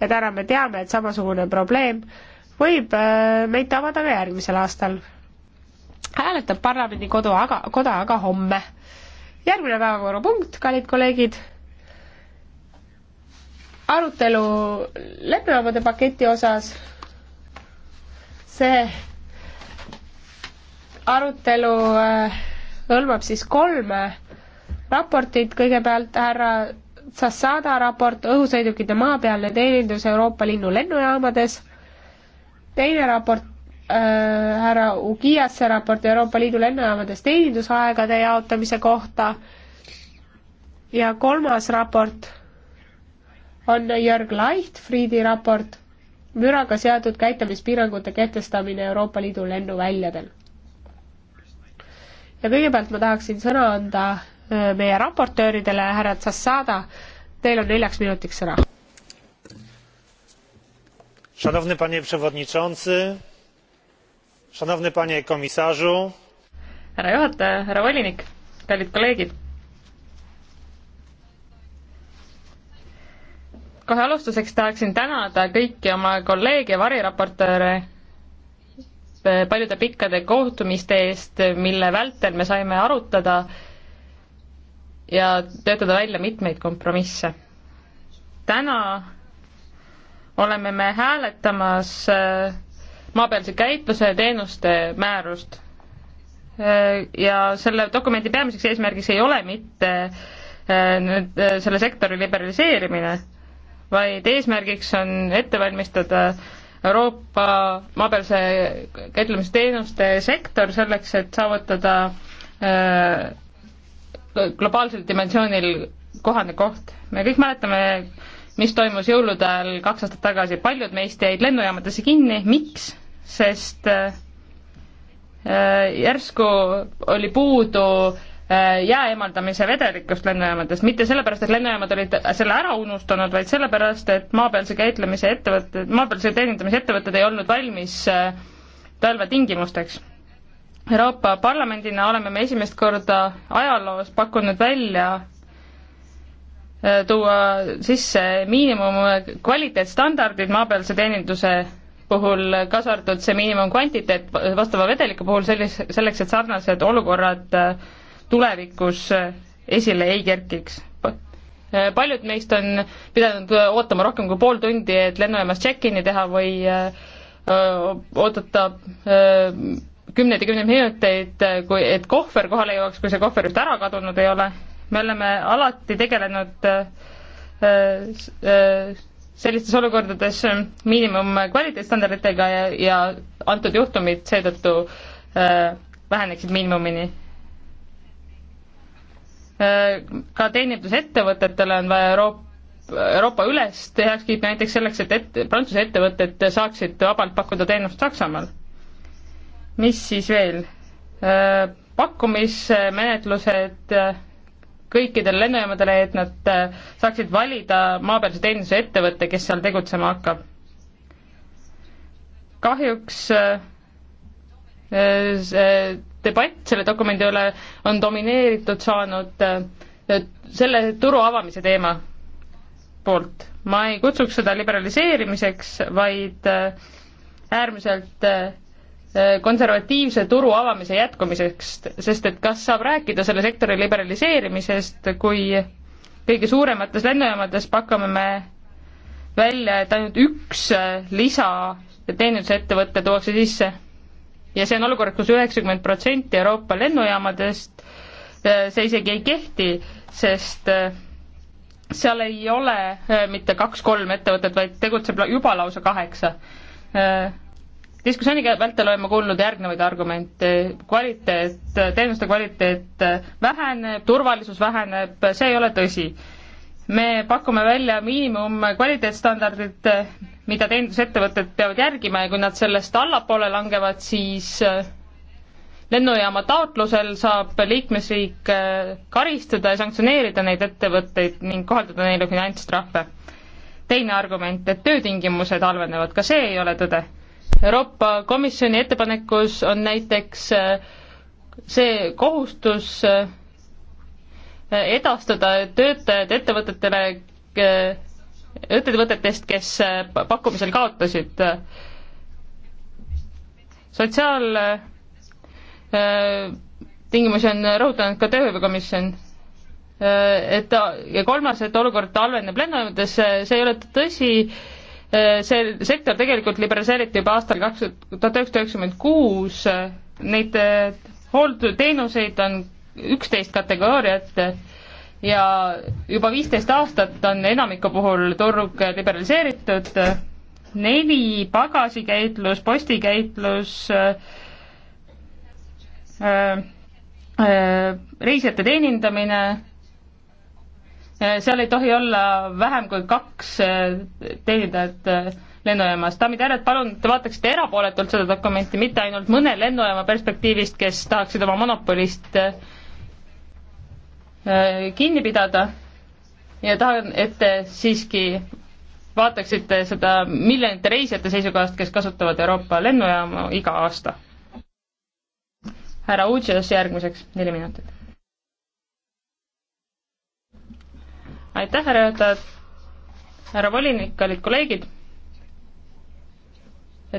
ja täna me teame, et samasugune probleem võib äh, meid tabada ka järgmisel aastal. hääletab parlamendi kodu aga, koda aga homme. järgmine päevakorrapunkt, kallid kolleegid, arutelu leppevaabade paketi osas, see arutelu äh, hõlmab siis kolme raportit, kõigepealt härra Sassada raport õhusõidukite maapealne teenindus Euroopa Liidu lennujaamades, teine raport äh,, härra Ugiasse raport Euroopa Liidu lennujaamades teenindusaegade jaotamise kohta ja kolmas raport on Jörg Leichtfriedi raport müraga seatud käitumispiirangute kehtestamine Euroopa Liidu lennuväljadel. ja kõigepealt ma tahaksin sõna anda meie raportööridele, härra Tsassada, teil on neljaks minutiks sõna. Szanowny panie przewodniczący, szanowny panie komisarzu. härra juhataja, härra volinik, kallid kolleegid. kohe alustuseks tahaksin tänada kõiki oma kolleege, variraportööre paljude pikkade kohtumiste eest, mille vältel me saime arutada ja töötada välja mitmeid kompromisse. täna oleme me hääletamas äh, maapealse käitluse ja teenuste määrust. Äh, ja selle dokumendi peamiseks eesmärgiks ei ole mitte äh, nüüd selle sektori liberaliseerimine, vaid eesmärgiks on ette valmistada Euroopa maapealse käitlemisteenuste sektor selleks, et saavutada globaalsel dimensioonil kohane koht. me kõik mäletame, mis toimus jõulude ajal kaks aastat tagasi, paljud meist jäid lennujaamadesse kinni, miks? sest äh, äh, järsku oli puudu äh, jää eemaldamise vedelikust lennujaamades, mitte sellepärast, et lennujaamad olid selle ära unustanud, vaid sellepärast, et maapealse käitlemise ettevõtted, maapealse teenindamise ettevõtted ei olnud valmis äh, talvetingimusteks Euroopa Parlamendina oleme me esimest korda ajaloos pakkunud välja äh, tuua sisse miinimum kvaliteetstandardid maapealse teeninduse puhul, kaasa arvatud see miinimumkvantiteet vastava vedeliku puhul sellis-, selleks, et sarnased olukorrad äh, tulevikus äh, esile ei kerkiks. paljud meist on pidanud ootama rohkem kui pool tundi, et lennujaamas check-in'i teha või öö, oodata öö, kümneid ja kümneid minuteid, kui, et kohver kohale jõuaks, kui see kohver just ära kadunud ei ole. me oleme alati tegelenud äh, äh, sellistes olukordades miinimumkvaliteetstandarditega ja, ja antud juhtumid seetõttu äh, väheneksid miinimumini. ka teenindusettevõtetele on vaja Euroopa Euroopa ülest heaks kiita näiteks selleks, et, et Prantsuse ettevõtted saaksid vabalt pakkuda teenust Saksamaal mis siis veel? Äh, pakkumismenetlused äh, kõikidele lennujaamadele, et nad äh, saaksid valida maapealse teeninduse ettevõtte, kes seal tegutsema hakkab. kahjuks see debatt selle dokumendi üle on domineeritud saanud selle turu avamise teema poolt. ma ei kutsuks seda liberaliseerimiseks, vaid äärmiselt Äh, konservatiivse turu avamise jätkumiseks, sest et kas saab rääkida selle sektori liberaliseerimisest, kui kõige suuremates lennujaamades pakume me välja, et ainult üks äh, lisateenusettevõte tuuakse sisse. ja see on olukord kus, kus üheksakümmend protsenti Euroopa lennujaamadest äh, see isegi ei kehti, sest seal ei ole mitte kaks-kolm ettevõtet, vaid tegutseb juba lausa kaheksa diskussiooni vältel olen ma kuulnud järgnevaid argumente, kvaliteet, teenuste kvaliteet väheneb, turvalisus väheneb, see ei ole tõsi. me pakume välja miinimumkvaliteetstandardid, mida teenindusettevõtted peavad järgima ja kui nad sellest allapoole langevad, siis lennujaama taotlusel saab liikmesriik karistada ja sanktsioneerida neid ettevõtteid ning kohaldada neile finantstrahve. teine argument, et töötingimused halvenevad, ka see ei ole tõde Euroopa Komisjoni ettepanekus on näiteks äh, see kohustus äh, edastada töötajad ettevõtetele, äh, ettevõtetest, kes pakkumisel kaotasid. sotsiaaltingimusi on rõhutanud ka Tööhõivekomisjon. et ja kolmas, et olukord halveneb lennujaamades, see ei ole tõsi Äh, see sektor tegelikult liberaliseeriti juba aastal kaks tuhat üheksasada üheksakümmend kuus, neid äh, hooldusteenuseid on üksteist kategooriat ja juba viisteist aastat on enamiku puhul turg liberaliseeritud, neli pagasikäitlus, postikäitlus äh,, äh, reisijate teenindamine Eh, seal ei tohi olla vähem kui kaks eh, teenindajat eh, lennujaamas. daamid ja härrad, palun, te vaataksite erapooletult seda dokumenti, mitte ainult mõne lennujaama perspektiivist, kes tahaksid oma monopolist kinni pidada ja tahan, et te siiski vaataksite seda miljonite reisijate seisukohast, kes kasutavad Euroopa lennujaama iga aasta. härra Udžes järgmiseks, neli minutit aitäh, härra juhataja, härra volinik, kallid kolleegid.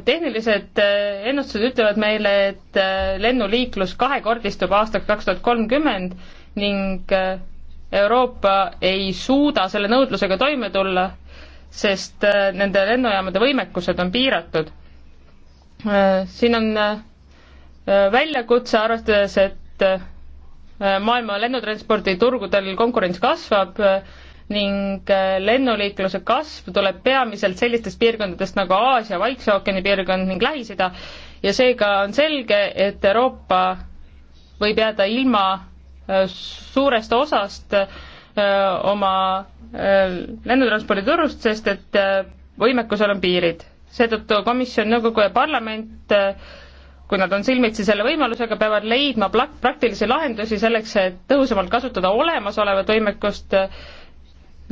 tehnilised äh, ennustused ütlevad meile, et äh, lennuliiklus kahekordistub aastaks kaks tuhat kolmkümmend ning äh, Euroopa ei suuda selle nõudlusega toime tulla, sest nende lennujaamade võimekused on piiratud. siin on väljakutse, arvestades, et maailma lennutranspordi turgudel konkurents kasvab, ning äh, lennuliikluse kasv tuleb peamiselt sellistest piirkondadest nagu Aasia, Vaikse ookeani piirkond ning Lähis-Ida ja seega on selge, et Euroopa võib jääda ilma äh, suurest osast äh, oma lennutransporditurust, sest et võimekusel on piirid. seetõttu komisjon, nõukogu ja parlament kui nad on silmitsi selle võimalusega, peavad leidma plak-, praktilisi lahendusi selleks, et tõhusamalt kasutada olemasolevat võimekust äh,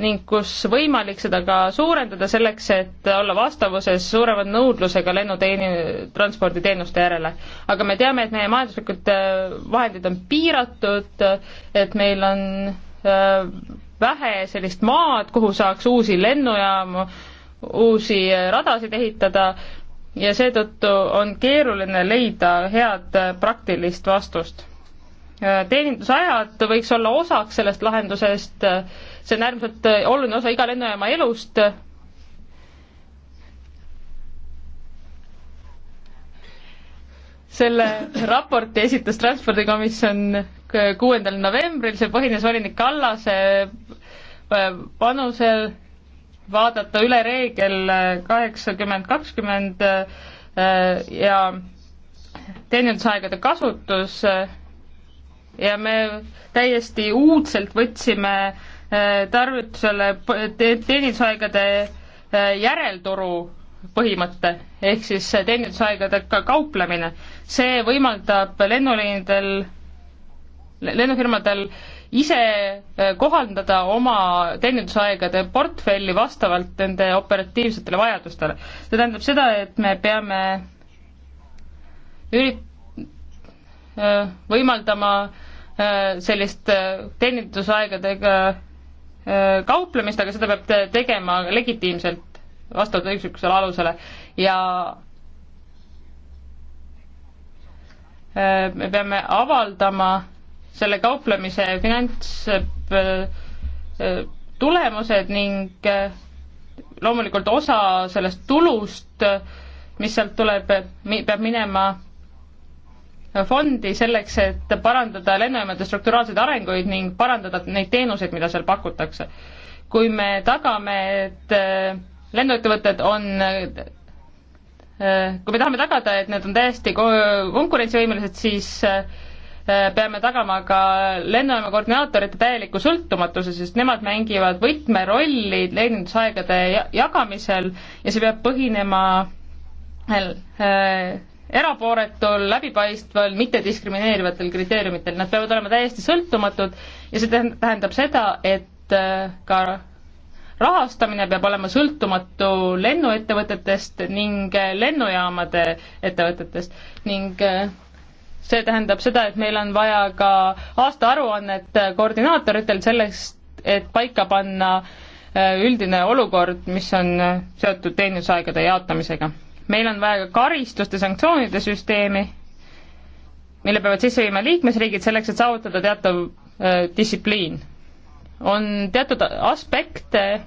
ning kus võimalik seda ka suurendada selleks, et olla vastavuses suurema nõudlusega lennuteeni-, transporditeenuste järele. aga me teame, et meie majanduslikud äh, vahendid on piiratud, et meil on äh, vähe sellist maad, kuhu saaks uusi lennujaamu, uusi radasid ehitada ja seetõttu on keeruline leida head äh, praktilist vastust. teenindusajad võiks olla osaks sellest lahendusest äh, see on äärmiselt äh, oluline osa iga lennujaama elust. selle raporti esitas Transpordikomisjon kuuendal novembril, see põhines volinik Kallase äh, panusel vaadata üle reegel kaheksakümmend kakskümmend äh, ja teenindusaegade kasutus ja me täiesti uudselt võtsime Äh, tarvitusele teenindusaegade äh, järelturu põhimõte, ehk siis äh, teenindusaegadega kauplemine. see võimaldab lennuliinidel, lennufirmadel ise kohandada oma teenindusaegade portfelli vastavalt nende operatiivsetele vajadustele. see tähendab seda, et me peame ürit-, võimaldama sellist teenindusaegadega Äh, kauplemist, aga seda peab tegema legitiimselt vastavalt õiguslikule alusele ja äh, me peame avaldama selle kauplemise finantstulemused äh, ning loomulikult osa sellest tulust, mis sealt tuleb, peab minema fondi selleks, et parandada lennujaamade strukturaalseid arenguid ning parandada neid teenuseid, mida seal pakutakse. kui me tagame, et äh, lennuettevõtted on äh, kui me tahame tagada, et need on täiesti konkurentsivõimelised, siis äh, peame tagama ka lennujaama koordinaatorite täieliku sõltumatuse, sest nemad mängivad võtmerolli lennundusaegade jagamisel ja see peab põhinema erapooletul, läbipaistval, mittediskrimineerivatel kriteeriumitel, nad peavad olema täiesti sõltumatud ja see tähendab seda, et äh, ka rahastamine peab olema sõltumatu lennuettevõtetest ning äh, lennujaamade ettevõtetest ning äh, see tähendab seda, et meil on vaja ka aastaaruannet koordinaatoritel sellest, et paika panna üldine olukord, mis on seotud teenusaegade jaotamisega meil on vaja ka karistuste sanktsioonide süsteemi, mille peavad sisse viima liikmesriigid selleks, et saavutada teatav äh, distsipliin. on teatud aspekte,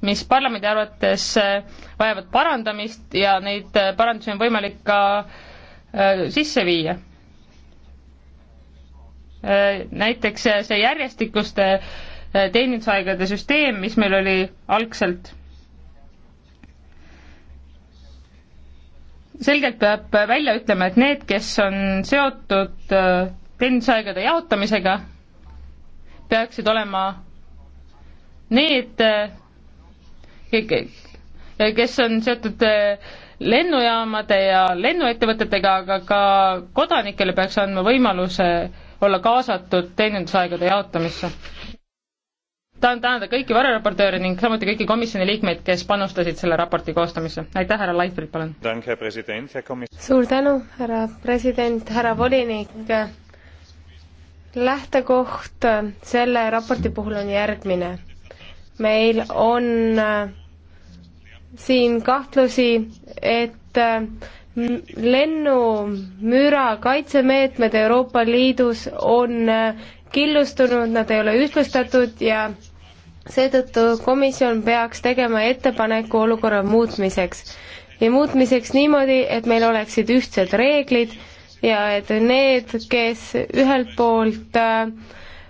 mis parlamendi arvates äh, vajavad parandamist ja neid äh, parandusi on võimalik ka äh, sisse viia äh,. näiteks äh, see järjestikuste teenindusaegade süsteem, mis meil oli algselt selgelt peab välja ütlema, et need, kes on seotud teenindusaegade äh, jaotamisega, peaksid olema need, äh, kes on seotud äh, lennujaamade ja lennuettevõtetega, aga ka kodanikele peaks andma võimaluse olla kaasatud teenindusaegade jaotamisse tahan tänada kõiki vareraportööre ning samuti kõiki komisjoni liikmeid, kes panustasid selle raporti koostamisse. aitäh, härra Leifrit, palun! suur tänu, härra president, härra volinik! lähtekoht selle raporti puhul on järgmine. meil on äh, siin kahtlusi, et äh, lennumüra kaitsemeetmed Euroopa Liidus on äh, killustunud, nad ei ole ühtlustatud ja seetõttu komisjon peaks tegema ettepaneku olukorra muutmiseks ja muutmiseks niimoodi, et meil oleksid ühtsed reeglid ja et need, kes ühelt poolt äh,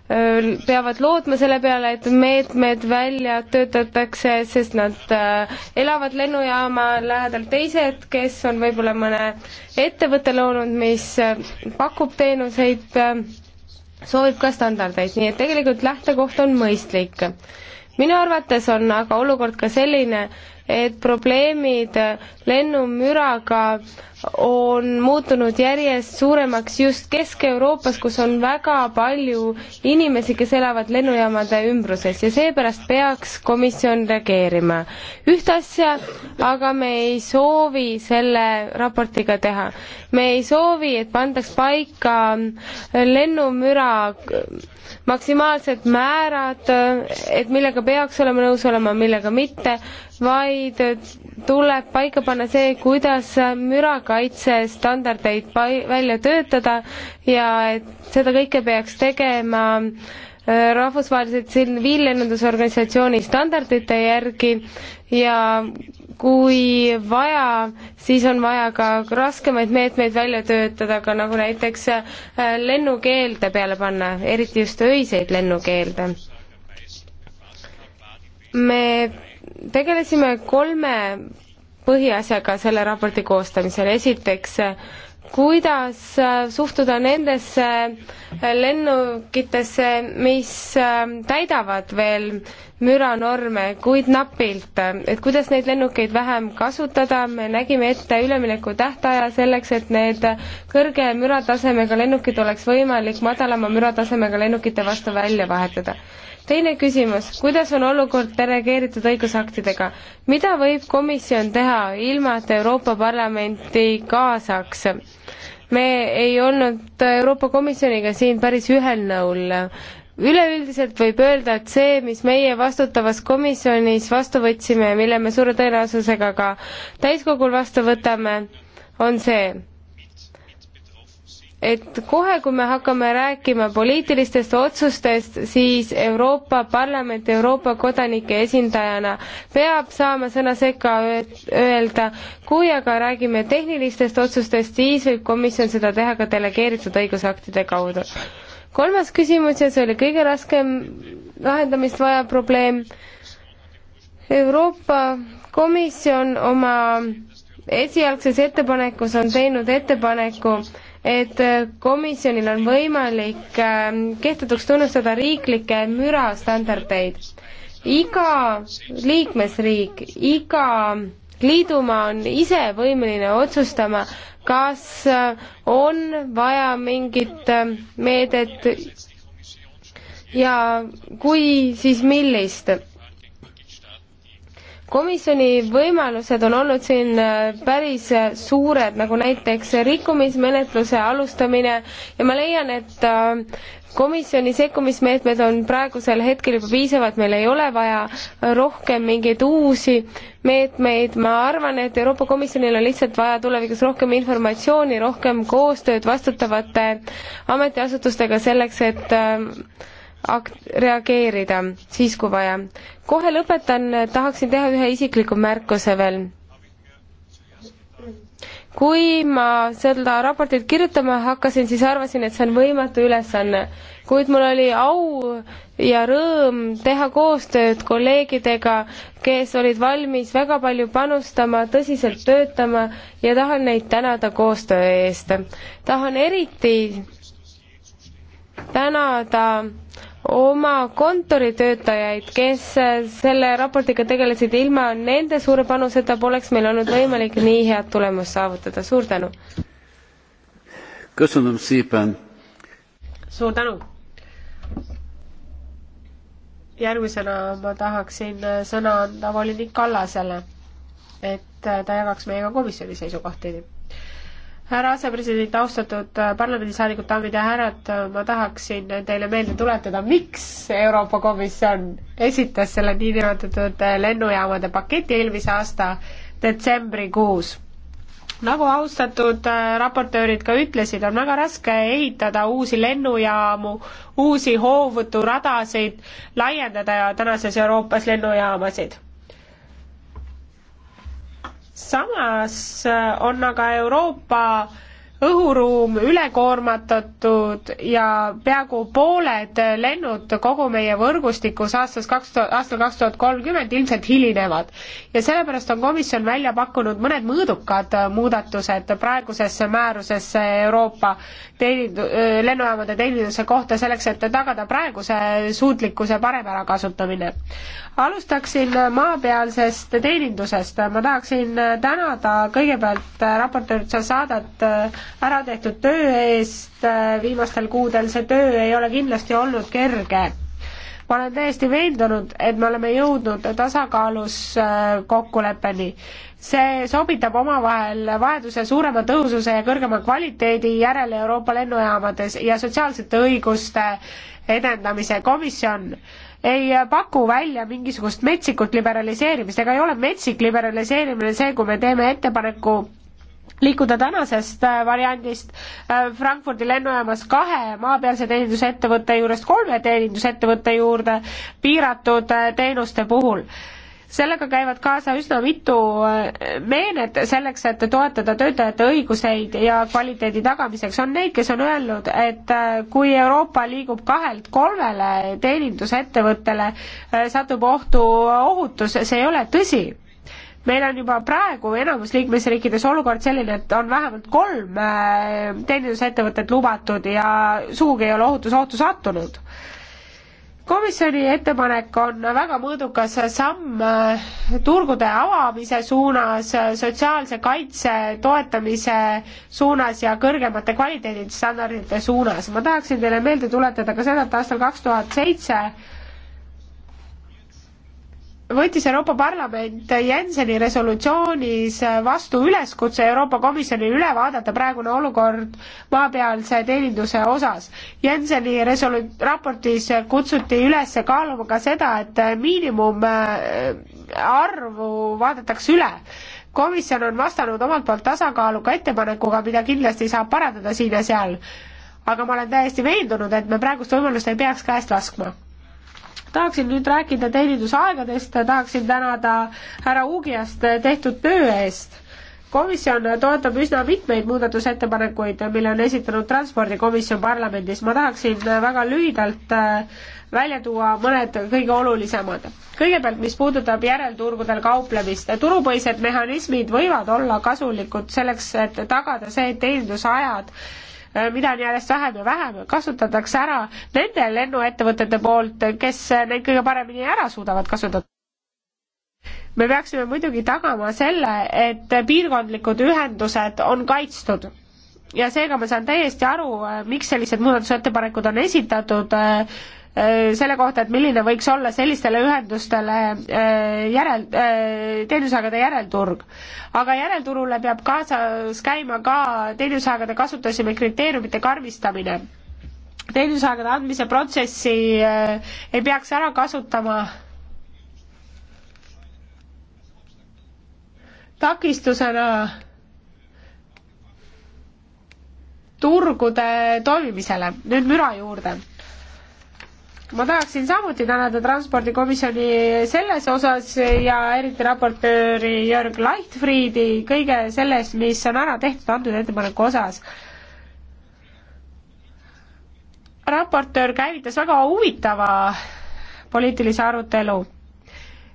peavad lootma selle peale, et meetmed välja töötatakse, sest nad äh, elavad lennujaama lähedal, teised, kes on võib-olla mõne ettevõtte loonud, mis äh, pakub teenuseid, äh, soovib ka standardeid, nii et tegelikult lähtekoht on mõistlik minu arvates on aga olukord ka selline, et probleemid lennumüraga on muutunud järjest suuremaks just Kesk-Euroopas, kus on väga palju inimesi, kes elavad lennujaamade ümbruses ja seepärast peaks komisjon reageerima. ühte asja aga me ei soovi selle raportiga teha. me ei soovi, et pandaks paika lennumüra maksimaalsed määrad, et millega peaks olema nõus olema, millega mitte, vaid tuleb paika panna see, kuidas mürakaitsestandardeid pai-, välja töötada ja et seda kõike peaks tegema äh, rahvusvahelise tsiviillennundusorganisatsiooni standardite järgi ja kui vaja, siis on vaja ka raskemaid meetmeid välja töötada, ka nagu näiteks äh, lennukeelde peale panna, eriti just öiseid lennukeelde. me tegelesime kolme põhiasjaga selle raporti koostamisel, esiteks kuidas suhtuda nendesse lennukitesse, mis ähm, täidavad veel müranorme, kuid napilt, et kuidas neid lennukeid vähem kasutada, me nägime ette ülemineku tähtaja selleks, et need kõrge müratasemega lennukid oleks võimalik madalama müratasemega lennukite vastu välja vahetada teine küsimus, kuidas on olukord delegeeritud õigusaktidega? mida võib komisjon teha, ilma et Euroopa Parlamenti kaasaks? me ei olnud Euroopa Komisjoniga siin päris ühel nõul üleüldiselt võib öelda, et see, mis meie vastutavas komisjonis vastu võtsime ja mille me suure tõenäosusega ka täiskogul vastu võtame, on see, et kohe, kui me hakkame rääkima poliitilistest otsustest, siis Euroopa Parlament Euroopa kodanike esindajana peab saama sõna sekka öelda, kui aga räägime tehnilistest otsustest, siis võib komisjon seda teha ka delegeeritud õigusaktide kaudu. kolmas küsimus ja see oli kõige raskem lahendamist vajav probleem. Euroopa Komisjon oma esialgses ettepanekus on teinud ettepaneku, et äh, komisjonil on võimalik ähm, kehtetuks tunnustada riiklikke mürastandardeid. iga liikmesriik, iga liidumaa on ise võimeline otsustama, kas äh, on vaja mingit ähm, meedet ja kui, siis millist komisjoni võimalused on olnud siin äh, päris äh, suured, nagu näiteks rikkumismenetluse alustamine ja ma leian, et äh, komisjoni sekkumismeetmed on praegusel hetkel juba piisavad, meil ei ole vaja rohkem mingeid uusi meetmeid, ma arvan, et Euroopa Komisjonil on lihtsalt vaja tulevikus rohkem informatsiooni, rohkem koostööd vastutavate ametiasutustega selleks, et akt-, reageerida siis, kui vaja. kohe lõpetan, tahaksin teha ühe isikliku märkuse veel. kui ma seda raportit kirjutama hakkasin, siis arvasin, et see on võimatu ülesanne, kuid mul oli au ja rõõm teha koostööd kolleegidega, kes olid valmis väga palju panustama, tõsiselt töötama ja tahan neid tänada koostöö eest. tahan eriti tänada oma kontoritöötajaid, kes selle raportiga tegelesid, ilma nende suure panuseta poleks meil olnud võimalik nii head tulemust saavutada, suur tänu! suur tänu! järgmisena ma tahaksin sõna anda volinik Kallasele, et ta jagaks meiega komisjoni seisukohti härra asepresident, austatud äh, parlamendisaadikud, daamid ja härrad, äh, ma tahaksin teile meelde tuletada, miks Euroopa Komisjon esitas selle niinimetatud äh, lennujaamade paketi eelmise aasta detsembrikuus. nagu austatud raportöörid ka ütlesid, on väga raske ehitada uusi lennujaamu, uusi hoovuturadasid, laiendada tänases Euroopas lennujaamasid samas äh, on aga Euroopa õhuruum ülekoormatatud ja peaaegu pooled lennud kogu meie võrgustikus aastas kaks tuhat, aastal kaks tuhat kolmkümmend ilmselt hilinevad. ja sellepärast on komisjon välja pakkunud mõned mõõdukad äh, muudatused praegusesse määrusesse Euroopa teenindu-, äh, lennujaamade teeninduse kohta, selleks et tagada praeguse suutlikkuse parem ärakasutamine. alustaksin maapealsest teenindusest, ma tahaksin äh, tänada kõigepealt raportöör Zazadat ära tehtud töö eest äh, viimastel kuudel, see töö ei ole kindlasti olnud kerge. ma olen täiesti veendunud, et me oleme jõudnud tasakaalus äh, kokkuleppeni. see sobitab omavahel vajaduse suurema tõhususe ja kõrgema kvaliteedi järele Euroopa lennujaamades ja sotsiaalsete õiguste edendamise komisjon ei paku välja mingisugust metsikut liberaliseerimist, ega ei ole metsik liberaliseerimine see, kui me teeme ettepaneku liikuda tänasest äh, variandist äh, Frankfurdi lennujaamas kahe maapealse teenindusettevõtte juurest kolme teenindusettevõtte juurde piiratud äh, teenuste puhul sellega käivad kaasa üsna mitu meenet selleks, et toetada töötajate õiguseid ja kvaliteedi tagamiseks. on neid, kes on öelnud, et kui Euroopa liigub kahelt kolmele teenindusettevõttele, satub ohtu ohutus, see ei ole tõsi meil on juba praegu enamus liikmesriikides olukord selline, et on vähemalt kolm äh, teenindusettevõtet lubatud ja sugugi ei ole ohutusohtu sattunud. komisjoni ettepanek on väga mõõdukas samm äh, turgude avamise suunas, äh, sotsiaalse kaitse toetamise suunas ja kõrgemate kvaliteedistandardite suunas. ma tahaksin teile meelde tuletada ka seda, et aastal kaks tuhat seitse võttis Euroopa Parlament Jenseni resolutsioonis vastu üleskutse Euroopa Komisjonile üle vaadata praegune olukord maapealse teeninduse osas. Jenseni resolu-, raportis kutsuti üles kaaluma ka seda, et miinimumarvu äh, vaadatakse üle komisjon on vastanud omalt poolt tasakaaluka ettepanekuga, mida kindlasti saab parandada siin ja seal. aga ma olen täiesti veendunud, et me praegust võimalust ei peaks käest laskma tahaksin nüüd rääkida teenistusaegadest, tahaksin tänada härra Uugiast tehtud töö eest. komisjon toetab üsna mitmeid muudatusettepanekuid, mille on esitanud Transpordikomisjon parlamendis, ma tahaksin väga lühidalt äh, välja tuua mõned kõige olulisemad. kõigepealt, mis puudutab järelturgudel kauplemist, turupõhised mehhanismid võivad olla kasulikud selleks, et tagada see, et teenindusajad äh, Äh, mida on järjest vähem ja vähem, kasutatakse ära nende lennuettevõtete poolt, kes neid kõige paremini ära suudavad kasutada me peaksime muidugi tagama selle, et piirkondlikud ühendused on kaitstud ja seega ma saan täiesti aru, äh, miks sellised muudatusettepanekud on esitatud äh, Äh, selle kohta, et milline võiks olla sellistele ühendustele äh, järel, äh, teenusaegade järelturg. aga järelturule peab kaasas käima ka teenusaegade kasutusime kriteeriumite karmistamine. teenusaegade andmise protsessi ei peaks ära kasutama takistusena turgude toimimisele. nüüd müra juurde ma tahaksin samuti tänada Transpordikomisjoni selles osas ja eriti raportööri Jörg Leichtfriedi kõige sellest, mis on ära tehtud antud ettepaneku osas. raportöör käivitas väga huvitava poliitilise arutelu.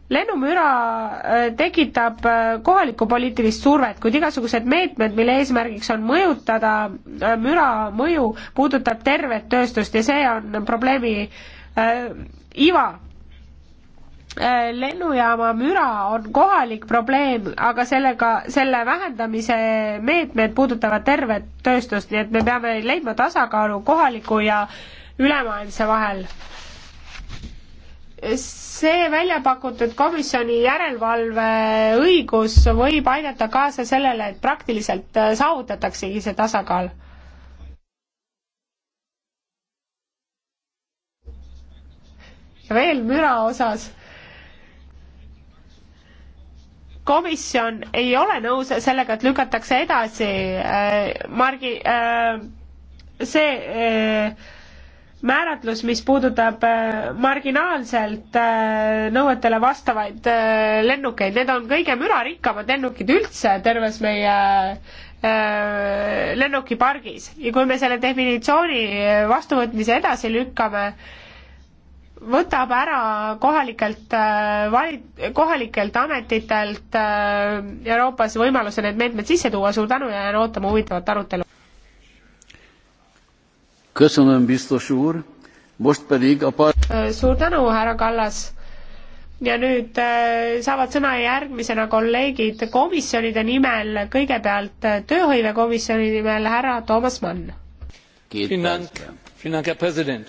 lennumüra äh, tekitab äh, kohalikku poliitilist survet, kuid igasugused meetmed, mille eesmärgiks on mõjutada äh, müra mõju, puudutab tervet tööstust ja see on probleemi äh, Äh, iva äh, lennujaama müra on kohalik probleem, aga sellega, selle vähendamise meetmed puudutavad tervet tööstust, nii et me peame leidma tasakaalu kohaliku ja ülemaailmse vahel. see välja pakutud komisjoni järelevalve õigus võib aidata kaasa sellele, et praktiliselt äh, saavutataksegi see tasakaal ja veel müra osas. komisjon ei ole nõus sellega, et lükatakse edasi äh, margi äh,, see äh, määratlus, mis puudutab äh, marginaalselt äh, nõuetele vastavaid äh, lennukeid, need on kõige mürarikkamad lennukid üldse terves meie lennukipargis ja kui me selle definitsiooni vastuvõtmise edasi lükkame, võtab ära kohalikelt äh, vali-, kohalikelt ametitelt äh, Euroopas võimaluse need meetmed sisse tuua, suur tänu ja jään ootama huvitavat arutelu. Äh, suur tänu, härra Kallas! ja nüüd saavad sõna järgmisena kolleegid komisjonide nimel, kõigepealt tööhõivekomisjoni nimel härra Toomas Mann. Finan-, Finan-, president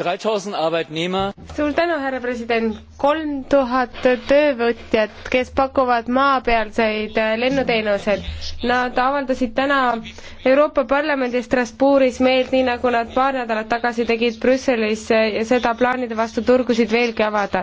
suur tänu, härra president. kolm tuhat töövõtjat, kes pakuvad maapealseid äh, lennuteenuseid. Nad avaldasid täna Euroopa Parlamendi Strasbourgis meelt, nii nagu nad paar nädalat tagasi tegid Brüsselis äh, ja seda plaanide vastu turgusid veelgi avada.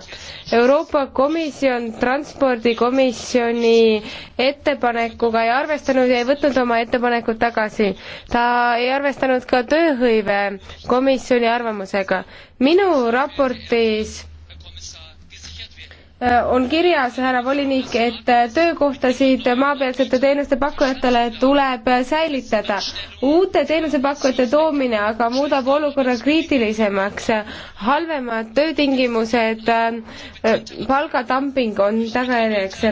Euroopa Komisjon transpordikomisjoni ettepanekuga ei arvestanud ja ei võtnud oma ettepanekut tagasi. ta ei arvestanud ka tööhõive komisjoni arvamusega minu raportis äh, on kirjas, härra volinik, et äh, töökohtasid maapealsete teenuste pakkujatele tuleb äh, säilitada. uute teenusepakkujate toomine aga muudab olukorra kriitilisemaks. halvemad töötingimused, palgadamping on tagajärjeks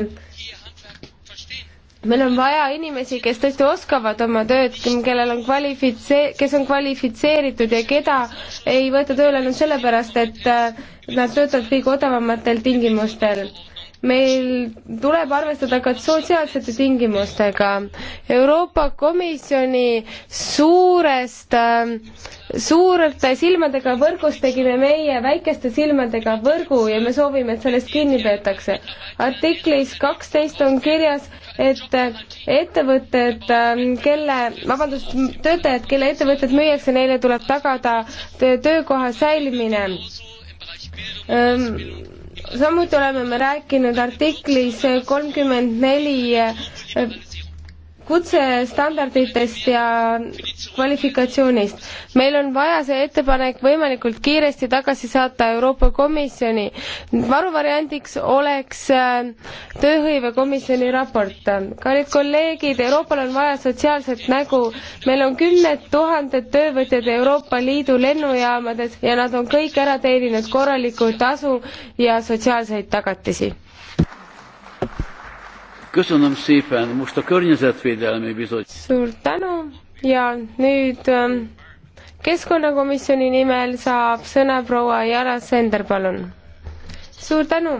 meil on vaja inimesi, kes tõesti oskavad oma tööd, kellel on kvalifitse-, kes on kvalifitseeritud ja keda ei võeta tööle ainult sellepärast, et äh, nad töötavad kõige odavamatel tingimustel. meil tuleb arvestada ka sotsiaalsete tingimustega. Euroopa Komisjoni suurest, äh, suurte silmadega võrgust tegime meie väikeste silmadega võrgu ja me soovime, et sellest kinni peetakse. artiklis kaksteist on kirjas, et ettevõtted, kelle, vabandust, töötajad, kelle ettevõtted müüakse, neile tuleb tagada töökoha säilimine samuti oleme me rääkinud artiklis kolmkümmend neli kutsestandarditest ja kvalifikatsioonist. meil on vaja see ettepanek võimalikult kiiresti tagasi saata Euroopa Komisjoni. varuvariandiks oleks äh, tööhõivekomisjoni raport. kallid kolleegid, Euroopal on vaja sotsiaalset nägu. meil on kümned tuhanded töövõtjad Euroopa Liidu lennujaamades ja nad on kõik ära teeninud korralikku tasu ja sotsiaalseid tagatisi Köszönöm szépen, most a Környezetvédelmi Bizottság. Suur tänu ja nüüd ähm, keskkonnakomisjoni nimel saab sõna proua Jara Sender, palun. suur tänu.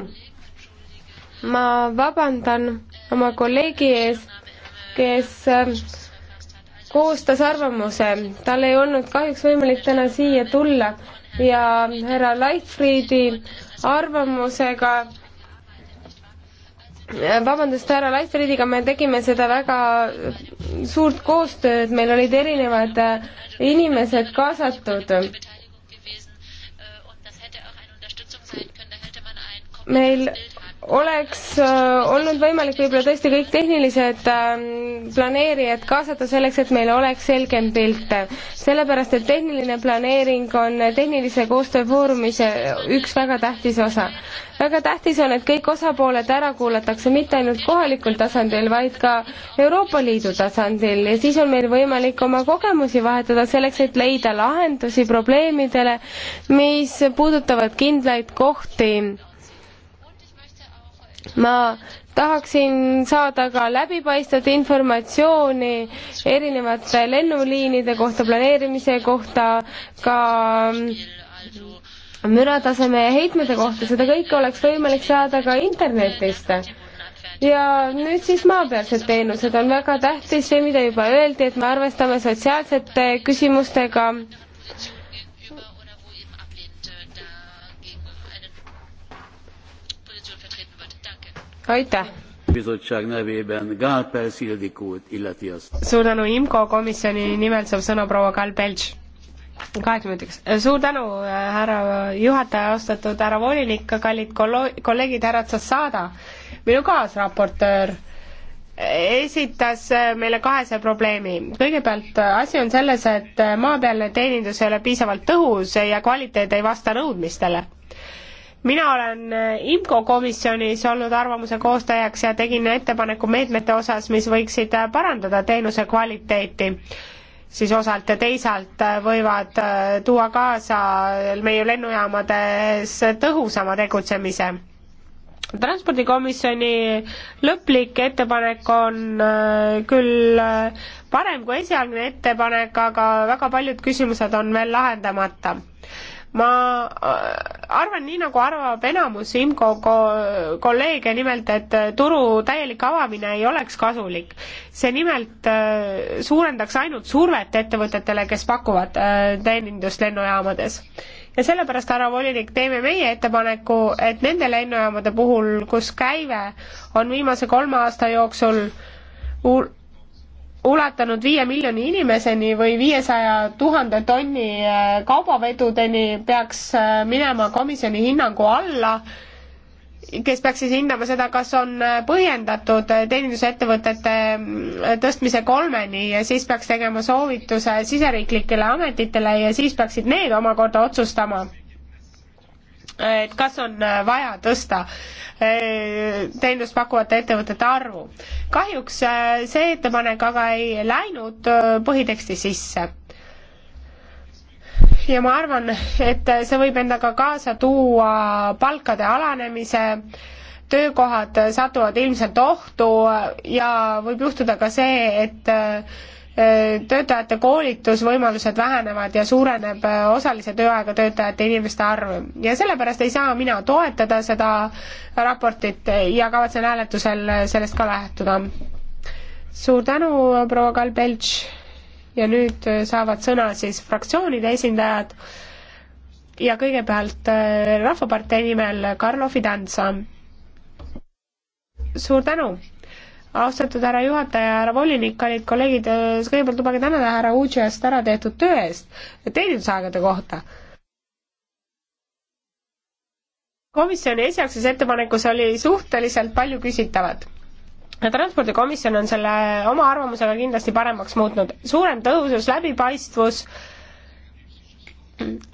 ma vabandan oma kolleegi ees, kes ähm, koostas arvamuse, tal ei olnud kahjuks võimalik täna siia tulla ja härra Leifridi arvamusega Äh, vabandust, härra Laifridiga me tegime seda väga suurt koostööd, meil olid erinevad äh, inimesed kaasatud. Äh, meil oleks äh, olnud võimalik võib-olla tõesti kõik tehnilised ähm, planeerijad kaasata selleks, et meil oleks selgem pilt. sellepärast, et tehniline planeering on tehnilise koostöö foorumis üks väga tähtis osa. väga tähtis on, et kõik osapooled ära kuulatakse mitte ainult kohalikul tasandil, vaid ka Euroopa Liidu tasandil ja siis on meil võimalik oma kogemusi vahetada selleks, et leida lahendusi probleemidele, mis puudutavad kindlaid kohti ma tahaksin saada ka läbipaistvat informatsiooni erinevate lennuliinide kohta, planeerimise kohta, ka mm, mürataseme ja heitmete kohta, seda kõike oleks võimalik saada ka internetist. ja nüüd siis maapealsed teenused on väga tähtis, see, mida juba öeldi, et me arvestame sotsiaalsete küsimustega aitäh! suur tänu, IMCO komisjoni nimel saab sõna proua Karl Belch kaheks minutiks. suur tänu, härra juhataja, austatud härra volinik, kallid kolleegid, härra Tsassada, minu kaasraportöör, esitas meile kahese probleemi. kõigepealt asi on selles, et maapealne teenindus ei ole piisavalt tõhus ja kvaliteet ei vasta nõudmistele mina olen äh, IMCO komisjonis olnud arvamuse koostajaks ja tegin ettepaneku meetmete osas, mis võiksid äh, parandada teenuse kvaliteeti, siis osalt ja teisalt äh, võivad tuua kaasa meie lennujaamades tõhusama tegutsemise. transpordikomisjoni lõplik ettepanek on küll parem kui esialgne ettepanek, aga väga paljud küsimused on veel lahendamata ma äh, arvan nii, nagu arvab enamus IMCO ko-, kolleege, nimelt et äh, turu täielik avamine ei oleks kasulik. see nimelt äh, suurendaks ainult survet ettevõtetele, kes pakuvad teenindust lennujaamades ja sellepärast, härra volinik, teeme meie ettepaneku, et nende lennujaamade puhul, kus käive on viimase kolme aasta jooksul ulatanud viie miljoni inimeseni või viiesaja tuhande tonni äh, kaubavedudeni peaks äh, minema komisjoni hinnangu alla, kes peaks siis hindama seda, kas on äh, põhjendatud teenindusettevõtete mm, tõstmise kolmeni ja siis peaks tegema soovituse siseriiklikele ametitele ja siis peaksid need omakorda otsustama et kas on äh, vaja tõsta äh, teenust pakkuvate ettevõtete arvu. kahjuks äh, see ettepanek aga ei läinud põhiteksti sisse. ja ma arvan, et see võib endaga kaasa tuua palkade alanemise, töökohad satuvad ilmselt ohtu ja võib juhtuda ka see, et töötajate koolitusvõimalused vähenevad ja suureneb äh, osalise tööaega töötajate inimeste arv. ja sellepärast ei saa mina toetada seda raportit ja kavatsen hääletusel sellest ka lähtuda. suur tänu, proua Kalbelts ja nüüd äh, saavad sõna siis fraktsioonide esindajad ja kõigepealt äh, Rahvapartei nimel Karlo Fidanza. suur tänu! austatud härra juhataja, härra volinik, kallid kolleegid, kõigepealt lubage tänada härra Uudžest ära tehtud töö eest teenindusaegade kohta. komisjoni esialgses ettepanekus oli suhteliselt palju küsitavat transpordikomisjon on selle oma arvamusega kindlasti paremaks muutnud, suurem tõhusus, läbipaistvus,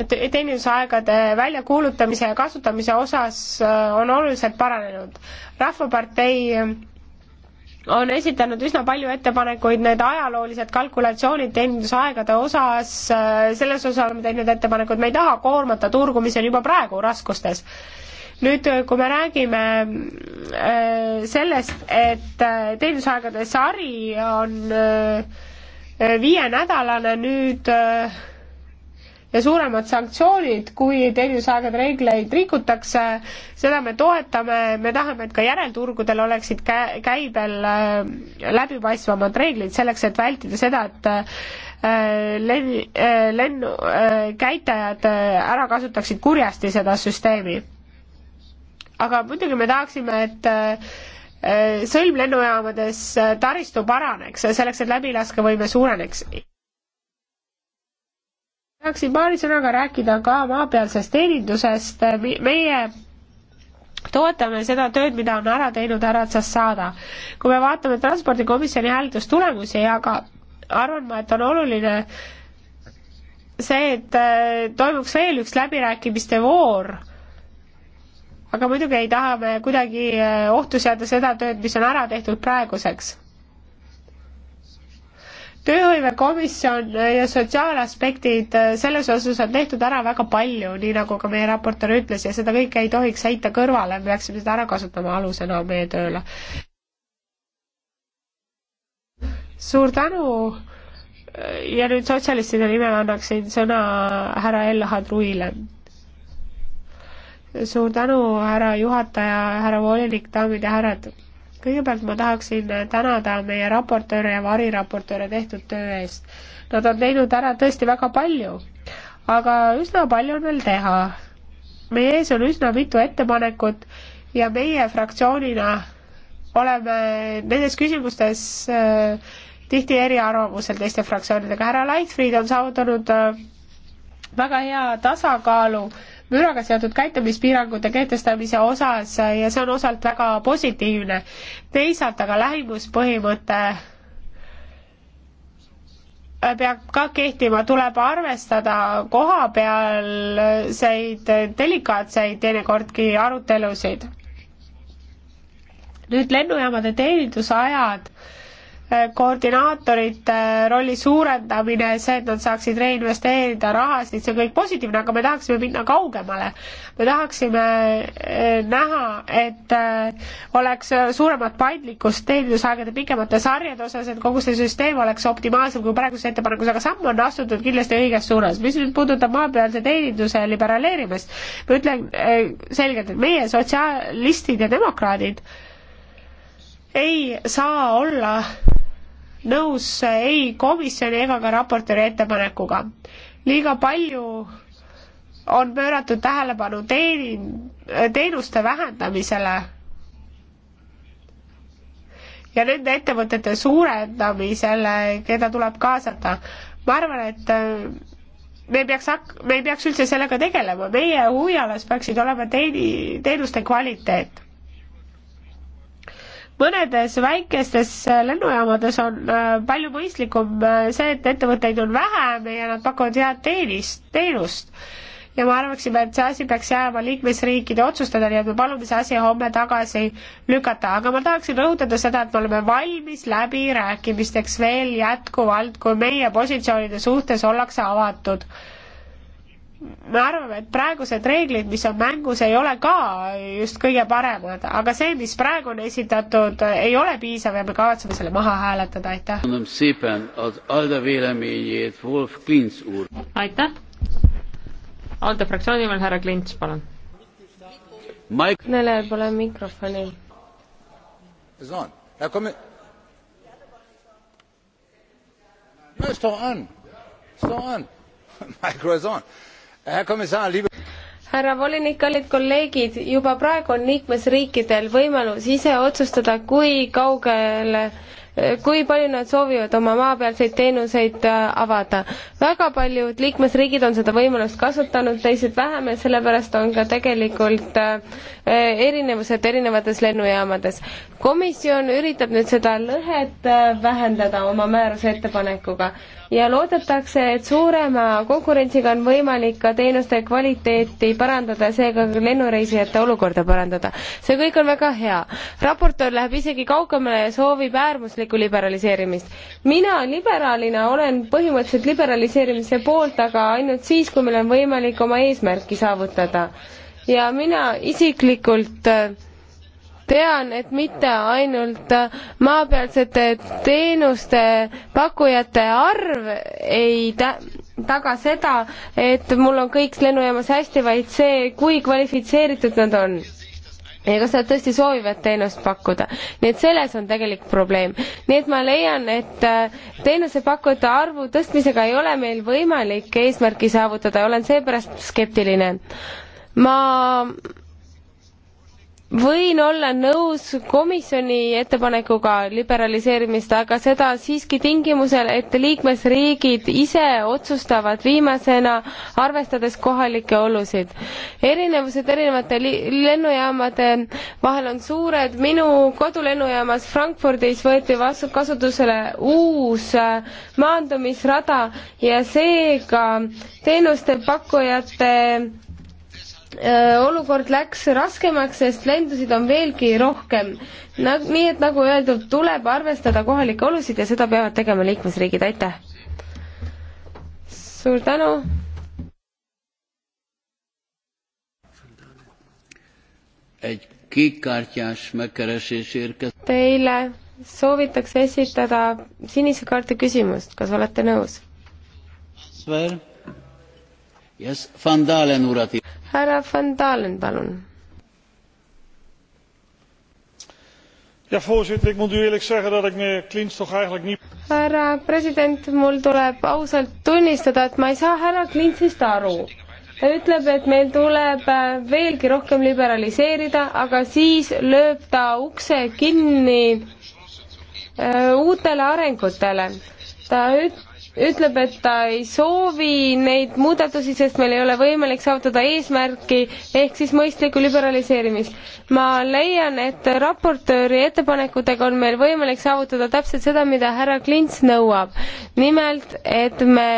teenindusaegade väljakuulutamise ja kasutamise osas äh, on oluliselt paranenud. rahvapartei on esitanud üsna palju ettepanekuid, need ajaloolised kalkulatsioonid teenindusaegade osas, äh, selles osas oleme teinud ettepanekuid, me ei taha koormata turgu, mis on juba praegu raskustes. nüüd, äh, kui me räägime äh, sellest, et teenindusaegade sari on viienädalane, nüüd ja suuremad sanktsioonid, kui teenusaegade reegleid rikutakse, seda me toetame, me tahame, et ka järelturgudel oleksid kä-, käibel äh, läbipaistvamad reeglid selleks, et vältida seda, et äh, lenn-, äh, lennu-, käitajad ära kasutaksid kurjasti seda süsteemi. aga muidugi me tahaksime, et sõlm lennujaamades taristu paraneks, selleks et läbilaskevõime suureneks tahaksin paari sõnaga rääkida ka maapealsest teenindusest, meie toetame seda tööd, mida on ära teinud härra Sassada. kui me vaatame transpordikomisjoni hääletustulemusi, aga arvan ma, et on oluline see, et äh, toimuks veel üks läbirääkimiste voor, aga muidugi ei taha me kuidagi äh, ohtu seada seda tööd, mis on ära tehtud praeguseks tööhõivekomisjon ja sotsiaalaspektid, selles osas on tehtud ära väga palju, nii nagu ka meie raportöör ütles, ja seda kõike ei tohiks heita kõrvale, me peaksime seda ära kasutama alusena meie tööle. suur tänu ja nüüd sotsialistide nimel annaksin sõna härra Ellahad Ruile. suur tänu, härra juhataja, härra volinik, daamid ja härrad kõigepealt ma tahaksin tänada meie raportööre ja variraportööre tehtud töö eest. Nad on teinud ära tõesti väga palju, aga üsna palju on veel teha. meie ees on üsna mitu ettepanekut ja meie fraktsioonina oleme nendes küsimustes äh, tihti eriarvamusel teiste fraktsioonidega. härra Leitfried on saavutanud äh, väga hea tasakaalu müraga seotud käitumispiirangute kehtestamise osas ja see on osalt väga positiivne. teisalt aga lähimuspõhimõte peab ka kehtima, tuleb arvestada kohapealseid delikaatseid teinekordki arutelusid. nüüd lennujaamade teenindusajad koordinaatorite rolli suurendamine, see, et nad saaksid reinvesteerida rahasid, see on kõik positiivne, aga me tahaksime minna kaugemale. me tahaksime eh, näha, et eh, oleks suuremat paindlikkust teenindusaegade pikemate sarjade osas, et kogu see süsteem oleks optimaalsem kui praeguses ettepanekus, aga samm on astutud kindlasti õiges suunas. mis nüüd puudutab maapealse teeninduse liberaleerimist, ma ütlen eh, selgelt, et meie sotsialistid ja demokraadid ei saa olla nõus ei komisjoni ega ka raportööri ettepanekuga. liiga palju on pööratud tähelepanu teen-, teenuste vähendamisele ja nende ettevõtete suurendamisele, keda tuleb kaasata. ma arvan, et äh, me ei peaks hak-, me ei peaks üldse sellega tegelema, meie huvialas peaksid olema teeni-, teenuste kvaliteet mõnedes väikestes lennujaamades on äh, palju mõistlikum äh, see, et ettevõtteid on vähem ja nad pakuvad head teenist, teenust. ja me arvaksime, et see asi peaks jääma liikmesriikide otsustada, nii et me palume see asi homme tagasi lükata, aga ma tahaksin rõhutada seda, et me oleme valmis läbirääkimisteks veel jätkuvalt, kui meie positsioonide suhtes ollakse avatud me arvame, et praegused reeglid, mis on mängus, ei ole ka just kõige paremad, aga see, mis praegu on esitatud, ei ole piisav ja me kavatseme selle maha hääletada, aitäh. aitäh. Alde fraktsiooni nimel härra Klints, palun. Nele pole mikrofoni. no it's on, it's on, micro is on härra volinik, kallid kolleegid, juba praegu on liikmesriikidel võimalus ise otsustada, kui kaugele kui palju nad soovivad oma maapealseid teenuseid äh, avada. väga paljud liikmesriigid on seda võimalust kasutanud, teised vähem ja sellepärast on ka tegelikult äh, äh, erinevused erinevates lennujaamades. komisjon üritab nüüd seda lõhet vähendada oma määruse ettepanekuga ja loodetakse, et suurema konkurentsiga on võimalik ka teenuste kvaliteeti parandada ja seega ka lennureisijate olukorda parandada. see kõik on väga hea. raportöör läheb isegi kaugemale ja soovib äärmuslikku liberaliseerimist. mina liberaalina olen põhimõtteliselt liberaliseerimise poolt, aga ainult siis, kui meil on võimalik oma eesmärki saavutada. ja mina isiklikult äh, tean, et mitte ainult maapealsete teenuste pakkujate arv ei tä-, taga seda, et mul on kõik lennujaamas hästi, vaid see, kui kvalifitseeritud nad on ja kas nad tõesti soovivad teenust pakkuda. nii et selles on tegelik probleem. nii et ma leian, et äh, teenusepakkujate arvu tõstmisega ei ole meil võimalik eesmärki saavutada, olen seepärast skeptiline. ma võin olla nõus komisjoni ettepanekuga liberaliseerimist, aga seda siiski tingimusel, et liikmesriigid ise otsustavad viimasena, arvestades kohalikke olusid. erinevused erinevate lennujaamade vahel on suured, minu kodulennujaamas Frankfurdis võeti vastu kasutusele uus äh, maandumisrada ja seega teenuste pakkujate Äh, olukord läks raskemaks, sest lendusid on veelgi rohkem. nii et nagu öeldud, tuleb arvestada kohalikke olusid ja seda peavad tegema liikmesriigid, aitäh! suur tänu! Teile soovitakse esitada sinise kaarti küsimust, kas olete nõus? Sver? Yes, Van Dalen urat. härra Van Dalen, palun. Ja, voorzitter, ik moet u eerlijk zeggen dat ik meneer Klins toch eigenlijk niet... Härra president, mul tuleb ausalt tunnistada, et ma ei saa härra Klinsist aru ütleb, et meil tuleb äh, veelgi rohkem liberaliseerida, aga siis lööb ta ukse kinni äh, uutele arengutele. ta üt-, ütleb, et ta ei soovi neid muudatusi, sest meil ei ole võimalik saavutada eesmärki ehk siis mõistlikku liberaliseerimist. ma leian, et raportööri ettepanekutega on meil võimalik saavutada täpselt seda, mida härra Klints nõuab. nimelt, et me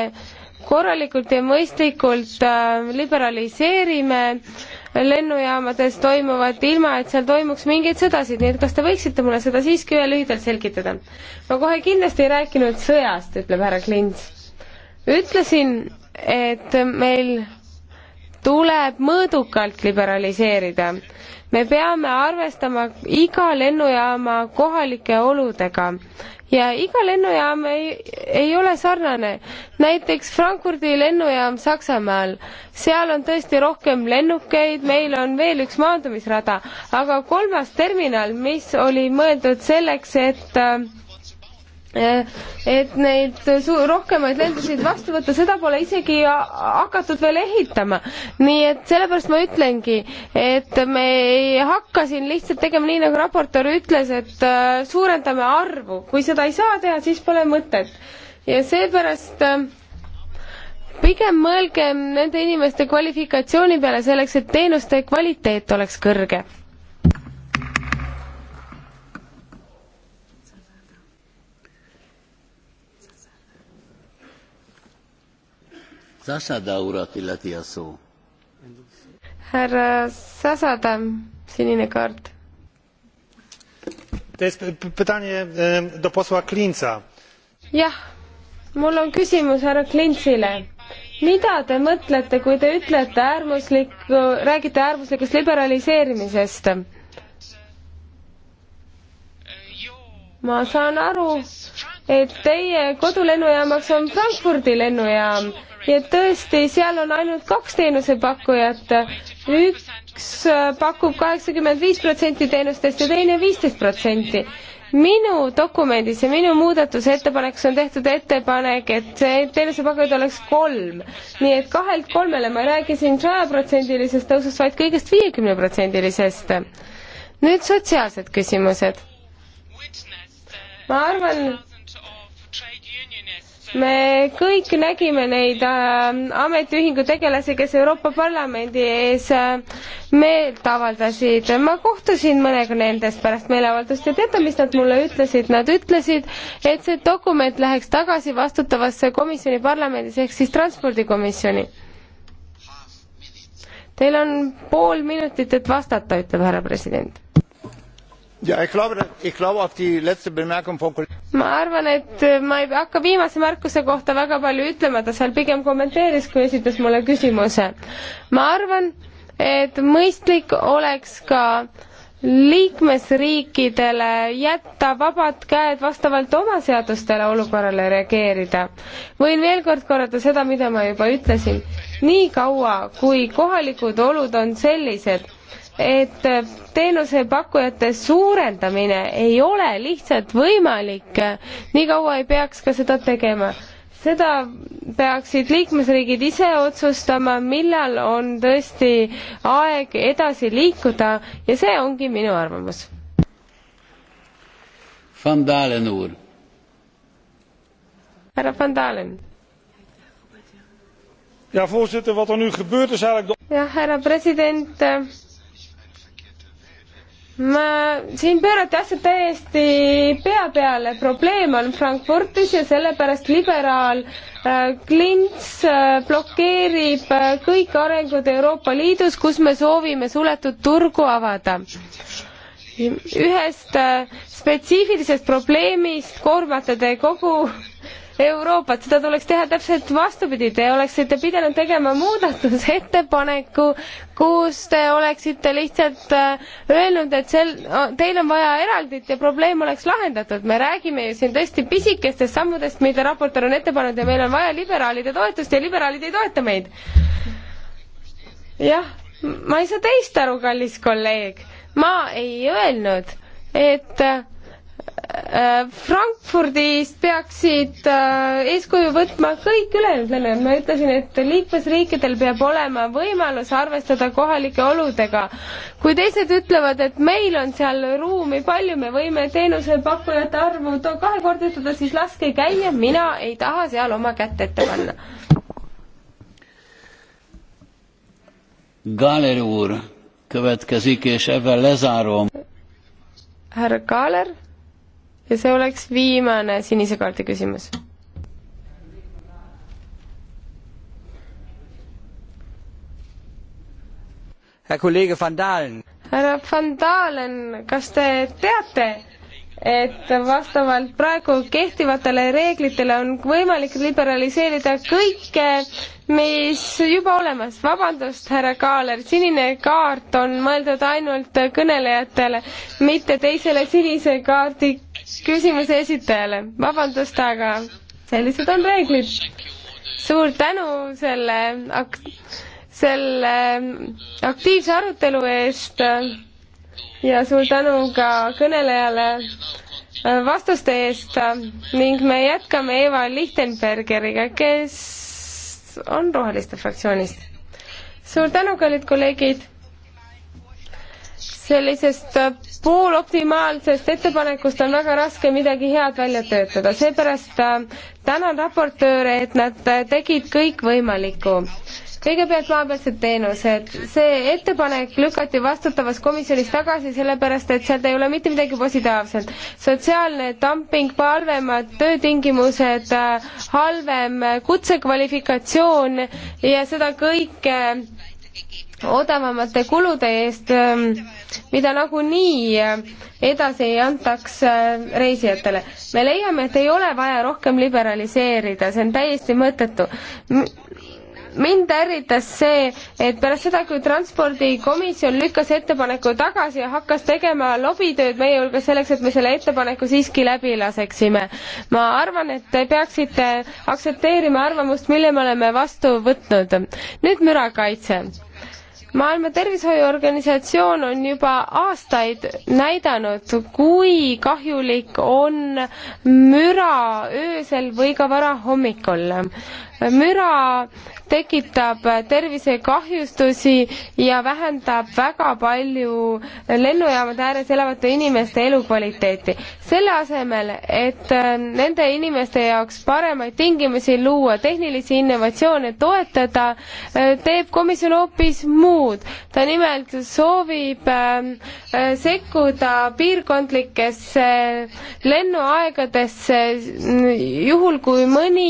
korralikult ja mõistlikult äh, liberaliseerime äh, lennujaamades toimuvat, ilma et seal toimuks mingeid sõdasid, nii et kas te võiksite mulle seda siiski veel lühidalt selgitada? ma kohe kindlasti ei rääkinud sõjast, ütleb härra Klints. ütlesin, et meil tuleb mõõdukalt liberaliseerida. me peame arvestama iga lennujaama kohalike oludega ja iga lennujaam ei, ei ole sarnane. näiteks Frankfurdi lennujaam Saksamaal, seal on tõesti rohkem lennukeid, meil on veel üks maandumisrada, aga kolmas terminal, mis oli mõeldud selleks, et äh, et neid suur, rohkemaid lendusid vastu võtta, seda pole isegi hakatud veel ehitama. nii et sellepärast ma ütlengi, et me ei hakka siin lihtsalt tegema nii, nagu raportöör ütles, et äh, suurendame arvu, kui seda ei saa teha, siis pole mõtet. ja seepärast äh, pigem mõelgem nende inimeste kvalifikatsiooni peale selleks, et teenuste kvaliteet oleks kõrge Zasada urat illeti a szó. Härra Zasada, sinine kaart. To jest pytanie do posła Klinca. Jah, mul on küsimus härra Klintsile mida te mõtlete, kui te ütlete äärmuslikku, räägite äärmuslikust liberaliseerimisest? ma saan aru, et teie kodulennujaamaks on Frankfurdi lennujaam ja tõesti, seal on ainult kaks teenusepakkujat. üks äh, pakub kaheksakümmend viis protsenti teenustest ja teine viisteist protsenti. minu dokumendis ja minu muudatusettepanekus on tehtud ettepanek, et see teenusepakkujaid oleks kolm. nii et kahelt kolmele ma rääkisin sajaprotsendilisest tõusust, vaid kõigest viiekümneprotsendilisest. nüüd sotsiaalsed küsimused. ma arvan, me kõik nägime neid äh, ametiühingu tegelasi, kes Euroopa Parlamendi ees äh, meelt avaldasid. ma kohtusin mõnega nendest pärast meeleavaldust ja teate, mis nad mulle ütlesid? Nad ütlesid, et see dokument läheks tagasi vastutavasse komisjoni parlamendis ehk siis transpordikomisjoni. Teil on pool minutit, et vastata, ütleb härra president ma arvan, et äh, ma ei hakka viimase märkuse kohta väga palju ütlema, ta seal pigem kommenteeris, kui esitas mulle küsimuse. ma arvan, et mõistlik oleks ka liikmesriikidele jätta vabad käed vastavalt oma seadustele olukorrale reageerida. võin veel kord korrata seda, mida ma juba ütlesin. nii kaua, kui kohalikud olud on sellised, et teenusepakkujate suurendamine ei ole lihtsalt võimalik, nii kaua ei peaks ka seda tegema. seda peaksid liikmesriigid ise otsustama, millal on tõesti aeg edasi liikuda ja see ongi minu arvamus. Van Dalen uur. härra Van Dalen ja voorzitter wat er nu gebeurt is eigenlijk. ja härra president ma, siin pöörati asjad täiesti pea peale, probleem on Frankfurtis ja sellepärast liberaal äh, Klints äh, blokeerib äh, kõik arengud Euroopa Liidus, kus me soovime suletud turgu avada. ühest äh, spetsiifilisest probleemist koormata te kogu Euroopat, seda tuleks teha täpselt vastupidi, te oleksite pidanud tegema muudatusettepaneku, kus te oleksite lihtsalt äh, öelnud, et sel, teil on vaja eraldit ja probleem oleks lahendatud. me räägime ju siin tõesti pisikestest sammudest, mida raportöör on ette pannud ja meil on vaja liberaalide toetust ja liberaalid ei toeta meid. jah, ma ei saa teist aru, kallis kolleeg, ma ei öelnud, et äh, Äh, Frankfurdist peaksid äh, eeskuju võtma kõik ülejäänud lennujad. ma ütlesin, et liikmesriikidel peab olema võimalus arvestada kohalike oludega. kui teised ütlevad, et meil on seal ruumi palju, me võime teenusepakkujate arvu kahekorditada, siis laske käia, mina ei taha seal oma kätt ette panna. Galer úr, következik, és ebben lezárom. Herr Galer ja see oleks viimane sinise kaardi küsimus. härra kolleeg Van Dalen. härra Van Dalen, kas te teate, et vastavalt praegu kehtivatele reeglitele on võimalik liberaliseerida kõike, mis juba olemas. vabandust, härra Kaaler, sinine kaart on mõeldud ainult kõnelejatele, mitte teisele sinise kaardi küsimuse esitajale. vabandust, aga sellised on reeglid. suur tänu selle ak-, selle aktiivse arutelu eest ja suur tänu ka kõnelejale vastuste eest ning me jätkame Eva Lichtenbergeriga, kes on Roheliste fraktsioonist. suur tänu, kallid kolleegid sellisest pooloptimaalsest ettepanekust on väga raske midagi head välja töötada, seepärast äh, tänan raportööre, et nad äh, tegid kõik võimalikku. kõigepealt maapealsed teenused, see ettepanek lükati vastutavas komisjonis tagasi, sellepärast et sealt ei ole mitte midagi positiivset. sotsiaalne dumping, halvemad töötingimused, äh, halvem kutsekvalifikatsioon ja seda kõike odavamate kulude eest, ähm, mida nagunii äh, edasi ei antaks äh, reisijatele. me leiame, et ei ole vaja rohkem liberaliseerida, see on täiesti mõttetu mind ärritas see, et pärast seda, kui transpordikomisjon lükkas ettepaneku tagasi ja hakkas tegema lobitööd meie hulgas selleks, et me selle ettepaneku siiski läbi laseksime. ma arvan, et te peaksite aktsepteerima arvamust, mille me oleme vastu võtnud. nüüd mürakaitse maailma Tervishoiuorganisatsioon on juba aastaid näidanud, kui kahjulik on müra öösel või ka varahommikul. müra tekitab tervisekahjustusi ja vähendab väga palju lennujaamade ääres elavate inimeste elukvaliteeti. selle asemel, et äh, nende inimeste jaoks paremaid tingimusi luua, tehnilisi innovatsioone toetada, äh, teeb komisjon hoopis muud. ta nimelt soovib ähm, äh, sekkuda piirkondlikesse lennuaegadesse juhul, kui mõni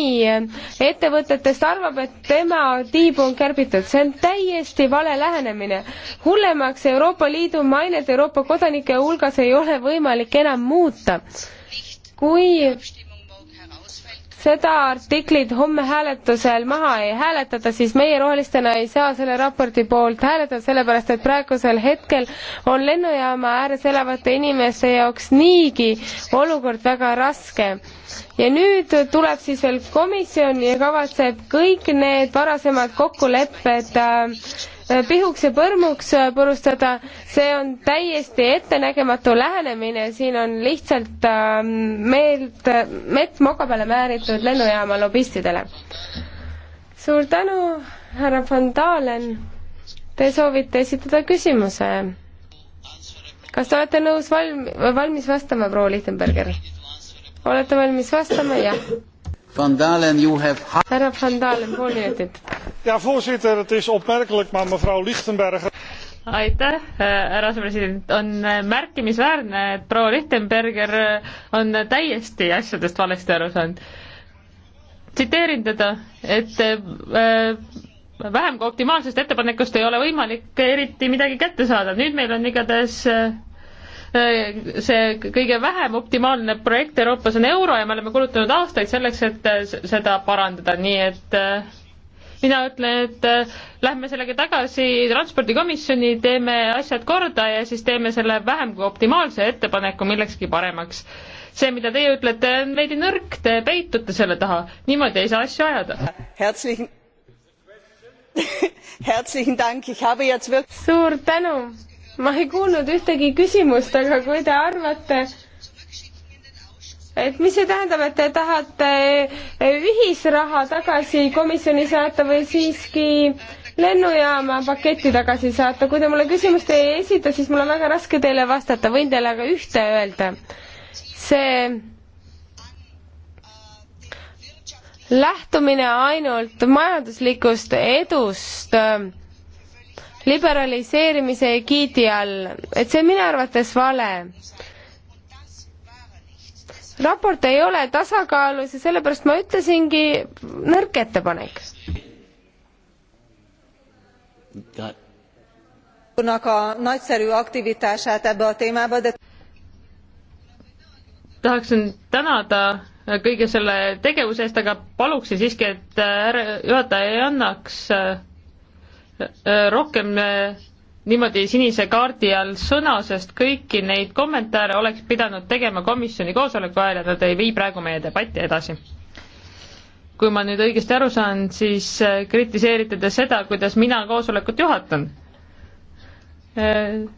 ettevõtetest arvab, et tema punatiib on kärbitud, see on täiesti vale lähenemine. hullemaks Euroopa Liidu mainet Euroopa kodanike hulgas ei ole võimalik enam muuta. kui seda artiklit homme hääletusel maha ei hääletata, siis meie rohelistena ei saa selle raporti poolt hääletada, sellepärast et praegusel hetkel on lennujaama ääres elavate inimeste jaoks niigi olukord väga raske. ja nüüd tuleb siis veel komisjon ja kavatseb kõik need varasemad kokkulepped äh, Äh, pihuks ja põrmuks äh, purustada, see on täiesti ettenägematu lähenemine, siin on lihtsalt ähm, meelt, äh, mett moka peale määritud lennujaama lobistidele. suur tänu, härra von Dahlen. Te soovite esitada küsimuse. kas te olete nõus valm-, valmis vastama, proua Lichtenberger? olete valmis vastama, jah? härra von Dahlen, pool minutit voorzitter het is opmerkelijk maar mevrouw lichtenberger. aitäh äh, härra president on äh, märkimisväärne et proua lichtenberger äh, on täiesti asjadest valesti aru saanud. tsiteerin teda et äh, vähem kui optimaalsest ettepanekust ei ole võimalik eriti midagi kätte saada. nüüd meil on igatahes see kõige vähem optimaalne projekt Euroopas on euro ja me oleme kulutanud aastaid selleks, et seda parandada, nii et mina ütlen, et äh, lähme sellega tagasi transpordikomisjoni, teeme asjad korda ja siis teeme selle vähem kui optimaalse ettepaneku millekski paremaks. see, mida teie ütlete, on veidi nõrk, te peitute selle taha, niimoodi ei saa asju ajada. suur tänu, ma ei kuulnud ühtegi küsimust, aga kui te arvate, et mis see tähendab, et te tahate eh, ühisraha tagasi komisjoni saata või siiski lennujaama paketi tagasi saata, kui te mulle küsimust ei esita, siis mul on väga raske teile vastata, võin teile aga ühte öelda. see lähtumine ainult majanduslikust edust liberaliseerimise egiidi all, et see on minu arvates vale raport ei ole tasakaalus ja sellepärast ma ütlesingi nõrk ettepanek. tahaksin tänada kõige selle tegevuse eest, aga paluksin siiski, et härra juhataja ei annaks äh, äh, rohkem äh, niimoodi sinise kaardi all sõna, sest kõiki neid kommentaare oleks pidanud tegema komisjoni koosoleku ajal ja nad ei vii praegu meie debatti edasi. kui ma nüüd õigesti aru saan, siis äh, kritiseerite te seda, kuidas mina koosolekut juhatan. Äh,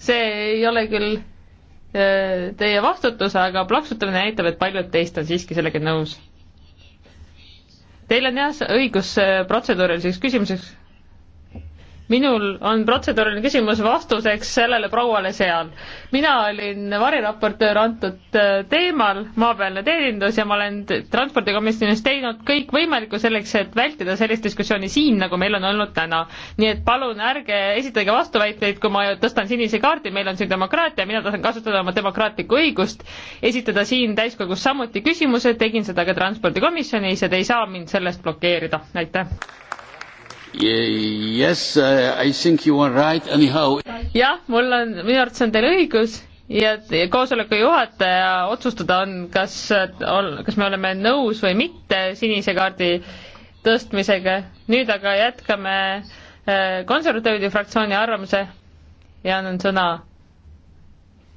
see ei ole küll äh, teie vastutus, aga plaksutamine näitab, et paljud teist on siiski sellega nõus. Teil on jah õigus protseduuriliseks küsimuseks minul on protseduuriline küsimus vastuseks sellele prouale seal. mina olin variraportöör antud äh, teemal, maapealne teenindus, ja ma olen transpordikomisjonis teinud kõik võimalikku selleks, et vältida sellist diskussiooni siin, nagu meil on olnud täna. nii et palun ärge esitage vastuväiteid, kui ma tõstan sinise kaardi, meil on siin demokraatia, mina tahan kasutada oma demokraatlikku õigust, esitada siin täiskogus samuti küsimuse, tegin seda ka transpordikomisjonis ja te ei saa mind sellest blokeerida, aitäh. Yes, uh, I think you are right anyhow. jah, mul on, minu arvates on teil õigus ja koosoleku juhataja otsustada on, kas, kas me oleme nõus või mitte sinise kaardi tõstmisega. nüüd aga jätkame äh, konservatiivide fraktsiooni arvamuse ja annan sõna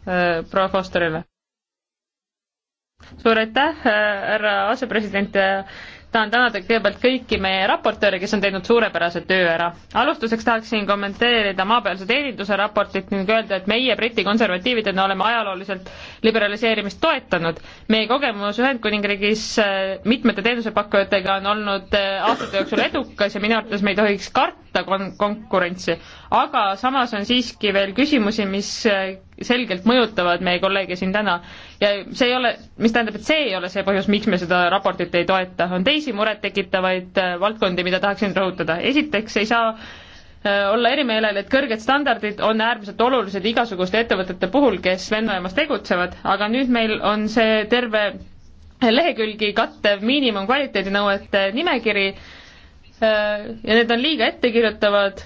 äh, proua Fosterile. suur aitäh, äh, härra asepresident ja tahan tänada kõigepealt kõiki meie raportööre, kes on teinud suurepärase töö ära. alustuseks tahaksin kommenteerida maapealse teeninduse raportit ning öelda, et meie Briti konservatiividena oleme ajalooliselt liberaliseerimist toetanud. meie kogemus Ühendkuningriigis äh, mitmete teenusepakkujatega on olnud äh, aastate jooksul edukas ja minu arvates me ei tohiks karta kon-, konkurentsi. aga samas on siiski veel küsimusi, mis äh, selgelt mõjutavad meie kolleege siin täna ja see ei ole, mis tähendab, et see ei ole see põhjus, miks me seda raportit ei toeta, on teisi murettekitavaid äh, valdkondi, mida tahaksin rõhutada. esiteks ei saa äh, olla erimeelel, et kõrged standardid on äärmiselt olulised igasuguste ettevõtete puhul, kes lennujaamas tegutsevad, aga nüüd meil on see terve lehekülgi kattev miinimumkvaliteedinõuete nimekiri äh, ja need on liiga ettekirjutavad.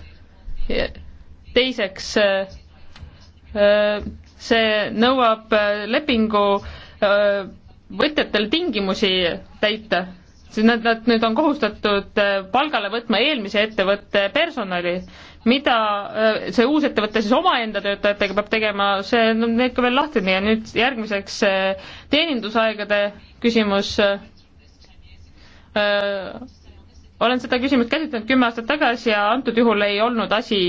teiseks see nõuab äh, lepingu äh, võtjatel tingimusi täita, siis nad, nad nüüd on kohustatud äh, palgale võtma eelmise ettevõtte personali, mida see uus ettevõte siis omaenda töötajatega peab tegema, see on no, nüüd ka veel lahtine ja nüüd järgmiseks teenindusaegade küsimus. olen seda küsimust käsitlenud kümme aastat tagasi ja antud juhul ei olnud asi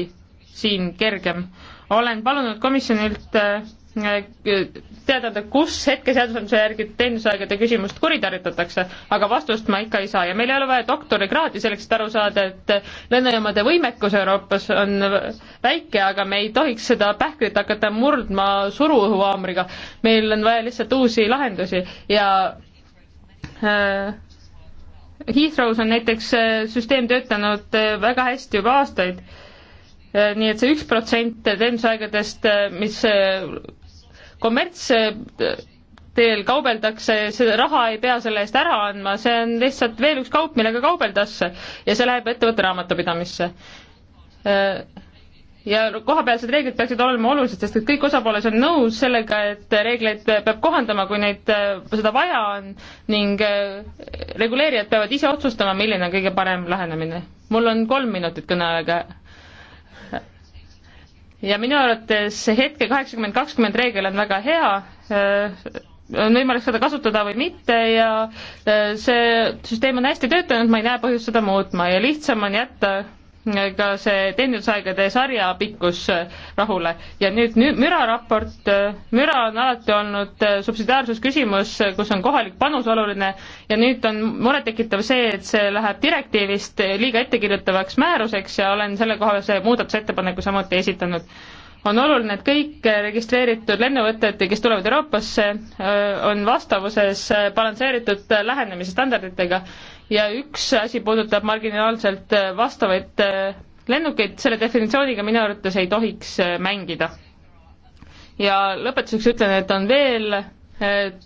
siin kergem olen palunud komisjonilt äh, teada anda, kus hetkeseadusandluse järgi teenusaegade küsimust kuritarvitatakse, aga vastust ma ikka ei saa ja meil ei ole vaja doktorikraadi selleks, et aru saada, et äh, lennujaamade võimekus Euroopas on väike, aga me ei tohiks seda pähklit hakata murdma suruõhuhaamriga. meil on vaja lihtsalt uusi lahendusi ja äh, Heathrow's on näiteks äh, süsteem töötanud väga hästi juba aastaid nii et see üks protsent teenusaegadest, mis äh, kommerts äh, teel kaubeldakse, seda raha ei pea selle eest ära andma, see on lihtsalt veel üks kaup, millega kaubeldakse ja see läheb ettevõtte raamatupidamisse. Äh, ja kohapealsed reeglid peaksid olema olulised, sest et kõik osapooles on nõus sellega, et reegleid peab kohandama, kui neid, seda vaja on ning reguleerijad peavad ise otsustama, milline on kõige parem lähenemine. mul on kolm minutit kõneaega ja minu arvates see hetke kaheksakümmend kakskümmend reegel on väga hea, äh, on võimalik seda kasutada või mitte ja äh, see süsteem on hästi töötanud, ma ei näe põhjust seda muutma ja lihtsam on jätta ka see teenindusaegade sarja pikkus äh, rahule ja nüüd, nüüd müraraport, äh, müra on alati olnud äh, subsidiaarsusküsimus, kus on kohalik panus oluline ja nüüd on murettekitav see, et see läheb direktiivist liiga ettekirjutavaks määruseks ja olen sellekohase muudatusettepaneku samuti esitanud. on oluline, et kõik registreeritud lennuvõtted, kes tulevad Euroopasse, on vastavuses balansseeritud lähenemise standarditega ja üks asi puudutab marginaalselt äh, vastavaid äh, lennukeid, selle definitsiooniga minu arvates ei tohiks äh, mängida. ja lõpetuseks ütlen, et on veel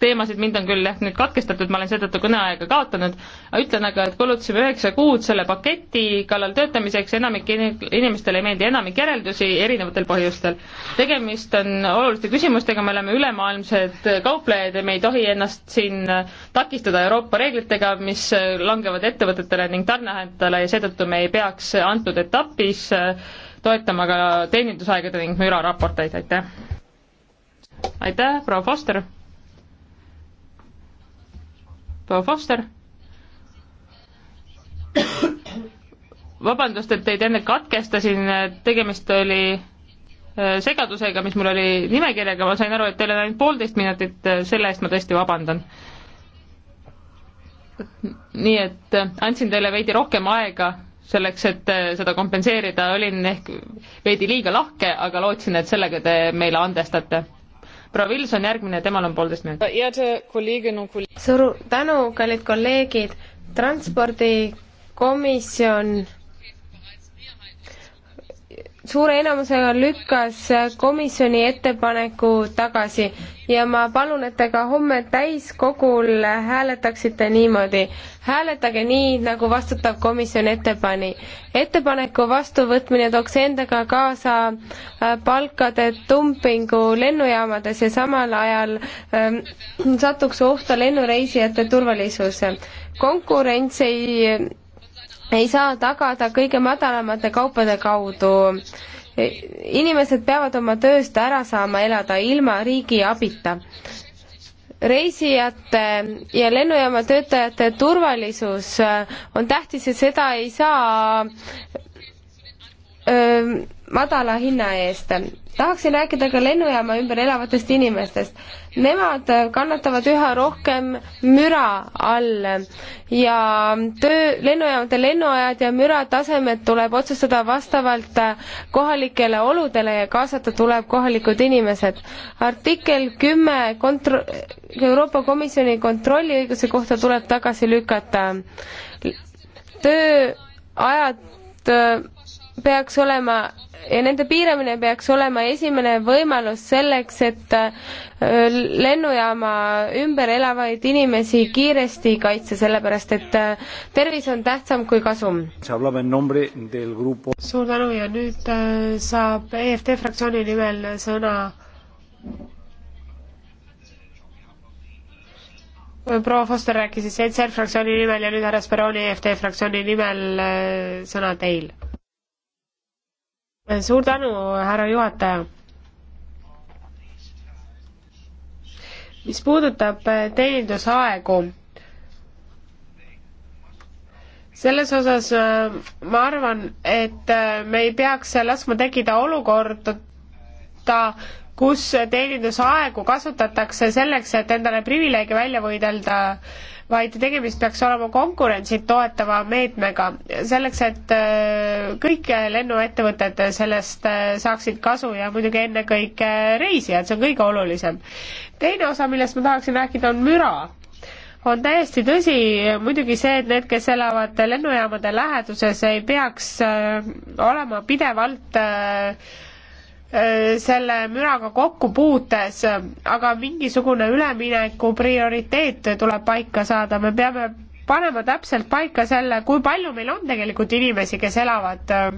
teemasid, mind on küll jah nüüd katkestatud, ma olen seetõttu kõneaega kaotanud, ütlen aga, et kulutasime üheksa kuud selle paketi kallal töötamiseks, enamik inimestele ei meeldi enamik järeldusi erinevatel põhjustel. tegemist on oluliste küsimustega, me oleme ülemaailmsed kauplejad ja me ei tohi ennast siin takistada Euroopa reeglitega, mis langevad ettevõtetele ning tarneahendajatele ja seetõttu me ei peaks antud etapis toetama ka teenindusaegade ning müraraporteid, aitäh! aitäh, proua Foster! proua Foster. vabandust, et teid enne katkestasin, tegemist oli äh, segadusega, mis mul oli nimekirjaga, ma sain aru, et teil on ainult poolteist minutit, selle eest ma tõesti vabandan. nii et äh, andsin teile veidi rohkem aega selleks, et äh, seda kompenseerida, olin ehk veidi liiga lahke, aga lootsin, et sellega te meile andestate proua Vilson järgmine, temal on poolteist minutit. suur tänu, kallid kolleegid, transpordikomisjon suure enamusega lükkas komisjoni ettepaneku tagasi ja ma palun, et te ka homme täiskogul hääletaksite niimoodi. hääletage nii, nagu vastutav komisjon ette pani. ettepaneku vastuvõtmine tooks endaga kaasa äh, palkade dumpingu lennujaamades ja samal ajal ähm, satuks ohtu lennureisijate turvalisus. konkurents ei ei saa tagada kõige madalamate kaupade kaudu. inimesed peavad oma tööst ära saama elada ilma riigi abita. reisijate ja lennujaama töötajate turvalisus äh, on tähtis ja seda ei saa öö, äh, madala hinna eest tahaksin rääkida ka lennujaama ümber elavatest inimestest. Nemad kannatavad üha rohkem müra all ja töö, lennujaamade lennuajad ja müratasemed tuleb otsustada vastavalt kohalikele oludele ja kaasata tuleb kohalikud inimesed. artikkel kümme kontro-, Euroopa Komisjoni kontrolliõiguse kohta tuleb tagasi lükata. tööajad peaks olema ja nende piiramine peaks olema esimene võimalus selleks, et äh, lennujaama ümber elavaid inimesi kiiresti kaitsta, sellepärast et äh, tervis on tähtsam kui kasum. suur tänu ja nüüd äh, saab EFT fraktsiooni nimel sõna proua Foster rääkis siis ECR fraktsiooni nimel ja nüüd härra Speroni EFT fraktsiooni nimel sõna teil suur tänu, härra juhataja. mis puudutab eh, teenindusaegu, selles osas eh, ma arvan, et eh, me ei peaks laskma tekkida olukorda, kus teenindusaegu kasutatakse selleks, et endale privileege välja võidelda vaid tegemist peaks olema konkurentsi toetava meetmega, selleks et äh, kõik lennuettevõtted sellest äh, saaksid kasu ja muidugi ennekõike reisijad, see on kõige olulisem. teine osa, millest ma tahaksin rääkida, on müra on täiesti tõsi muidugi see, et need, kes elavad lennujaamade läheduses, ei peaks äh, olema pidevalt äh, Äh, selle müraga kokku puutes, äh, aga mingisugune ülemineku prioriteet tuleb paika saada, me peame panema täpselt paika selle, kui palju meil on tegelikult inimesi, kes elavad äh,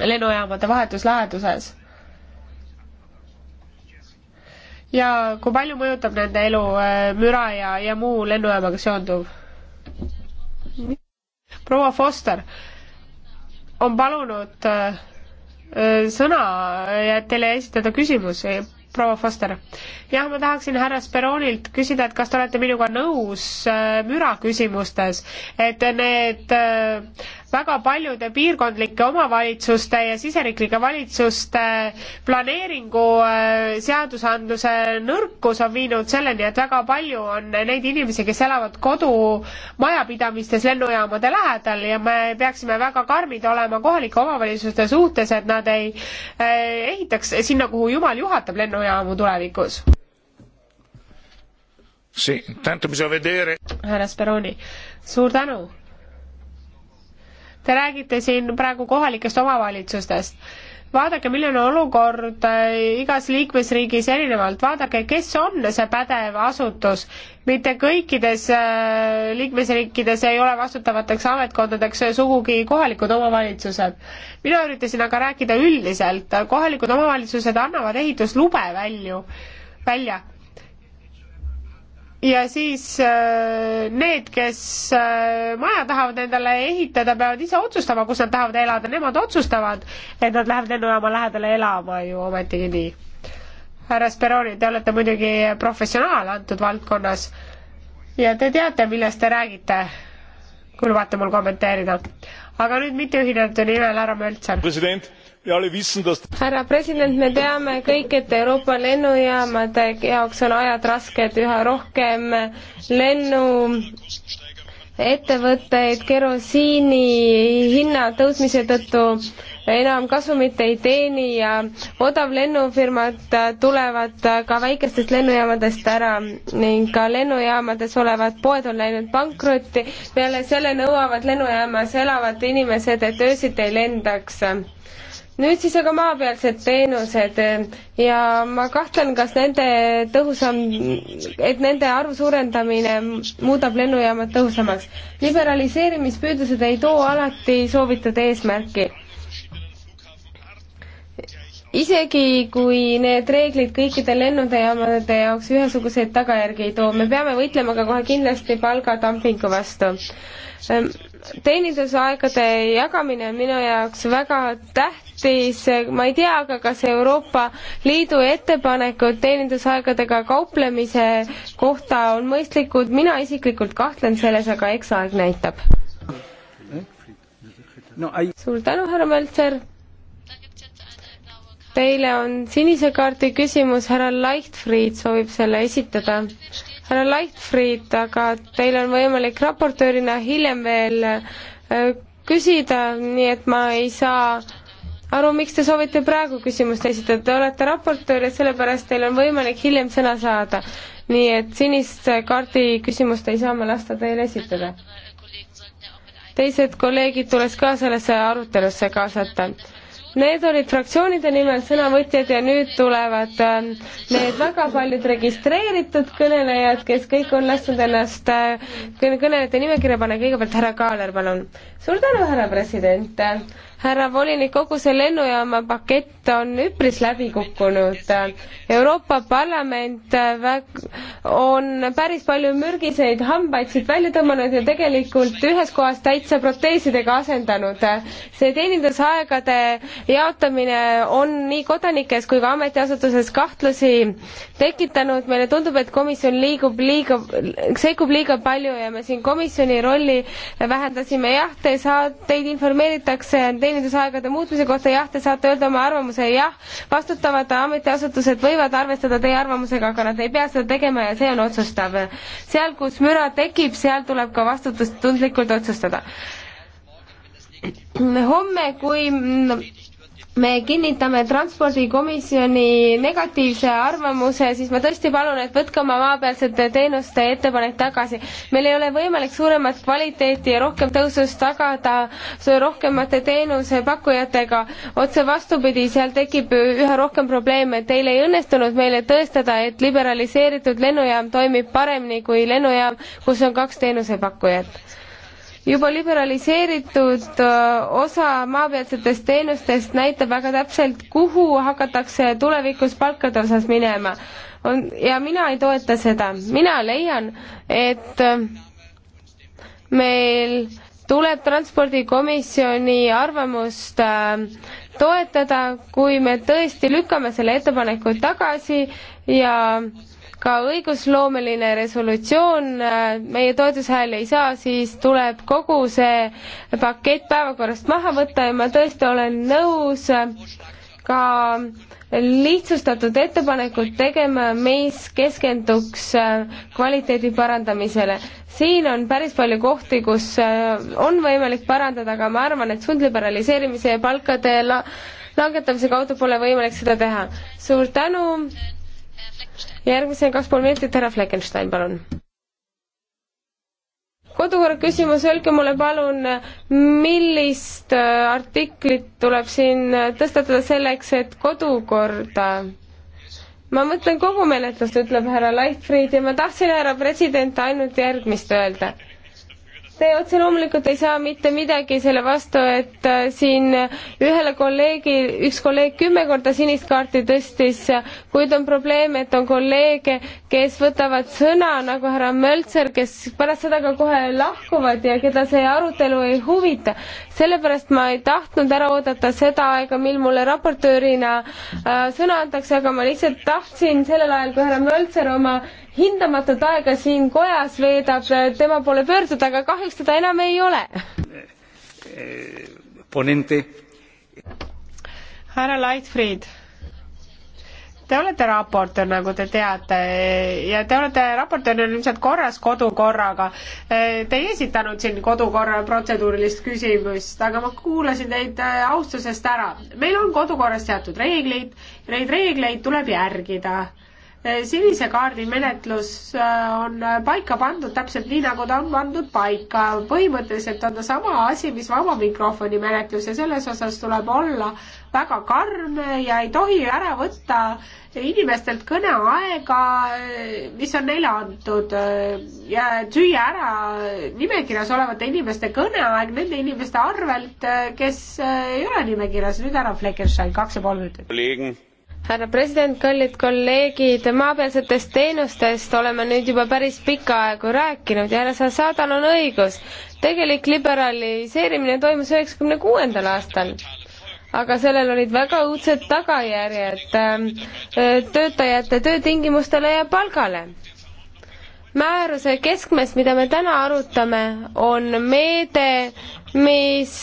lennujaamade vahetus läheduses. ja kui palju mõjutab nende elu müra ja, ja muu lennujaamaga seonduv? proua Foster on palunud äh, Äh, sõna ja teile esitada küsimus, eh, proua Foster. jah, ma tahaksin härra Speronilt küsida, et kas te olete minuga nõus äh, müra küsimustes, et need äh, väga paljude piirkondlike omavalitsuste ja siseriiklike valitsuste planeeringu äh, seadusandluse nõrkus on viinud selleni, et väga palju on neid inimesi, kes elavad kodumajapidamistes lennujaamade lähedal ja me peaksime väga karmid olema kohalike omavalitsuste suhtes, et nad ei äh, ehitaks sinna, kuhu jumal juhatab lennujaamu tulevikus. härra Speroni, suur tänu Te räägite siin praegu kohalikest omavalitsustest. vaadake, milline on olukord äh, igas liikmesriigis erinevalt, vaadake, kes on see pädev asutus. mitte kõikides äh, liikmesriikides ei ole vastutavateks ametkondadeks sugugi kohalikud omavalitsused. mina üritasin aga rääkida üldiselt, kohalikud omavalitsused annavad ehituslube välju, välja ja siis äh, need, kes äh, maja tahavad endale ehitada, peavad ise otsustama, kus nad tahavad elada, nemad otsustavad, et nad lähevad lennujaama lähedale elama ju ometigi nii. härra Speroni, te olete muidugi professionaal antud valdkonnas ja te teate, millest te räägite, kui lubate mul kommenteerida. aga nüüd mitteühinenute nimel härra Möltser. president härra president, me teame kõik, et Euroopa lennujaamade jaoks on ajad rasked, üha rohkem lennuettevõtteid kerosiini hinna tõusmise tõttu enam kasumit ei teeni ja odavlennufirmad tulevad ka väikestest lennujaamadest ära ning ka lennujaamades olevad poed on läinud pankrotti. peale selle nõuavad lennujaamas elavad inimesed, et öösiti ei lendaks nüüd siis aga maapealsed teenused ja ma kahtlen, kas nende tõhusam, et nende arvu suurendamine muudab lennujaamad tõhusamaks. liberaliseerimispüüdlused ei too alati soovitud eesmärki isegi kui need reeglid kõikide lennujaamade jaoks ühesuguseid tagajärgi ei too, me peame võitlema ka kohe kindlasti palgadumpingu vastu. Ehm, teenindusaegade jagamine on minu jaoks väga tähtis, ma ei tea aga, kas Euroopa Liidu ettepanekud teenindusaegadega kauplemise kohta on mõistlikud, mina isiklikult kahtlen selles, aga eks aeg näitab no,. I... suur tänu, härra Möltser! Teile on sinise kaardi küsimus, härra Leichtfried soovib selle esitada härra Leichtfried, aga teil on võimalik raportöörina hiljem veel äh, küsida, nii et ma ei saa aru, miks te soovite praegu küsimust esitada, te olete raportöör ja sellepärast teil on võimalik hiljem sõna saada. nii et sinist kaardi küsimust ei saa me lasta teil esitada. teised kolleegid tuleks ka sellesse arutelusse kaasata Need olid fraktsioonide nimel sõnavõtjad ja nüüd tulevad ähm, need väga paljud registreeritud kõnelejad, kes kõik on lasknud ennast äh, kõnelejate nimekirja panna. kõigepealt härra Kaaler, palun. suur tänu, härra president härra volinik, kogu see lennujaama pakett on üpris läbi kukkunud. Euroopa Parlament äh, on päris palju mürgiseid hambaid siit välja tõmmanud ja tegelikult ühes kohas täitsa proteesidega asendanud. see teenindusaegade jaotamine on nii kodanikes kui ka ametiasutuses kahtlusi tekitanud, meile tundub, et komisjon liigub liiga, sekkub liiga palju ja me siin komisjoni rolli vähendasime, jah, te saate, teid informeeritakse teenindusaegade muutmise kohta, jah, te saate öelda oma arvamuse, jah, vastutamata ametiasutused võivad arvestada teie arvamusega, aga nad ei pea seda tegema ja see on otsustav. seal, kus müra tekib, seal tuleb ka vastutustundlikult otsustada. homme, kui me kinnitame transpordikomisjoni negatiivse arvamuse, siis ma tõesti palun, et võtke oma maapealsete teenuste ettepanek tagasi. meil ei ole võimalik suuremat kvaliteeti ja rohkem tõusust tagada rohkemate teenusepakkujatega. otse vastupidi, seal tekib üha rohkem probleeme. Teil ei õnnestunud meile tõestada, et liberaliseeritud lennujaam toimib paremini kui lennujaam, kus on kaks teenusepakkujat juba liberaliseeritud äh, osa maapealsetest teenustest näitab väga täpselt, kuhu hakatakse tulevikus palkade osas minema. on, ja mina ei toeta seda, mina leian, et äh, meil tuleb transpordikomisjoni arvamust äh, toetada, kui me tõesti lükkame selle ettepaneku tagasi ja äh, ka õigusloomeline resolutsioon äh, meie toetushääli ei saa, siis tuleb kogu see pakett päevakorrast maha võtta ja ma tõesti olen nõus äh, ka lihtsustatud ettepanekut tegema, mis keskenduks äh, kvaliteedi parandamisele. siin on päris palju kohti, kus on võimalik parandada, aga ma arvan, et sundliberaliseerimise ja palkade la-, langetamise kaudu pole võimalik seda teha. suur tänu! järgmisena kaks pool minutit, härra Fleckenstein, palun. kodukorra küsimus, öelge mulle palun, millist äh, artiklit tuleb siin äh, tõstatada selleks, et kodukorda ma mõtlen kogu menetlust, ütleb härra Leifrid ja ma tahtsin, härra president, ainult järgmist öelda Te otse loomulikult ei saa mitte midagi selle vastu, et äh, siin ühele kolleegil, üks kolleeg kümme korda sinist kaarti tõstis, kuid on probleem, et on kolleege, kes võtavad sõna nagu härra Möltser, kes pärast seda ka kohe lahkuvad ja keda see arutelu ei huvita. sellepärast ma ei tahtnud ära oodata seda aega, mil mulle raportöörina äh, sõna antakse, aga ma lihtsalt tahtsin sellel ajal, kui härra Möltser oma hindamatut aega siin kojas veedab, tema poole pöörduda, aga kahjuks teda enam ei ole. Ponente. härra Leitfried te olete raportöör, nagu te teate, ja te olete raportööril ilmselt korras kodukorraga. Te ei esitanud siin kodukorra protseduurilist küsimust, aga ma kuulasin teid äh, austusest ära. meil on kodukorras teatud reeglid, neid reegleid tuleb järgida Eh, sinise kaardi menetlus eh, on eh, paika pandud täpselt nii, nagu ta on pandud paika. põhimõtteliselt on ta sama asi, mis vaba mikrofoni menetlus ja selles osas tuleb olla väga karm ja ei tohi ära võtta inimestelt kõneaega, mis on neile antud ja süüa ära nimekirjas olevate inimeste kõneaeg nende inimeste arvelt, kes ei ole nimekirjas. nüüd härra Fleckenstein, kaks ja pool minutit härra president, kallid kolleegid, maapealsetest teenustest oleme nüüd juba päris pikka aegu rääkinud ja härra Sassadal on õigus. tegelik liberaliseerimine toimus üheksakümne kuuendal aastal aga sellel olid väga õudsed tagajärjed ähm, äh, töötajate töötingimustele ja palgale määruse keskmes, mida me täna arutame, on meede, mis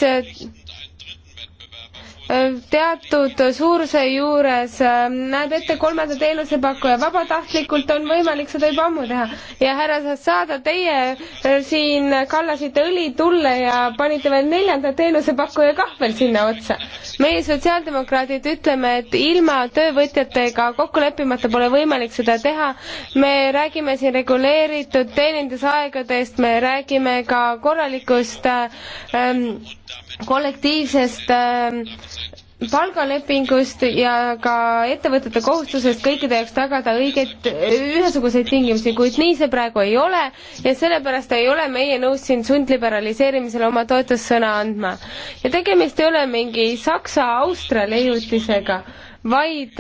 teatud suuruse juures äh, näeb ette kolmanda teenusepakkuja, vabatahtlikult on võimalik seda juba ammu teha. ja härra Sassada, teie äh, siin kallasite õli tulle ja panite veel neljanda teenusepakkuja kah veel sinna otsa meie, sotsiaaldemokraadid, ütleme, et ilma töövõtjatega kokku leppimata pole võimalik seda teha. me räägime siin reguleeritud teenindusaegadest, me räägime ka korralikust ähm, kollektiivsest ähm, palgalepingust ja ka ettevõtete kohustusest kõikide jaoks tagada õiget, ühesuguseid tingimusi, kuid nii see praegu ei ole ja sellepärast ei ole meie nõus siin sundliberaliseerimisele oma toetussõna andma. ja tegemist ei ole mingi Saksa-Austria leiutisega, vaid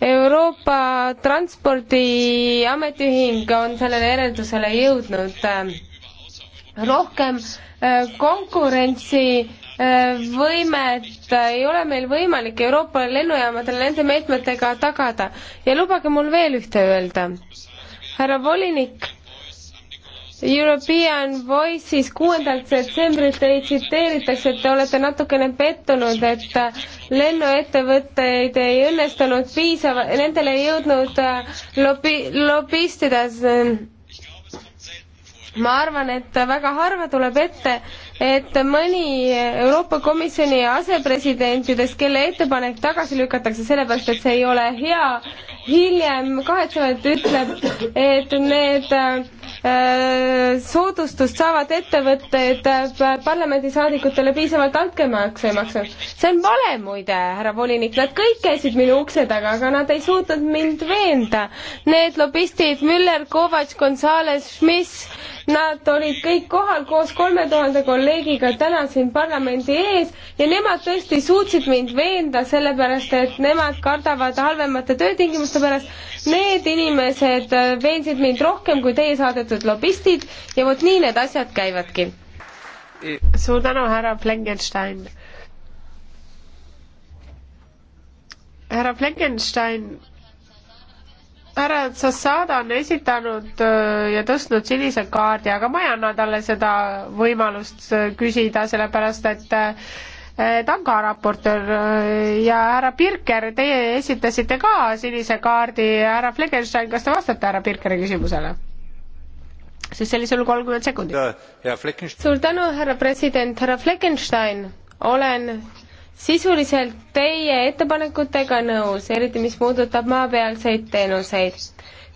Euroopa Transpordiametiühing on sellele järeldusele jõudnud rohkem äh, konkurentsi võimet ei ole meil võimalik Euroopa lennujaamadel nende meetmetega tagada. ja lubage mul veel ühte öelda. härra volinik, European Voices kuuendalt detsembrilt teid tsiteeritakse, et te olete natukene pettunud, et lennuettevõtteid ei õnnestunud piisava, nendele ei jõudnud äh, lobi, lobistida. ma arvan, et väga harva tuleb ette, et mõni Euroopa Komisjoni asepresidentidest, kelle ettepanek tagasi lükatakse sellepärast, et see ei ole hea, hiljem kahetsemalt ütleb, et need äh, soodustust saavad ettevõtted äh, parlamendisaadikutele piisavalt altkäemaksu ei maksnud. see on vale muide, härra volinik, nad kõik käisid minu ukse taga, aga nad ei suutnud mind veenda. Need lobistid Müller, Kovač, Gonzales, Schmiss, Nad olid kõik kohal koos kolme tuhande kolleegiga täna siin parlamendi ees ja nemad tõesti suutsid mind veenda, sellepärast et nemad kardavad halvemate töötingimuste pärast. Need inimesed äh, veensid mind rohkem kui teie saadetud lobistid ja vot nii need asjad käivadki. E- suur tänu, härra Flengenstein härra Fleckenstein härra Sassada on esitanud äh, ja tõstnud sinise kaardi, aga ma ei anna talle seda võimalust äh, küsida, sellepärast et äh, ta on ka raportöör ja härra Birker, teie esitasite ka sinise kaardi, härra Fleckenstein, kas te vastate härra Birkeri küsimusele? siis sellisel juhul kolmkümmend sekundit. suur tänu, härra president, härra Fleckenstein, olen sisuliselt teie ettepanekutega nõus, eriti mis puudutab maapealseid teenuseid.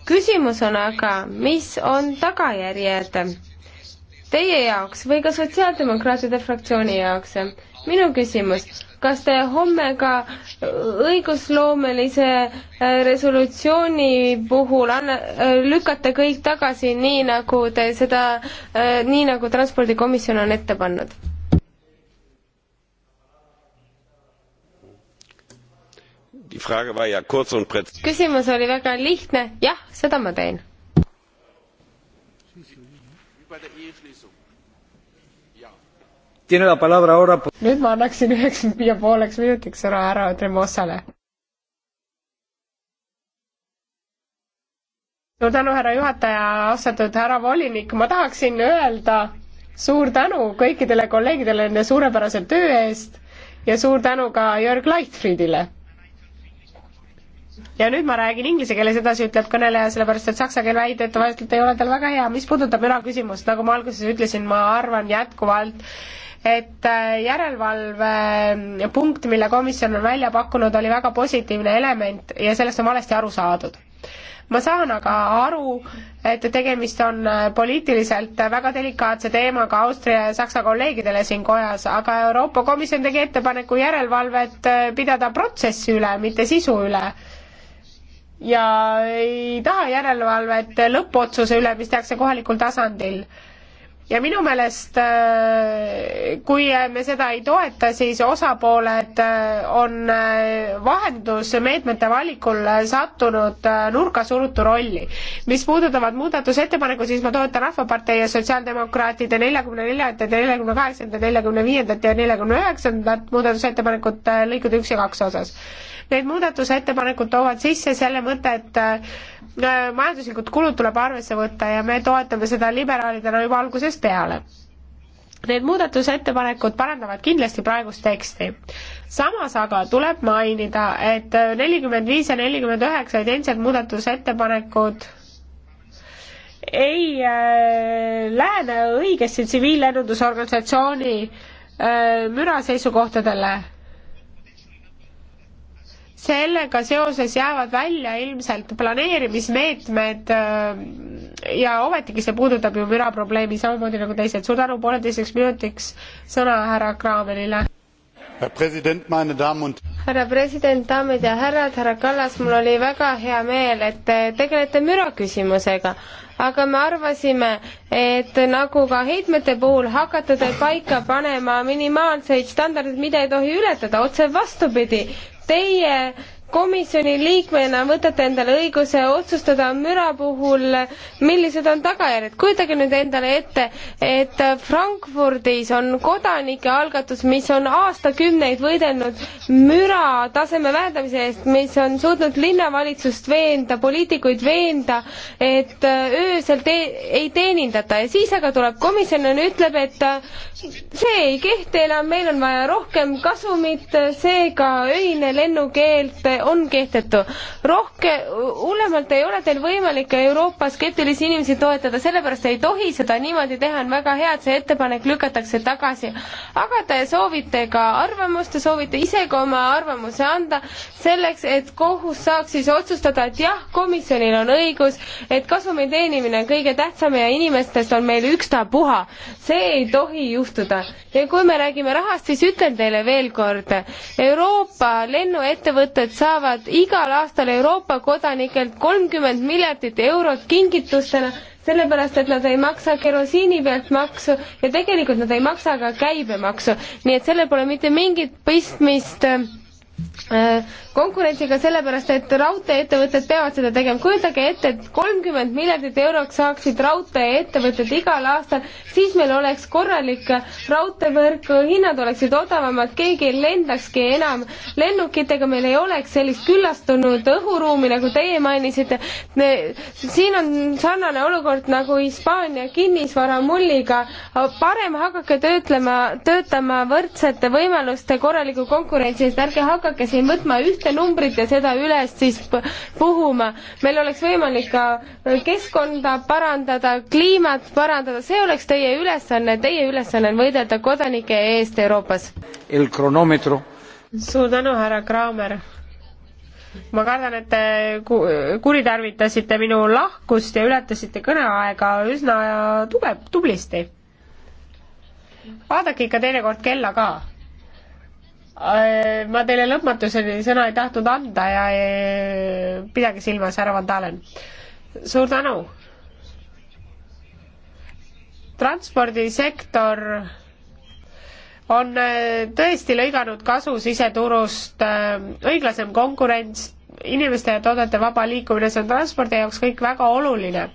küsimus on aga, mis on tagajärjed teie jaoks või ka Sotsiaaldemokraatide fraktsiooni jaoks? minu küsimus, kas te homme ka õigusloomelise äh, resolutsiooni puhul anna, äh, lükkate kõik tagasi, nii nagu te seda, äh, nii nagu Transpordikomisjon on ette pannud? küsimus oli väga lihtne, jah, seda ma teen. nüüd ma annaksin üheks ja pooleks minutiks ära ära Tremosale. suur tänu, härra juhataja, austatud härra volinik, ma tahaksin öelda suur tänu kõikidele kolleegidele nende suurepärase töö eest ja suur tänu ka Jörg Leichtfriedile ja nüüd ma räägin inglise keeles edasi, ütleb kõneleja, sellepärast et saksa keel väidetavalt ei ole tal väga hea. mis puudutab müraküsimust, nagu ma alguses ütlesin, ma arvan jätkuvalt, et äh, järelevalve mm, punkt, mille komisjon on välja pakkunud, oli väga positiivne element ja sellest on valesti aru saadud ma saan aga aru, et tegemist on äh, poliitiliselt väga delikaatse teemaga Austria ja Saksa kolleegidele siin kojas, aga Euroopa Komisjon tegi ettepaneku järelevalvet äh, pidada protsessi üle, mitte sisu üle ja ei taha järelevalvet lõppotsuse üle, mis tehakse kohalikul tasandil. ja minu meelest, äh, kui me seda ei toeta, siis osapooled äh, on äh, vahendusmeetmete valikul sattunud nurkasurutu rolli. mis puudutavad muudatusettepanekuid, siis ma toetan Rahvapartei ja Sotsiaaldemokraatide neljakümne neljandat ja neljakümne kaheksandat, neljakümne viiendat ja neljakümne üheksandat muudatusettepanekut lõikude üks ja kaks osas Need muudatusettepanekud toovad sisse selle mõtte, et äh, majanduslikud kulud tuleb arvesse võtta ja me toetame seda liberaalidena juba algusest peale. Need muudatusettepanekud parandavad kindlasti praegust teksti. samas aga tuleb mainida, et nelikümmend viis ja nelikümmend üheksa identsed muudatusettepanekud ei äh, lähene õigesti tsiviillennundusorganisatsiooni äh, müra seisukohtadele sellega seoses jäävad välja ilmselt planeerimismeetmed äh, ja ometigi see puudutab ju müraprobleemi samamoodi nagu teised. suur tänu pooleteiseks minutiks sõna härra Kraamelile. härra president, daamid ja härrad, härra Kallas, mul oli väga hea meel, et te tegelete müraküsimusega aga me arvasime, et nagu ka heitmete puhul hakata te paika panema minimaalseid standardeid, mida ei tohi ületada, otse vastupidi, teie komisjoni liikmena võtate endale õiguse otsustada müra puhul, millised on tagajärjed. kujutage nüüd endale ette, et Frankfurdis on kodanike algatus, mis on aastakümneid võidelnud müra taseme vähendamise eest, mis on suutnud linnavalitsust veenda, poliitikuid veenda, et öösel te ei teenindata ja siis aga tuleb komisjon ja ütleb, et see ei kehti enam, meil on vaja rohkem kasumit, seega öine lennukeeld on kehtetu. rohke, hullemalt ei ole teil võimalik Euroopa skeptilisi inimesi toetada, sellepärast ei tohi seda niimoodi teha, on väga hea, et see ettepanek lükatakse tagasi. aga te soovite ka arvamust, te soovite ise ka oma arvamuse anda, selleks et kohus saaks siis otsustada, et jah, komisjonil on õigus, et kasumi teenimine on kõige tähtsam ja inimestest on meil ükstapuha. see ei tohi juhtuda. ja kui me räägime rahast, siis ütlen teile veel kord, Euroopa lennuettevõtted saavad saavad igal aastal Euroopa kodanikelt kolmkümmend miljardit eurot kingitustena, sellepärast et nad ei maksa kerosiini pealt maksu ja tegelikult nad ei maksa ka käibemaksu, nii et sellel pole mitte mingit pistmist äh, Äh, konkurentsiga sellepärast, et raudteeettevõtted peavad seda tegema. kujutage ette, et kolmkümmend miljardit eurot saaksid raudteeettevõtted igal aastal, siis meil oleks korralik raudteevõrk, hinnad oleksid odavamad, keegi ei lendakski enam lennukitega, meil ei oleks sellist küllastunud õhuruumi, nagu teie mainisite. siin on sarnane olukord nagu Hispaania kinnisvaramulliga. parem hakake töötlema, töötama võrdsete võimaluste korraliku konkurentsi eest, ärge hakake hakake siin võtma ühte numbrit ja seda üles siis puhuma. meil oleks võimalik ka keskkonda parandada, kliimat parandada, see oleks teie ülesanne, teie ülesanne on võidelda kodanike eest Euroopas. suur tänu, härra Kraamer ma kardan, et te kuritarvitasite minu lahkust ja ületasite kõneaega üsna tugev, tublisti. vaadake ikka teinekord kella ka Äh, ma teile lõpmatuseni sõna ei tahtnud anda ja äh, pidage silmas, härra Van Dalen. suur tänu. transpordisektor on äh, tõesti lõiganud kasu siseturust, õiglasem konkurents, inimeste ja toodete vaba liikumine, see on transpordi jaoks kõik väga oluline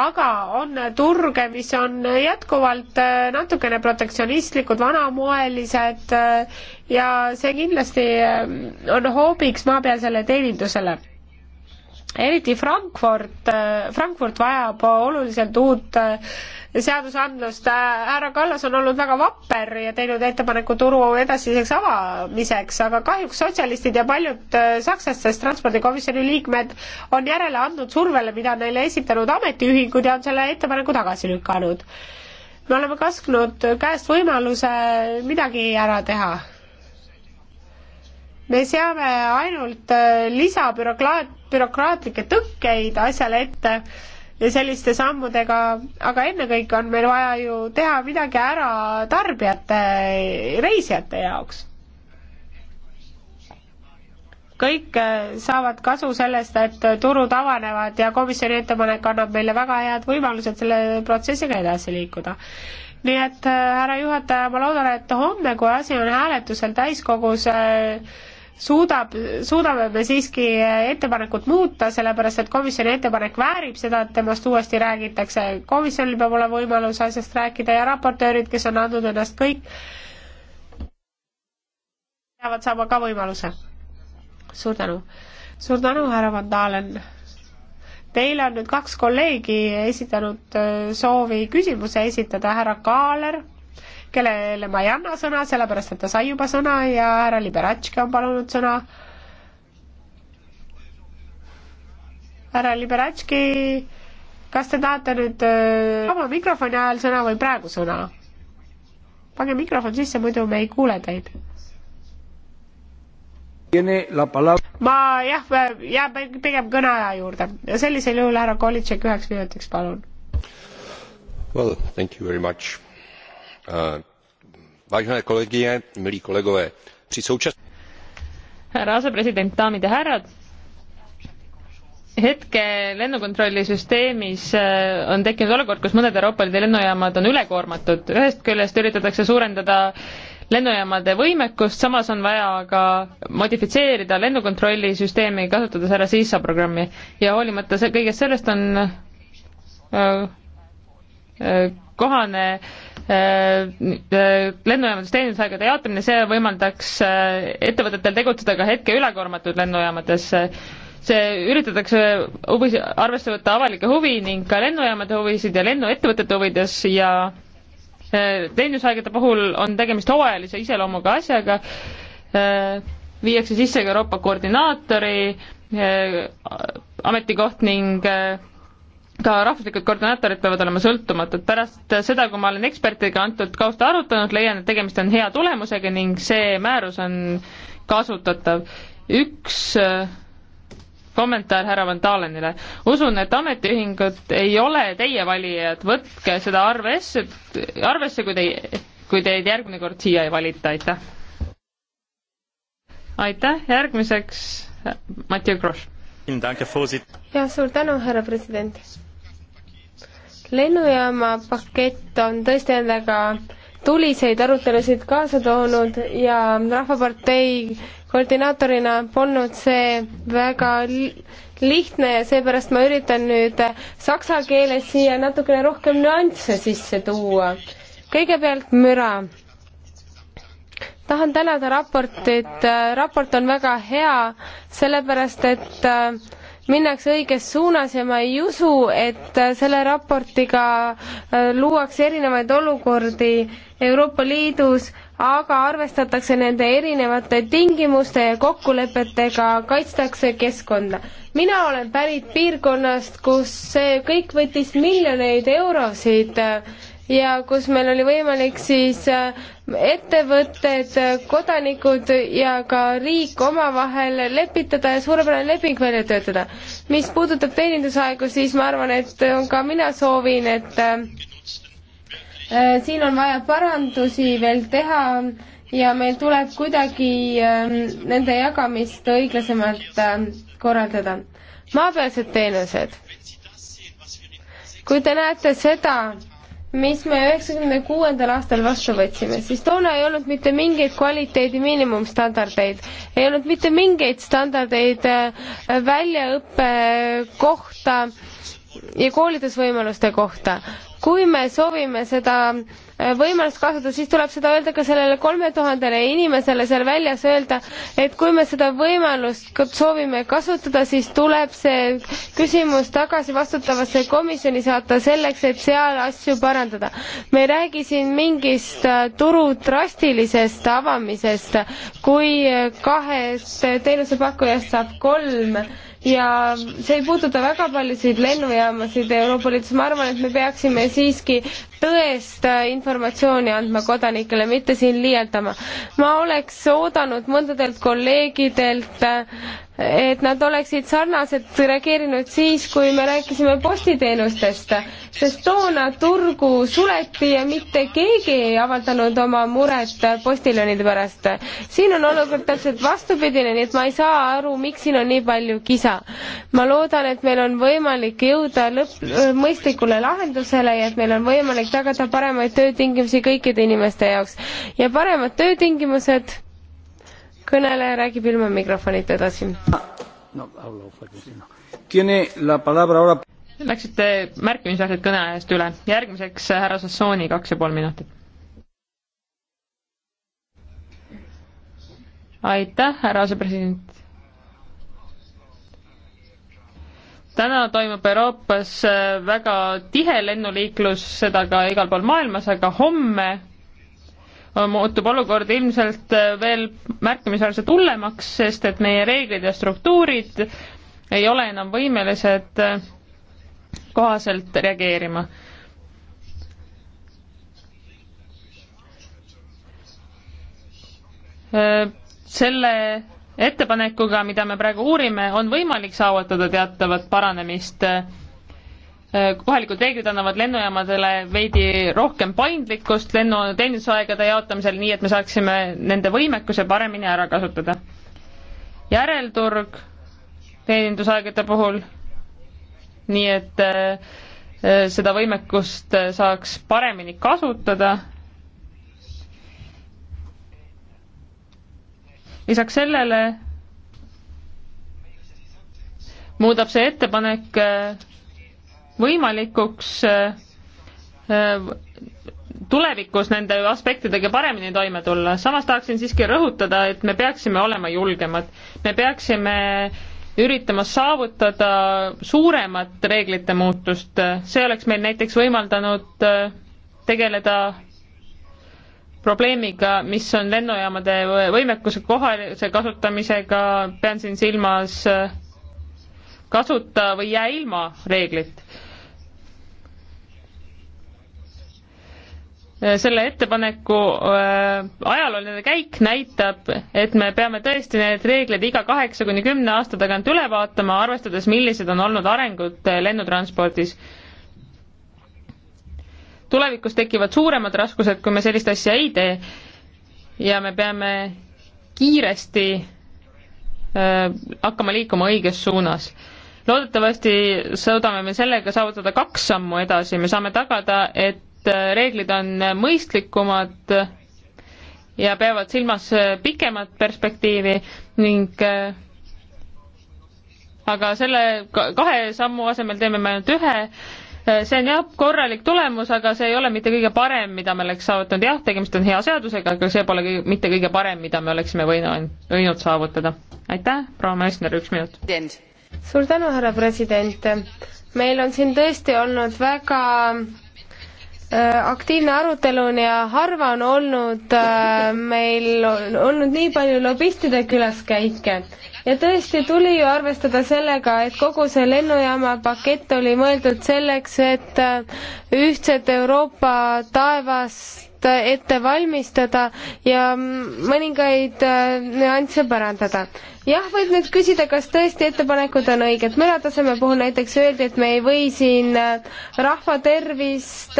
aga on turge, mis on jätkuvalt äh, natukene protektsionistlikud, vanamoelised äh, ja see kindlasti äh, on hoobiks maapealsele teenindusele eriti Frankfurt, äh, Frankfurt vajab oluliselt uut äh, seadusandlust, äh, härra Kallas on olnud väga vapper ja teinud ettepaneku turu edasiseks avamiseks, aga kahjuks sotsialistid ja paljud sakslastest transpordikomisjoni liikmed on järele andnud survele, mida neile esitanud ametiühingud ja on selle ettepaneku tagasi lükanud. me oleme kasknud käest võimaluse midagi ära teha. me seame ainult lisabürokraat-, bürokraatlikke tõkkeid asjale ette ja selliste sammudega, aga ennekõike on meil vaja ju teha midagi ära tarbijate, reisijate jaoks. kõik äh, saavad kasu sellest, et turud avanevad ja komisjoni ettepanek annab meile väga head võimalused selle protsessiga edasi liikuda. nii et äh, härra juhataja, ma loodan, et homme, kui asi on hääletusel täiskogus äh, suudab, suudame me siiski ettepanekut muuta, sellepärast et komisjoni ettepanek väärib seda, et temast uuesti räägitakse. komisjonil peab olema võimalus asjast rääkida ja raportöörid, kes on andnud ennast kõik, peavad saama ka võimaluse. suur tänu. suur tänu, härra Van Dalen. Teile on nüüd kaks kolleegi esitanud äh, soovi küsimuse esitada, härra Kaaler kellele ma ei anna sõna, sellepärast et ta sai juba sõna ja härra Liberatški on palunud sõna. härra Liberatški, kas te tahate nüüd äh, vaba mikrofoni ajal sõna või praegu sõna? pange mikrofon sisse, muidu me ei kuule teid. ma jah, jääb pigem kõneaja juurde. sellisel juhul härra Kolitšek üheks minutiks, palun. Well, thank you very much Eh, vážené kolegyně milí kolegové při současné. härra asepresident daamid ja härrad hetke lennukontrollisüsteemis eh, on tekkinud olukord kus mõned euroopa liidu lennujaamad on ülekoormatud ühest küljest üritatakse suurendada lennujaamade võimekust samas on vaja aga modifitseerida lennukontrollisüsteemi kasutades ära sisa programmi ja hoolimata see kõigest sellest on eh, kohane äh, äh, lennujaamades teenindusaegade jaotamine, see võimaldaks äh, ettevõtetel tegutseda ka hetke ülekoormatud lennujaamades. see üritatakse huvis, arvesse võtta avalikke huvi ning ka lennujaamade huvisid ja lennuettevõtete huvides ja teenindusaegade puhul on tegemist hooajalise iseloomuga asjaga, viiakse sisse ka Euroopa koordinaatori ametikoht ning ka rahvuslikud koordinaatorid peavad olema sõltumatud. pärast seda, kui ma olen ekspertidega antud kausta arutanud, leian, et tegemist on hea tulemusega ning see määrus on kasutatav. üks äh, kommentaar härra Van Dalenile. usun, et ametiühingud ei ole teie valijad, võtke seda arvesse, arvesse, kui te, kui teid järgmine kord siia ei valita, aitäh. aitäh, järgmiseks Mati Gross. ja suur tänu, härra president lennujaama pakett on tõesti endaga tuliseid arutelusid kaasa toonud ja Rahvapartei koordinaatorina polnud see väga lihtne ja seepärast ma üritan nüüd saksa keeles siia natukene rohkem nüansse sisse tuua. kõigepealt müra. tahan tänada raportit, raport on väga hea, sellepärast et äh, minnakse õiges suunas ja ma ei usu, et äh, selle raportiga äh, luuakse erinevaid olukordi Euroopa Liidus, aga arvestatakse nende erinevate tingimuste ja kokkulepetega, kaitstakse keskkonda. mina olen pärit piirkonnast, kus see kõik võttis miljoneid eurosid äh, ja kus meil oli võimalik siis äh, ettevõtted, kodanikud ja ka riik omavahel lepitada ja suurepärane leping välja töötada. mis puudutab teenindusaegu, siis ma arvan, et ka mina soovin, et äh, äh, siin on vaja parandusi veel teha ja meil tuleb kuidagi ähm, nende jagamist õiglasemalt korraldada. maapealsed teenused. kui te näete seda, mis me üheksakümne kuuendal aastal vastu võtsime, siis toona ei olnud mitte mingeid kvaliteedi miinimumstandardeid, ei olnud mitte mingeid standardeid äh, väljaõppe kohta ja koolitusvõimaluste kohta. kui me soovime seda Äh, võimalust kasutada, siis tuleb seda öelda ka sellele kolme tuhandele inimesele seal väljas öelda, et kui me seda võimalust soovime kasutada, siis tuleb see küsimus tagasi vastutavasse komisjoni saata selleks, et seal asju parandada. me ei räägi siin mingist äh, turu drastilisest avamisest, kui äh, kahest teenusepakkujast saab kolm ja see ei puuduta väga paljusid lennujaamasid Euroopa Liidus, ma arvan, et me peaksime siiski tõest informatsiooni andma kodanikele, mitte siin liialdama. ma oleks oodanud mõndadelt kolleegidelt, et nad oleksid sarnaselt reageerinud siis, kui me rääkisime postiteenustest, sest toona turgu suleti ja mitte keegi ei avaldanud oma muret postiljonide pärast. siin on olukord täpselt vastupidine, nii et ma ei saa aru, miks siin on nii palju kisa. ma loodan, et meil on võimalik jõuda lõpp, mõistlikule lahendusele ja et meil on võimalik tagada paremaid töötingimusi kõikide inimeste jaoks ja paremad töötingimused, kõneleja räägib ilma mikrofonita edasi no,. Palabra... Läksite märkimisväärselt kõneajast üle, järgmiseks härra Sassooni kaks ja pool minutit. aitäh, härra asepresident täna toimub Euroopas äh, väga tihe lennuliiklus, seda ka igal pool maailmas, aga homme äh, muutub olukord ilmselt äh, veel märkimisväärselt hullemaks, sest et meie reeglid ja struktuurid ei ole enam võimelised kohaselt reageerima. selle ettepanekuga, mida me praegu uurime, on võimalik saavutada teatavat paranemist. Äh, kohalikud reeglid annavad lennujaamadele veidi rohkem paindlikkust lennuteenindusaegade jaotamisel, nii et me saaksime nende võimekuse paremini ära kasutada. järelturg teenindusaegade puhul, nii et äh, äh, seda võimekust saaks paremini kasutada lisaks sellele muudab see ettepanek äh, võimalikuks äh, äh, tulevikus nende aspektidega paremini toime tulla. samas tahaksin siiski rõhutada, et me peaksime olema julgemad. me peaksime üritama saavutada suuremat reeglite muutust. see oleks meil näiteks võimaldanud tegeleda probleemiga, mis on lennujaamade võimekuse kohalise kasutamisega, pean siin silmas äh, kasuta või jää ilma reeglit. Äh, selle ettepaneku äh, ajalooline käik näitab, et me peame tõesti need reeglid iga kaheksa kuni kümne aasta tagant üle vaatama, arvestades, millised on olnud arengud lennutranspordis tulevikus tekivad suuremad raskused, kui me sellist asja ei tee. ja me peame kiiresti äh, hakkama liikuma õiges suunas. loodetavasti suudame me sellega saavutada kaks sammu edasi, me saame tagada, et äh, reeglid on mõistlikumad ja peavad silmas äh, pikemat perspektiivi ning äh, aga selle kahe sammu asemel teeme me ainult ühe Eh, see on jah, korralik tulemus, aga see ei ole mitte kõige parem, mida me oleks saavutanud, jah, tegemist on hea seadusega, aga see pole kõige, mitte kõige parem, mida me oleksime võinud, võinud saavutada. aitäh, proua Meissner, üks minut. suur tänu, härra president. meil on siin tõesti olnud väga äh, aktiivne arutelu on ja harva on olnud äh, meil on olnud nii palju lobistide külaskäike ja tõesti tuli ju arvestada sellega, et kogu see lennujaama pakett oli mõeldud selleks, et äh, ühtset Euroopa taevast äh, ette valmistada ja mm, mõningaid äh, nüansse parandada. jah, võib nüüd küsida, kas tõesti ettepanekud on õiged. mürataseme puhul näiteks öeldi, et me ei või siin rahva tervist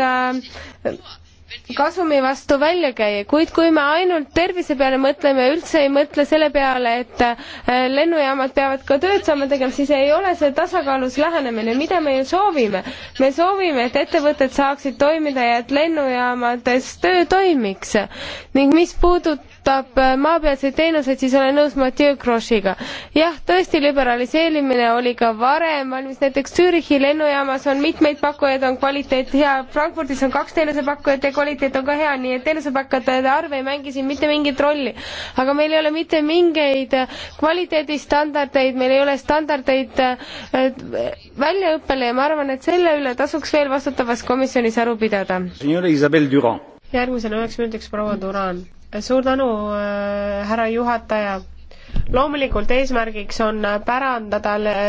kasumi vastu välja käia, kuid kui me ainult tervise peale mõtleme ja üldse ei mõtle selle peale, et äh, lennujaamad peavad ka tööd saama tegema, siis ei ole see tasakaalus lähenemine, mida me ju soovime. me soovime, et ettevõtted saaksid toimida ja et lennujaamades töö toimiks ning mis puudutab puudutab äh, maapealseid teenuseid, siis olen nõus Mathieu Grossiga. jah, tõesti, liberaliseerimine oli ka varem valmis, näiteks Zürichi lennujaamas on mitmeid pakkujaid, on kvaliteet hea, Frankfurdis on kaks teenusepakkujat ja kvaliteet on ka hea, nii et teenusepakkujate arv ei mängi siin mitte mingit rolli. aga meil ei ole mitte mingeid kvaliteedistandardeid, meil ei ole standardeid äh, väljaõppele ja ma arvan, et selle üle tasuks veel vastutavas komisjonis aru pidada. järgmisena üheks minutiks proua Duran suur tänu äh,, härra juhataja loomulikult eesmärgiks on pärandada äh,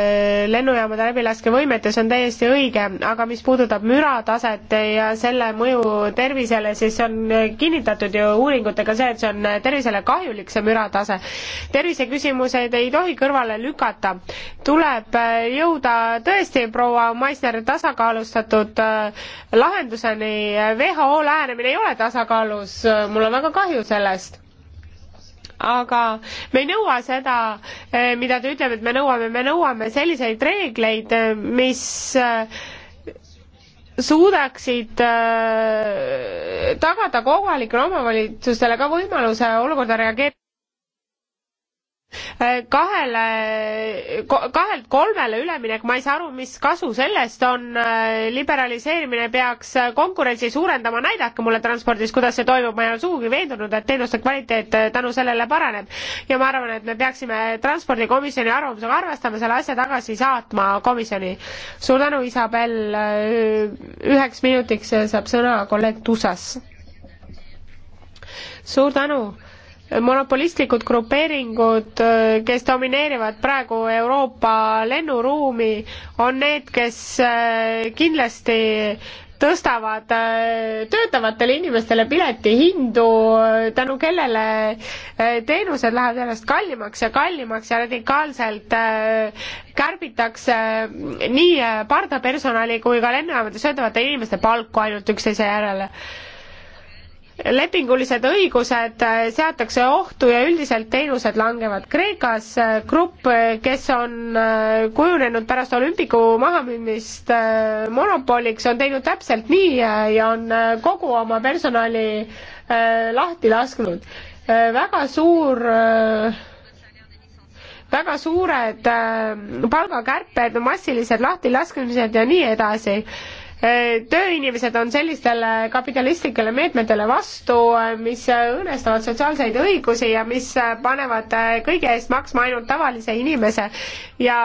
lennujaamade läbilaskevõimet ja see on täiesti õige, aga mis puudutab mürataset ja selle mõju tervisele, siis on äh, kinnitatud ju uuringutega see, et see on äh, tervisele kahjulik, see müratase. terviseküsimused ei tohi kõrvale lükata. tuleb jõuda tõesti, proua Maisner, tasakaalustatud lahenduseni. WHO lähenemine ei ole tasakaalus, mul on väga kahju sellest aga me ei nõua seda, eh, mida ta ütleb, et me nõuame, me nõuame selliseid reegleid, eh, mis eh, suudaksid tagada kohalikele omavalitsustele ka võimaluse olukorda reageerida. Äh, kahele, kahelt kolmele üleminek, ma ei saa aru, mis kasu sellest on, äh, liberaliseerimine peaks äh, konkurentsi suurendama, näidake mulle transpordis, kuidas see toimub, ma ei ole sugugi veendunud, et teenuste kvaliteet tänu sellele paraneb. ja ma arvan, et me peaksime transpordikomisjoni arvamusega arvestama, selle asja tagasi saatma komisjoni. suur tänu, Isabel, üheks minutiks saab sõna kolleeg Tusas. suur tänu monopolistlikud grupeeringud, kes domineerivad praegu Euroopa lennuruumi, on need, kes eh, kindlasti tõstavad eh, töötavatele inimestele piletihindu, eh, tänu kellele teenused lähevad järjest kallimaks ja kallimaks ja radikaalselt kärbitakse nii pardapersonali kui ka lennujaamades töötavate inimeste palku ainult üksteise järele lepingulised õigused äh, seatakse ohtu ja üldiselt teenused langevad. Kreekas äh, grupp, äh, kes on kujunenud pärast olümpiku mahamüümist monopoliks, on teinud täpselt nii ja on kogu oma personali lahti lasknud. väga suur väga suured palgakärped, massilised lahtilaskmised ja nii edasi Äh, tööinimesed on sellistele kapitalistlikele meetmetele vastu, äh, mis õõnestavad sotsiaalseid õigusi ja mis äh, panevad kõige eest maksma ainult tavalise inimese ja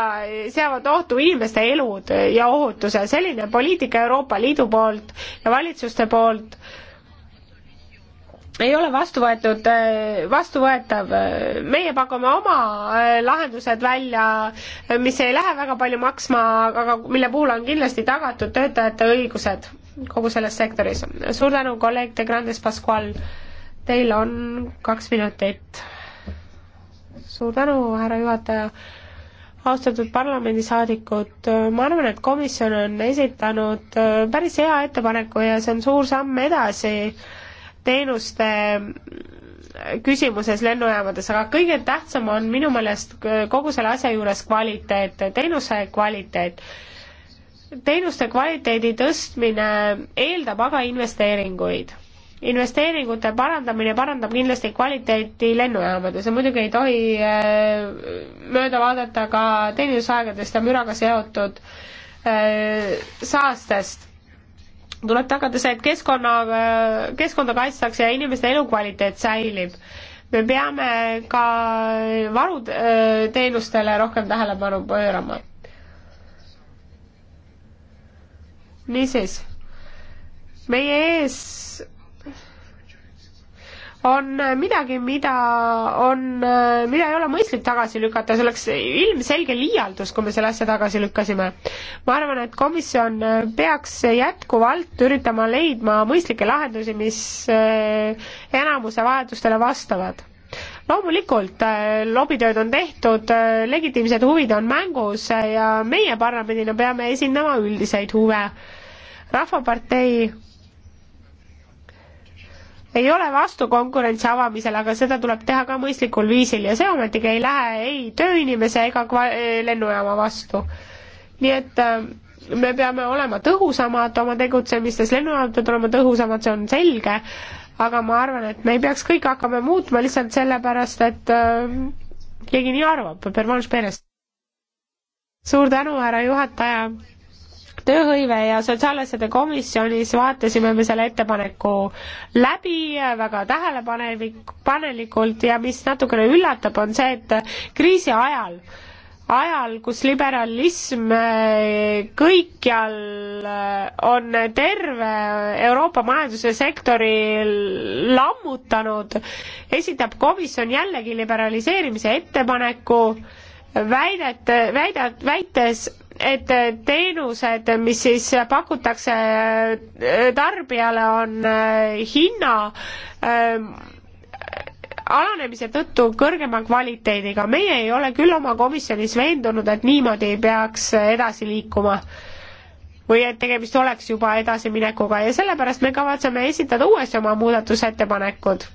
seavad ohtu inimeste elud ja ohutuse. selline poliitika Euroopa Liidu poolt ja valitsuste poolt äh, ei ole vastu võetud, äh, vastuvõetav. meie pakume oma äh, lahendused välja, mis ei lähe väga palju maksma, aga mille puhul on kindlasti tagatud töötajate õigused kogu selles sektoris. suur tänu, kolleeg De Grandes Pascual. Teil on kaks minutit. suur tänu, härra juhataja. austatud parlamendisaadikud, ma arvan, et komisjon on esitanud äh, päris hea ettepaneku ja see on suur samm edasi äh, teenuste küsimuses lennujaamades, aga kõige tähtsam on minu meelest kogu selle asja juures kvaliteet, teenuse kvaliteet. teenuste kvaliteedi tõstmine eeldab aga investeeringuid. investeeringute parandamine parandab kindlasti kvaliteeti lennujaamades ja muidugi ei tohi äh, mööda vaadata ka teenindusaegadest ja müraga seotud äh, saastest tuleb tagada see, et keskkonna, keskkonda kaitstakse ja inimeste elukvaliteet säilib. me peame ka varuteenustele rohkem tähelepanu pöörama. niisiis, meie ees on midagi, mida on, mida ei ole mõistlik tagasi lükata, see oleks ilmselge liialdus, kui me selle asja tagasi lükkasime. ma arvan, et komisjon peaks jätkuvalt üritama leidma mõistlikke lahendusi, mis eh, enamuse vajadustele vastavad loomulikult eh, lobitööd on tehtud, eh, legitiimsed huvid on mängus ja meie parlamendina peame esindama üldiseid huve. rahvapartei ei ole vastu konkurentsi avamisele, aga seda tuleb teha ka mõistlikul viisil ja see ometigi ei lähe ei tööinimese ega kva-, lennujaama vastu. nii et äh, me peame olema tõhusamad oma tegutsemistes, lennujaamad peavad olema tõhusamad, see on selge, aga ma arvan, et me ei peaks kõike hakkama muutma lihtsalt sellepärast, et äh, keegi nii arvab, Pervanš Perest. suur tänu, härra juhataja tööhõive ja sotsiaalasjade komisjonis vaatasime me selle ettepaneku läbi väga tähelepanelik, panelikult ja mis natukene üllatab, on see, et kriisi ajal ajal, kus liberalism eh, kõikjal eh, on terve Euroopa majanduse sektori lammutanud, esitab komisjon jällegi liberaliseerimise ettepaneku, väidet, väidet, väites, et teenused, mis siis pakutakse äh, tarbijale, on äh, hinna ähm, alanemise tõttu kõrgema kvaliteediga. meie ei ole küll oma komisjonis veendunud, et niimoodi ei peaks edasi liikuma või et tegemist oleks juba edasiminekuga ja sellepärast me kavatseme esitada uuesti oma muudatusettepanekud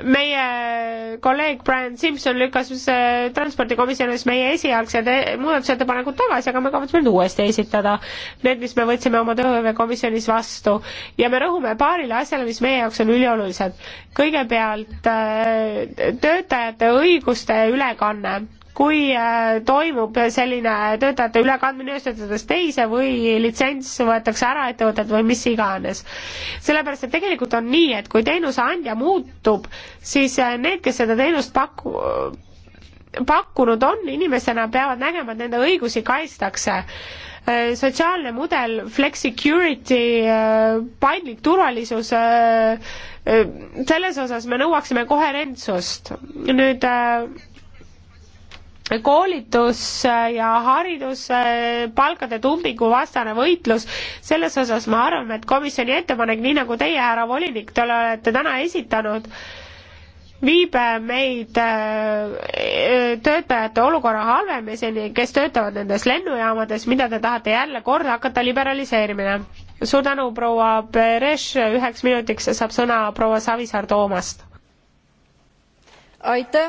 meie kolleeg Brian Simson lükkas äh, transpordikomisjonis meie esialgsed äh, muudatusettepanekud tagasi, aga me kavatseme need uuesti esitada, need, mis me võtsime oma tööhõivekomisjonis vastu. ja me rõhume paarile asjale, mis meie jaoks on üliolulised. kõigepealt äh, töötajate õiguste ülekanne kui äh, toimub selline töötajate ülekandmine ühest töötajatest teise või litsents võetakse ära ettevõtet või mis iganes. sellepärast, et tegelikult on nii, et kui teenuseandja muutub, siis äh, need, kes seda teenust paku-, pakkunud on inimesena, peavad nägema, et nende õigusi kaitstakse äh, sotsiaalne mudel, flexicurity, paindlik turvalisus, selles osas me nõuaksime koherentsust. nüüd koolitus ja haridus, palkade tumbingu vastane võitlus, selles osas me arvame, et komisjoni ettepanek, nii nagu teie, härra volinik, te olete täna esitanud, viib meid äh, töötajate olukorra halvemiseni, kes töötavad nendes lennujaamades, mida te tahate jälle kord hakata liberaliseerimine. suur tänu, proua Perez, üheks minutiks saab sõna proua Savisaar Toomast. aitäh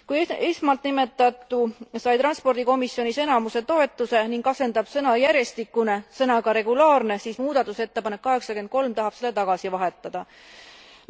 kui esmalt nimetatu sai transpordikomisjonis enamuse toetuse ning asendab sõna järjestikune sõnaga regulaarne siis muudatusettepanek tahab selle tagasi vahetada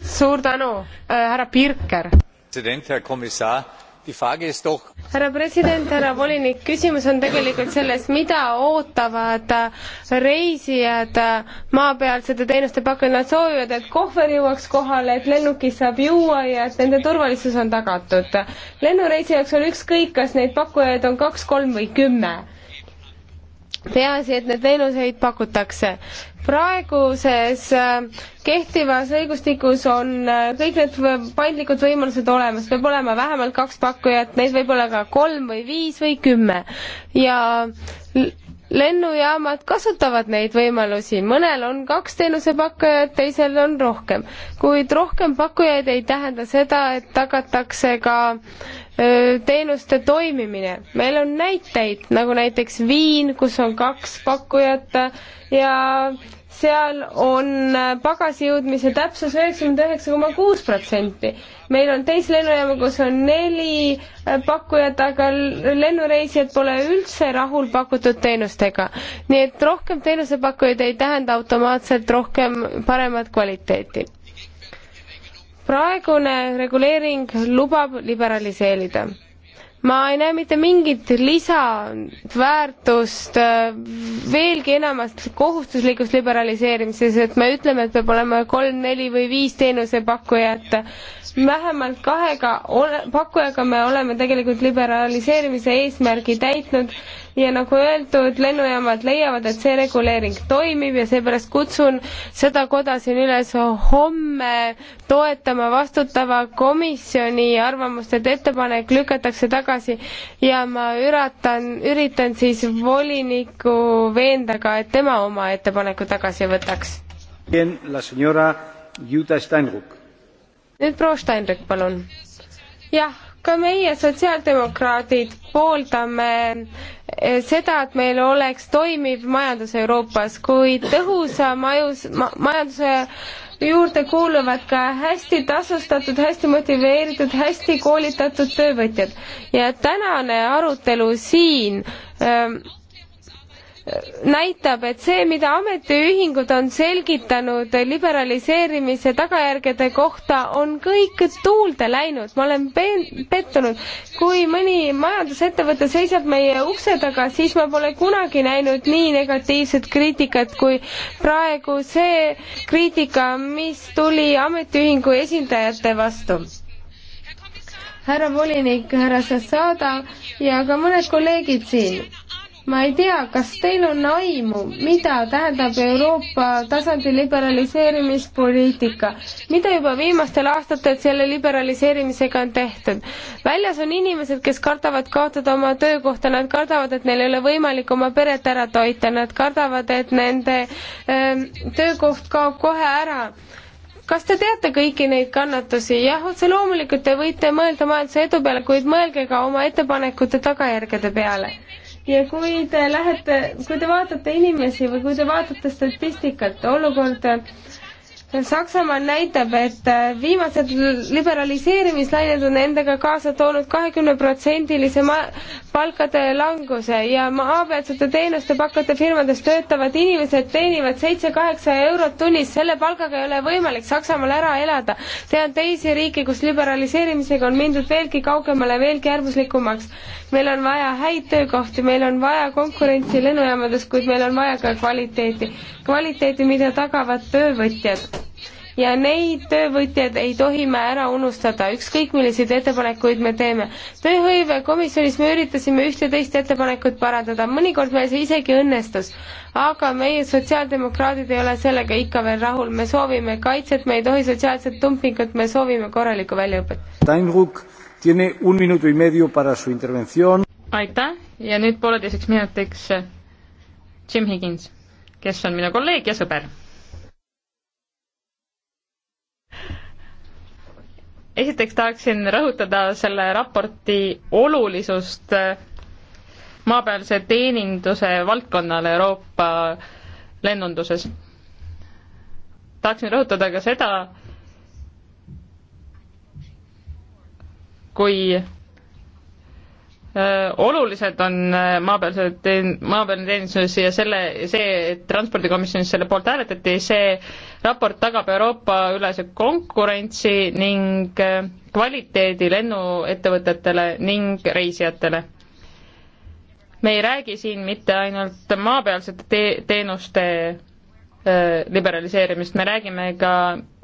suur tänu, äh, härra Pirker. president, härra komissar härra president, härra volinik, küsimus on tegelikult selles, mida ootavad äh, reisijad äh, maapealsete teenuste pakkujal, nad soovivad, et kohver jõuaks kohale, et lennukis saab juua ja et nende turvalisus on tagatud. lennureisi jaoks on ükskõik, kas neid pakkujaid on kaks, kolm või kümme peaasi, et neid teenuseid pakutakse. praeguses äh, kehtivas õigustikus on äh, kõik need paindlikud võimalused olemas, peab olema vähemalt kaks pakkujat, neid võib olla ka kolm või viis või kümme ja lennujaamad kasutavad neid võimalusi, mõnel on kaks teenusepakkujat, teisel on rohkem, kuid rohkem pakkujaid ei tähenda seda, et tagatakse ka äh, teenuste toimimine. meil on näiteid, nagu näiteks Viin, kus on kaks pakkujat ja seal on äh, pagasi jõudmise täpsus üheksakümmend üheksa koma kuus protsenti. meil on teise lennujaama, kus on neli äh, pakkujat, aga lennureisijad pole üldse rahul pakutud teenustega. nii et rohkem teenusepakkujaid ei tähenda automaatselt rohkem paremat kvaliteeti praegune reguleering lubab liberaliseerida. ma ei näe mitte mingit lisaväärtust äh, veelgi enamast kohustuslikust liberaliseerimises, et me ütleme, et peab olema kolm, neli või viis teenusepakkujat. vähemalt kahega ole, pakkujaga me oleme tegelikult liberaliseerimise eesmärgi täitnud ja nagu öeldud, lennujaamad leiavad, et see reguleering toimib ja seepärast kutsun seda koda siin üles homme toetama vastutava komisjoni arvamust, et ettepanek lükatakse tagasi ja ma üratan, üritan siis volinikku veenda ka, et tema oma ettepaneku tagasi võtaks. nüüd proua Steinrück, palun. jah ka meie, sotsiaaldemokraadid, pooldame eh, seda, et meil oleks toimiv majandus Euroopas, kuid tõhusa majus ma,, majanduse juurde kuuluvad ka hästi tasustatud, hästi motiveeritud, hästi koolitatud töövõtjad. ja tänane arutelu siin öö, ähm, näitab, et see, mida ametiühingud on selgitanud liberaliseerimise tagajärgede kohta, on kõik tuulde läinud. ma olen pettunud. kui mõni majandusettevõte seisab meie ukse taga, siis ma pole kunagi näinud nii negatiivset kriitikat kui praegu see kriitika, mis tuli ametiühingu esindajate vastu härra volinik, härra Sassada ja ka mõned kolleegid siin ma ei tea, kas teil on aimu, mida tähendab Euroopa tasandi liberaliseerimispoliitika, mida juba viimastel aastatel selle liberaliseerimisega on tehtud. väljas on inimesed, kes kardavad kaotada oma töökohta, nad kardavad, et neil ei ole võimalik oma peret ära toita, nad kardavad, et nende öö, ähm, töökoht kaob kohe ära kas te teate kõiki neid kannatusi? jah, otse loomulikult te võite mõelda majanduse edu peale, kuid mõelge ka oma ettepanekute tagajärgede peale ja kui te lähete, kui te vaatate inimesi või kui te vaatate statistikat, olukord Saksamaal näitab, et äh, viimased liberaliseerimislained on endaga kaasa toonud kahekümneprotsendilise palkade languse ja maapealsete teenuste pakkujate firmades töötavad inimesed teenivad seitse-kaheksa eurot tunnis, selle palgaga ei ole võimalik Saksamaal ära elada. tean teisi riike, kus liberaliseerimisega on mindud veelgi kaugemale, veelgi äärmuslikumaks. meil on vaja häid töökohti, meil on vaja konkurentsi lennujaamades, kuid meil on vaja ka kvaliteeti. kvaliteeti, mida tagavad töövõtjad ja neid töövõtjaid ei tohi me ära unustada, ükskõik milliseid ettepanekuid me teeme. tööhõivekomisjonis me üritasime üht-teist ettepanekut parandada, mõnikord meil see isegi õnnestus, aga meie sotsiaaldemokraadid ei ole sellega ikka veel rahul, me soovime kaitset, me ei tohi sotsiaalset dumpingut, me soovime korralikku väljaõpet. aitäh ja nüüd pooleteiseks minutiks Jim Higgins, kes on minu kolleeg ja sõber esiteks tahaksin rõhutada selle raporti olulisust äh, maapealse teeninduse valdkonnale Euroopa lennunduses. tahaksin rõhutada ka seda, kui Äh, olulised on äh, maapealse teen-, maapealne teenistus ja selle, see, et transpordikomisjonis selle poolt hääletati, see raport tagab Euroopa-ülese konkurentsi ning äh, kvaliteedi lennuettevõtetele ning reisijatele. me ei räägi siin mitte ainult maapealsete te-, teenuste liberaliseerimist, me räägime ka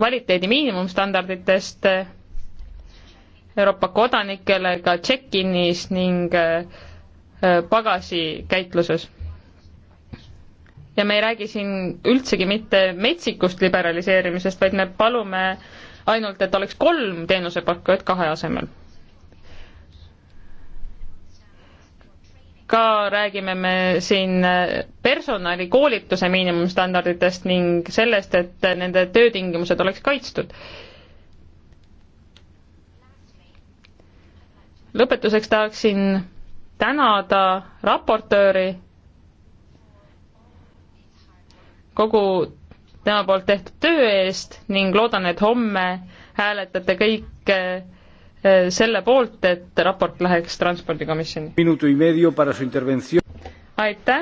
kvaliteedi miinimumstandarditest, Euroopa kodanikele ka check-in'is ning äh, äh, pagasikäitluses. ja me ei räägi siin üldsegi mitte metsikust liberaliseerimisest, vaid me palume ainult, et oleks kolm teenusepakkujat kahe asemel. ka räägime me siin äh, personali koolituse miinimumstandarditest ning sellest, et nende töötingimused oleks kaitstud lõpetuseks tahaksin tänada raportööri kogu tema poolt tehtud töö eest ning loodan, et homme hääletate kõik eh, selle poolt, et raport läheks Transpordikomisjoni. aitäh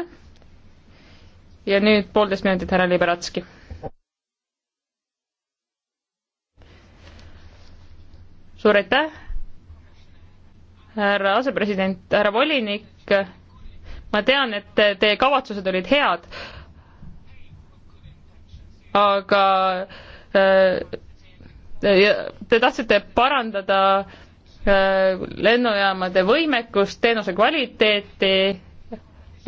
ja nüüd poolteist minutit, härra Liberatski. suur aitäh, härra asepresident, härra volinik, ma tean, et teie kavatsused olid head, aga äh, te tahtsite parandada äh, lennujaamade võimekust, teenuse kvaliteeti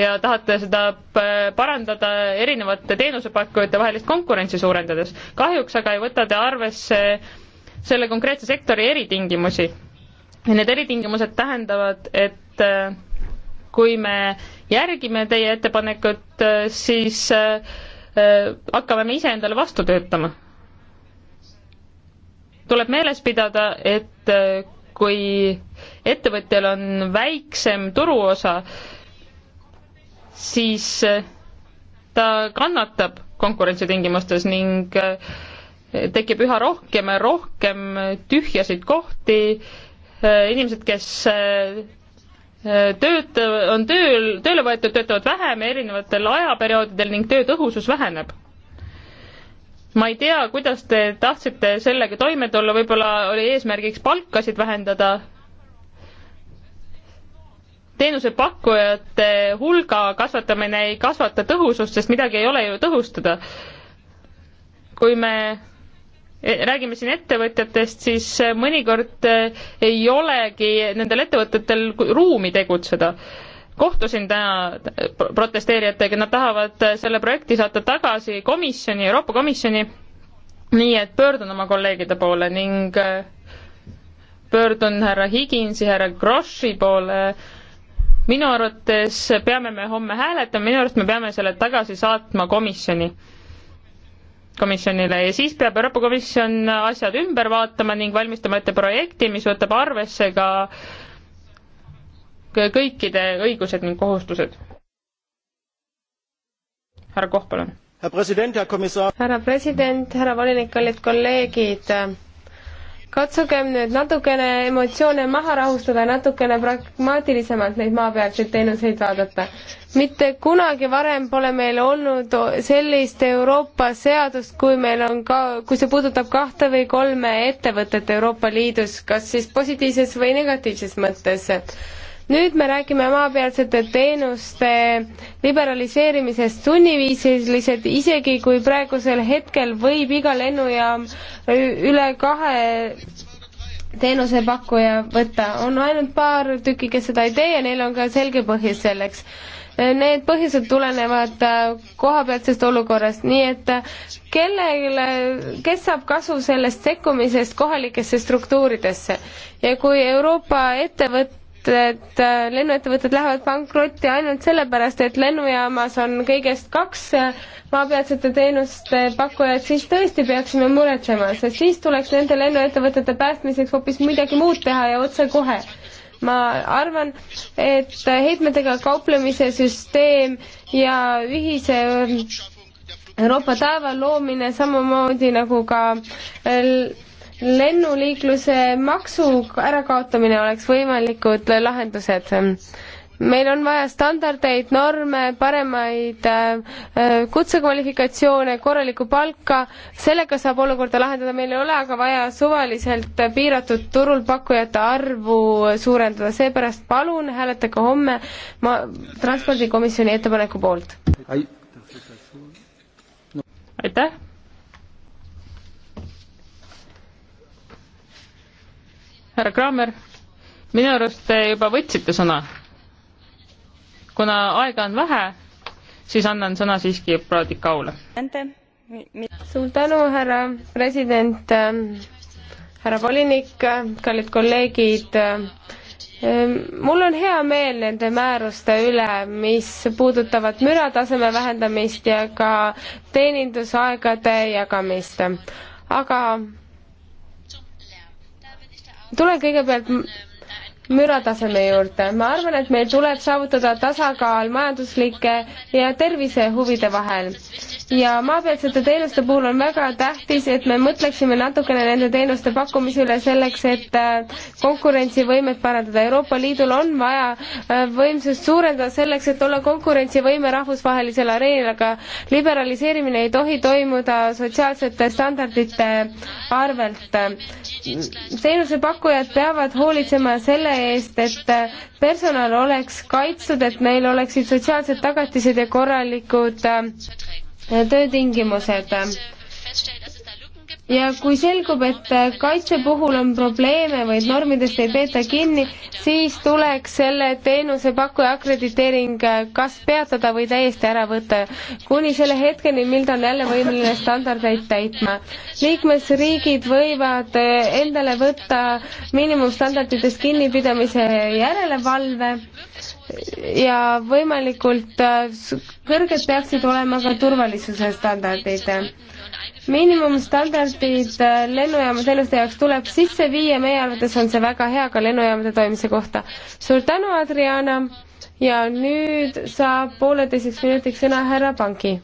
ja tahate seda äh, parandada erinevate teenusepakkujate vahelist konkurentsi suurendades. kahjuks aga ei võta te arvesse selle konkreetse sektori eritingimusi ja need eritingimused tähendavad, et äh, kui me järgime teie ettepanekut, äh, siis äh, hakkame me iseendale vastu töötama. tuleb meeles pidada, et kui ettevõtjal on väiksem turuosa, siis ta kannatab konkurentsitingimustes ning tekib üha rohkem ja rohkem tühjasid kohti Äh, inimesed, kes äh, äh, tööta-, on tööl, tööle võetud, töötavad vähem erinevatel ajaperioodidel ning töö tõhusus väheneb. ma ei tea, kuidas te tahtsite sellega toime tulla, võib-olla oli eesmärgiks palkasid vähendada, teenusepakkujate hulga kasvatamine ei kasvata tõhusust, sest midagi ei ole ju tõhustada. kui me Eh, räägime siin ettevõtjatest, siis eh, mõnikord eh, ei olegi nendel ettevõtetel ruumi tegutseda. kohtusin täna protesteerijatega, nad tahavad selle projekti saata tagasi komisjoni, Euroopa Komisjoni, nii et pöördun oma kolleegide poole ning pöördun härra Higinsi, härra Grossi poole, minu arvates peame me homme hääletama, minu arust me peame selle tagasi saatma komisjoni komisjonile ja siis peab Euroopa Komisjon asjad ümber vaatama ning valmistama ette projekti, mis võtab arvesse ka kõikide õigused ning kohustused. härra Koh, palun. härra president, härra volinik, kallid kolleegid katsugem nüüd natukene emotsioone maha rahustada, natukene pragmaatilisemalt neid maapealseid teenuseid vaadata. mitte kunagi varem pole meil olnud sellist Euroopa seadust, kui meil on ka, kui see puudutab kahte või kolme ettevõtet Euroopa Liidus, kas siis positiivses või negatiivses mõttes nüüd me räägime maapealsete teenuste liberaliseerimisest sunniviisilised, isegi kui praegusel hetkel võib iga lennujaam üle kahe teenusepakkuja võtta, on ainult paar tükki, kes seda ei tee ja neil on ka selge põhjus selleks need põhjused tulenevad kohapealsest olukorrast, nii et kellele, kes saab kasu sellest sekkumisest kohalikesse struktuuridesse ja kui Euroopa ettevõtted et lennuettevõtted lähevad pankrotti ainult sellepärast, et lennujaamas on kõigest kaks maapealsete teenuste pakkujat, siis tõesti peaksime muretsema, sest siis tuleks nende lennuettevõtete päästmiseks hoopis midagi muud teha ja otsekohe. ma arvan, et heitmetega kauplemise süsteem ja ühise Euroopa taeva loomine samamoodi nagu ka lennuliikluse maksu ärakaotamine oleks võimalikud lahendused meil on vaja standardeid, norme, paremaid äh, äh, kutsekvalifikatsioone, korralikku palka, sellega saab olukorda lahendada, meil ei ole aga vaja suvaliselt piiratud turul pakkujate arvu suurendada, seepärast palun hääletage homme ma transpordikomisjoni ettepaneku poolt. aitäh! härra Kramer, minu arust te juba võtsite sõna. kuna aega on vähe, siis annan sõna siiski Praadik Aule. suur tänu, härra president, ähm, härra volinik, kallid kolleegid ähm, mul on hea meel nende määruste üle, mis puudutavad mürataseme vähendamist ja ka teenindusaegade jagamist. aga tulen kõigepealt mürataseme juurde. ma arvan, et meil tuleb saavutada tasakaal majanduslike ja tervisehuvide vahel ja maapealsete teenuste puhul on väga tähtis, et me mõtleksime natukene nende teenuste pakkumise üle selleks, et äh, konkurentsivõimet parandada. Euroopa Liidul on vaja äh, võimsust suurendada selleks, et olla konkurentsivõime rahvusvahelisel areenil, aga liberaliseerimine ei tohi toimuda sotsiaalsete standardite arvelt. teenusepakkujad peavad hoolitsema selle eest, et äh, personal oleks kaitstud, et neil oleksid sotsiaalsed tagatised ja korralikud töötingimused ja kui selgub, et kaitse puhul on probleeme või normidest ei peeta kinni, siis tuleks selle teenusepakkuja akrediteering kas peatada või täiesti ära võtta, kuni selle hetkeni, mil ta on jälle võimeline standardeid täitma. liikmesriigid võivad endale võtta miinimumstandarditest kinnipidamise järelevalve ja võimalikult äh, kõrged peaksid olema ka turvalisuse standardid. miinimumstandardid äh, lennujaama teenuste jaoks tuleb sisse viia, meie arvates on see väga hea ka lennujaamade toimimise kohta. suur tänu, Adriana, ja nüüd saab pooleteiseks minutiks sõna härra Panki.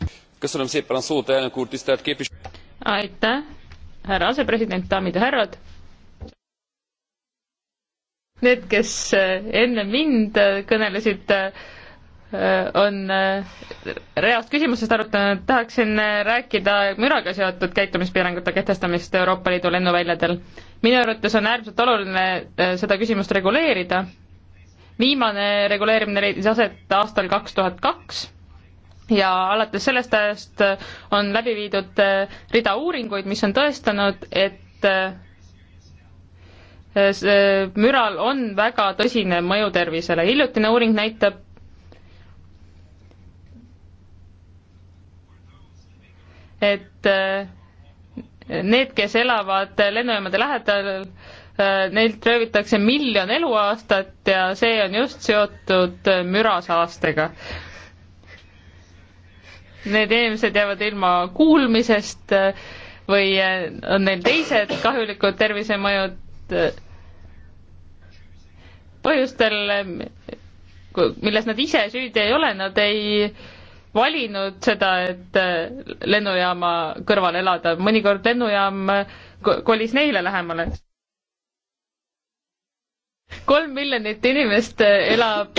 aitäh, härra asepresident, daamid ja härrad Need, kes äh, enne mind äh, kõnelesid, äh, on reast küsimusest arutanud, tahaksin rääkida müraga seotud käitumispiirangute kehtestamist Euroopa Liidu lennuväljadel. minu arvates on äärmiselt oluline seda küsimust reguleerida. viimane reguleerimine leidis aset aastal kaks tuhat kaks ja alates sellest ajast on läbi viidud rida uuringuid, mis on tõestanud, et Äh, äh, müral on väga tõsine mõju tervisele. hiljutine uuring näitab, et äh, need, kes elavad lennujaamade lähedal, neilt röövitakse miljon eluaastat ja see on just seotud mürasaastega. Need inimesed jäävad ilma kuulmisest või on neil teised kahjulikud tervisemõjud et põhjustel, milles nad ise süüdi ei ole, nad ei valinud seda, et lennujaama kõrval elada, mõnikord lennujaam kolis neile lähemale. kolm miljonit inimest elab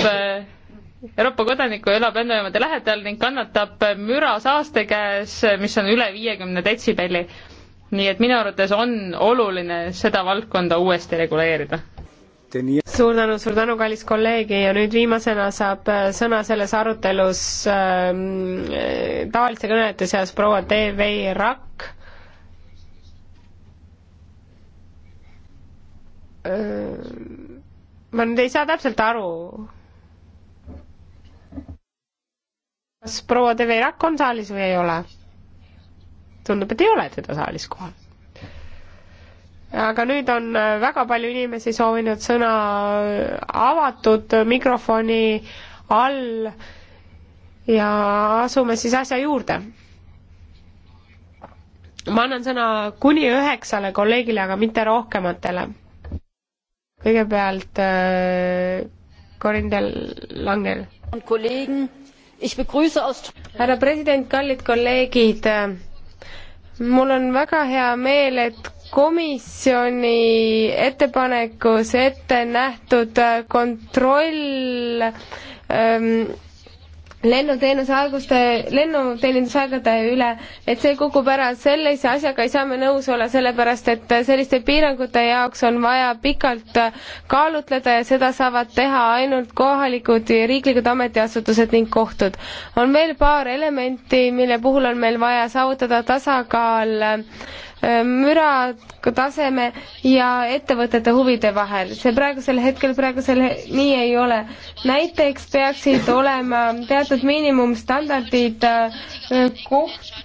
Euroopa kodanikku elab lennujaamade lähedal ning kannatab müra saaste käes, mis on üle viiekümne detsibelli nii et minu arvates on oluline seda valdkonda uuesti reguleerida suur tänu, suur tänu, kallis kolleeg ja nüüd viimasena saab äh, sõna selles arutelus ähm, äh, tavaliste kõnelejate seas proua TV Rakk äh,. ma nüüd ei saa täpselt aru. kas proua TV Rakk on saalis või ei ole? tundub, et ei ole teda saalis kohal. aga nüüd on äh, väga palju inimesi soovinud sõna äh, avatud mikrofoni all ja asume siis asja juurde. ma annan sõna kuni üheksale kolleegile, aga mitte rohkematele. kõigepealt äh, Corinne Langel. härra president, kallid kolleegid mul on väga hea meel, et komisjoni ettepanekus ette nähtud äh, kontroll ähm, lennuteenuse alguste, lennuteenindusaegade üle, et see kukub ära, sellise asjaga ei saa me nõus olla, sellepärast et selliste piirangute jaoks on vaja pikalt kaalutleda ja seda saavad teha ainult kohalikud ja riiklikud ametiasutused ning kohtud. on veel paar elementi, mille puhul on meil vaja saavutada tasakaal äh, müra taseme ja ettevõtete huvide vahel. see praegusel hetkel, praegusel he nii ei ole. näiteks peaksid olema teatud miinimumstandardid äh,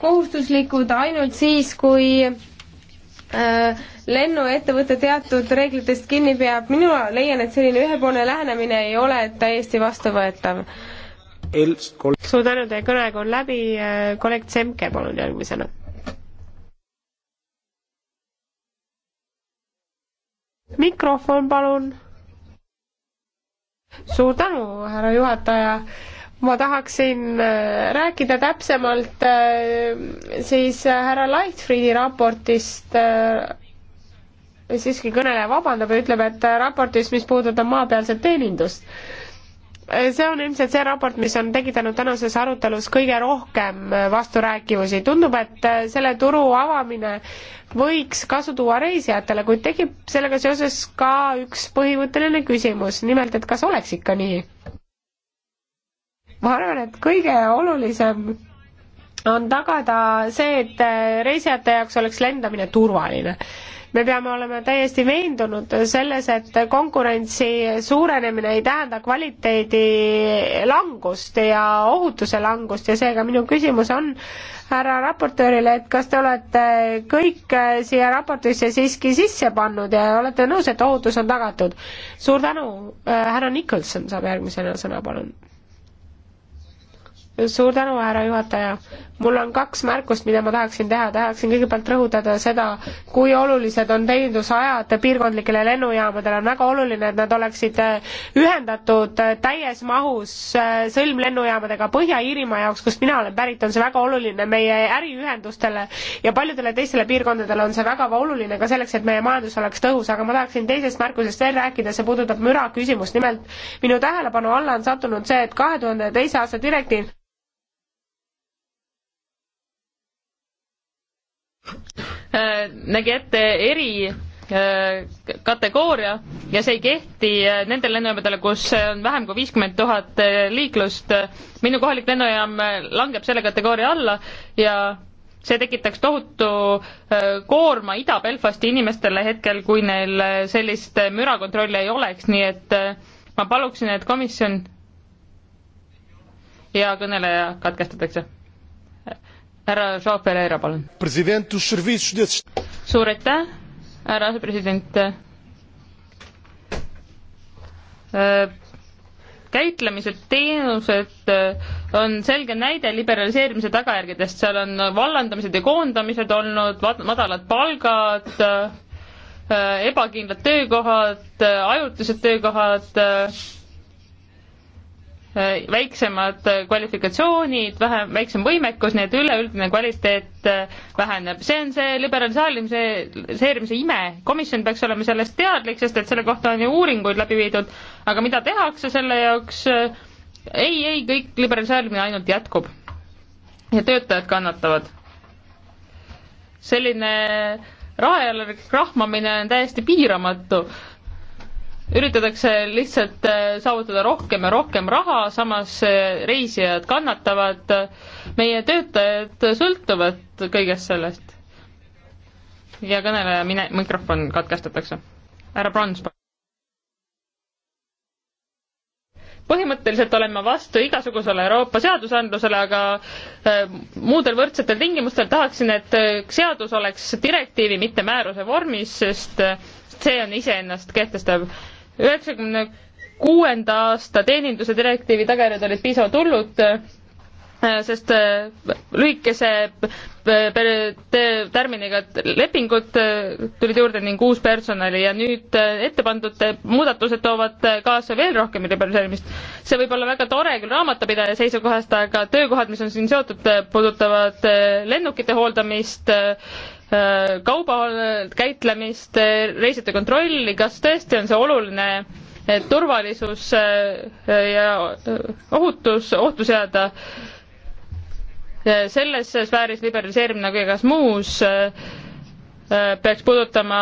kohustuslikud ainult siis, kui äh, lennuettevõte teatud reeglitest kinni peab. mina leian, et selline ühepoolne lähenemine ei ole täiesti vastuvõetav. suur tänu, teie kõneaeg on läbi. Äh, kolleeg Tsemke, palun järgmisena mikrofon, palun. suur tänu, härra juhataja ma tahaksin äh, rääkida täpsemalt äh, siis äh, härra Lightfriedi raportist, siiski kõneleja vabandab ja ütleb, et raportis, mis puudutab maapealset teenindust see on ilmselt see raport, mis on tekitanud tänases arutelus kõige rohkem äh, vasturääkivusi. tundub, et äh, selle turu avamine võiks kasu tuua reisijatele, kuid tekib sellega seoses ka üks põhimõtteline küsimus, nimelt et kas oleks ikka nii? ma arvan, et kõige olulisem on tagada see, et äh, reisijate jaoks oleks lendamine turvaline me peame olema täiesti veendunud selles, et konkurentsi suurenemine ei tähenda kvaliteedi langust ja ohutuse langust ja seega minu küsimus on härra raportöörile, et kas te olete kõik siia raportisse siiski sisse pannud ja olete nõus, et ohutus on tagatud? suur tänu, äh, härra Nicholson saab järgmisena sõna, palun suur tänu, härra juhataja. mul on kaks märkust, mida ma tahaksin teha. tahaksin kõigepealt rõhutada seda, kui olulised on teenindusajad piirkondlikele lennujaamadele. on väga oluline, et nad oleksid eh, ühendatud eh, täies mahus eh, sõlmlennujaamadega Põhja-Iirimaa jaoks, kust mina olen pärit, on see väga oluline meie äriühendustele ja paljudele teistele piirkondadele on see väga oluline ka selleks, et meie majandus oleks tõhus. aga ma tahaksin teisest märkusest veel rääkida, see puudutab müra küsimust. nimelt minu tähelepanu alla on sattunud see, et kahe tuhande teise aasta direktiiv Äh, nägi ette eri äh, kategooria ja see ei kehti äh, nendele lennujaamidele, kus on vähem kui viiskümmend tuhat liiklust. minu kohalik lennujaam langeb selle kategooria alla ja see tekitaks tohutu koorma Ida-Belfasti inimestele hetkel, kui neil sellist mürakontrolli ei oleks, nii et ma paluksin, et komisjon ja kõneleja katkestatakse härra Joao Pereira, palun. suur aitäh, härra asepresident äh, käitlemised, teenused äh, on selge näide liberaliseerimise tagajärgedest, seal on vallandamised ja koondamised olnud, madalad palgad, äh, ebakindlad töökohad, ajutised töökohad väiksemad kvalifikatsioonid, vähem, väiksem võimekus, nii et üleüldine kvaliteet äh, väheneb. see on see liberaliseerimise, seerimise ime. komisjon peaks olema sellest teadlik, sest et selle kohta on ju uuringuid läbi viidud, aga mida tehakse selle jaoks, äh, ei, ei, kõik liberaliseerimine ainult jätkub. ja töötajad kannatavad. selline raha jälle rahmamine on täiesti piiramatu üritatakse lihtsalt äh, saavutada rohkem ja rohkem raha, samas äh, reisijad kannatavad, meie töötajad sõltuvad kõigest sellest. ja kõneleja mine-, mikrofon katkestatakse. härra Brons, palun. põhimõtteliselt olen ma vastu igasugusele Euroopa seadusandlusele, aga äh, muudel võrdsetel tingimustel tahaksin, et seadus oleks direktiivi, mitte määruse vormis, sest see on iseennast kehtestav üheksakümne kuuenda aasta teeninduse direktiivi tagajärjed olid piisavalt hullud, äh, sest äh, lühikese äh, tärminiga lepingud tulid juurde ning uus personali ja nüüd ette pandud muudatused toovad kaasa veel rohkem liberaliseerimist. see võib olla väga tore küll raamatupidaja seisukohast, aga töökohad, mis on siin seotud, puudutavad lennukite hooldamist, Äh, kauba käitlemist, äh, reisijate kontrolli, kas tõesti on see oluline, et turvalisus äh, ja ohutus, ohtu seada? selles sfääris liberaliseerimine nagu igas muus peaks puudutama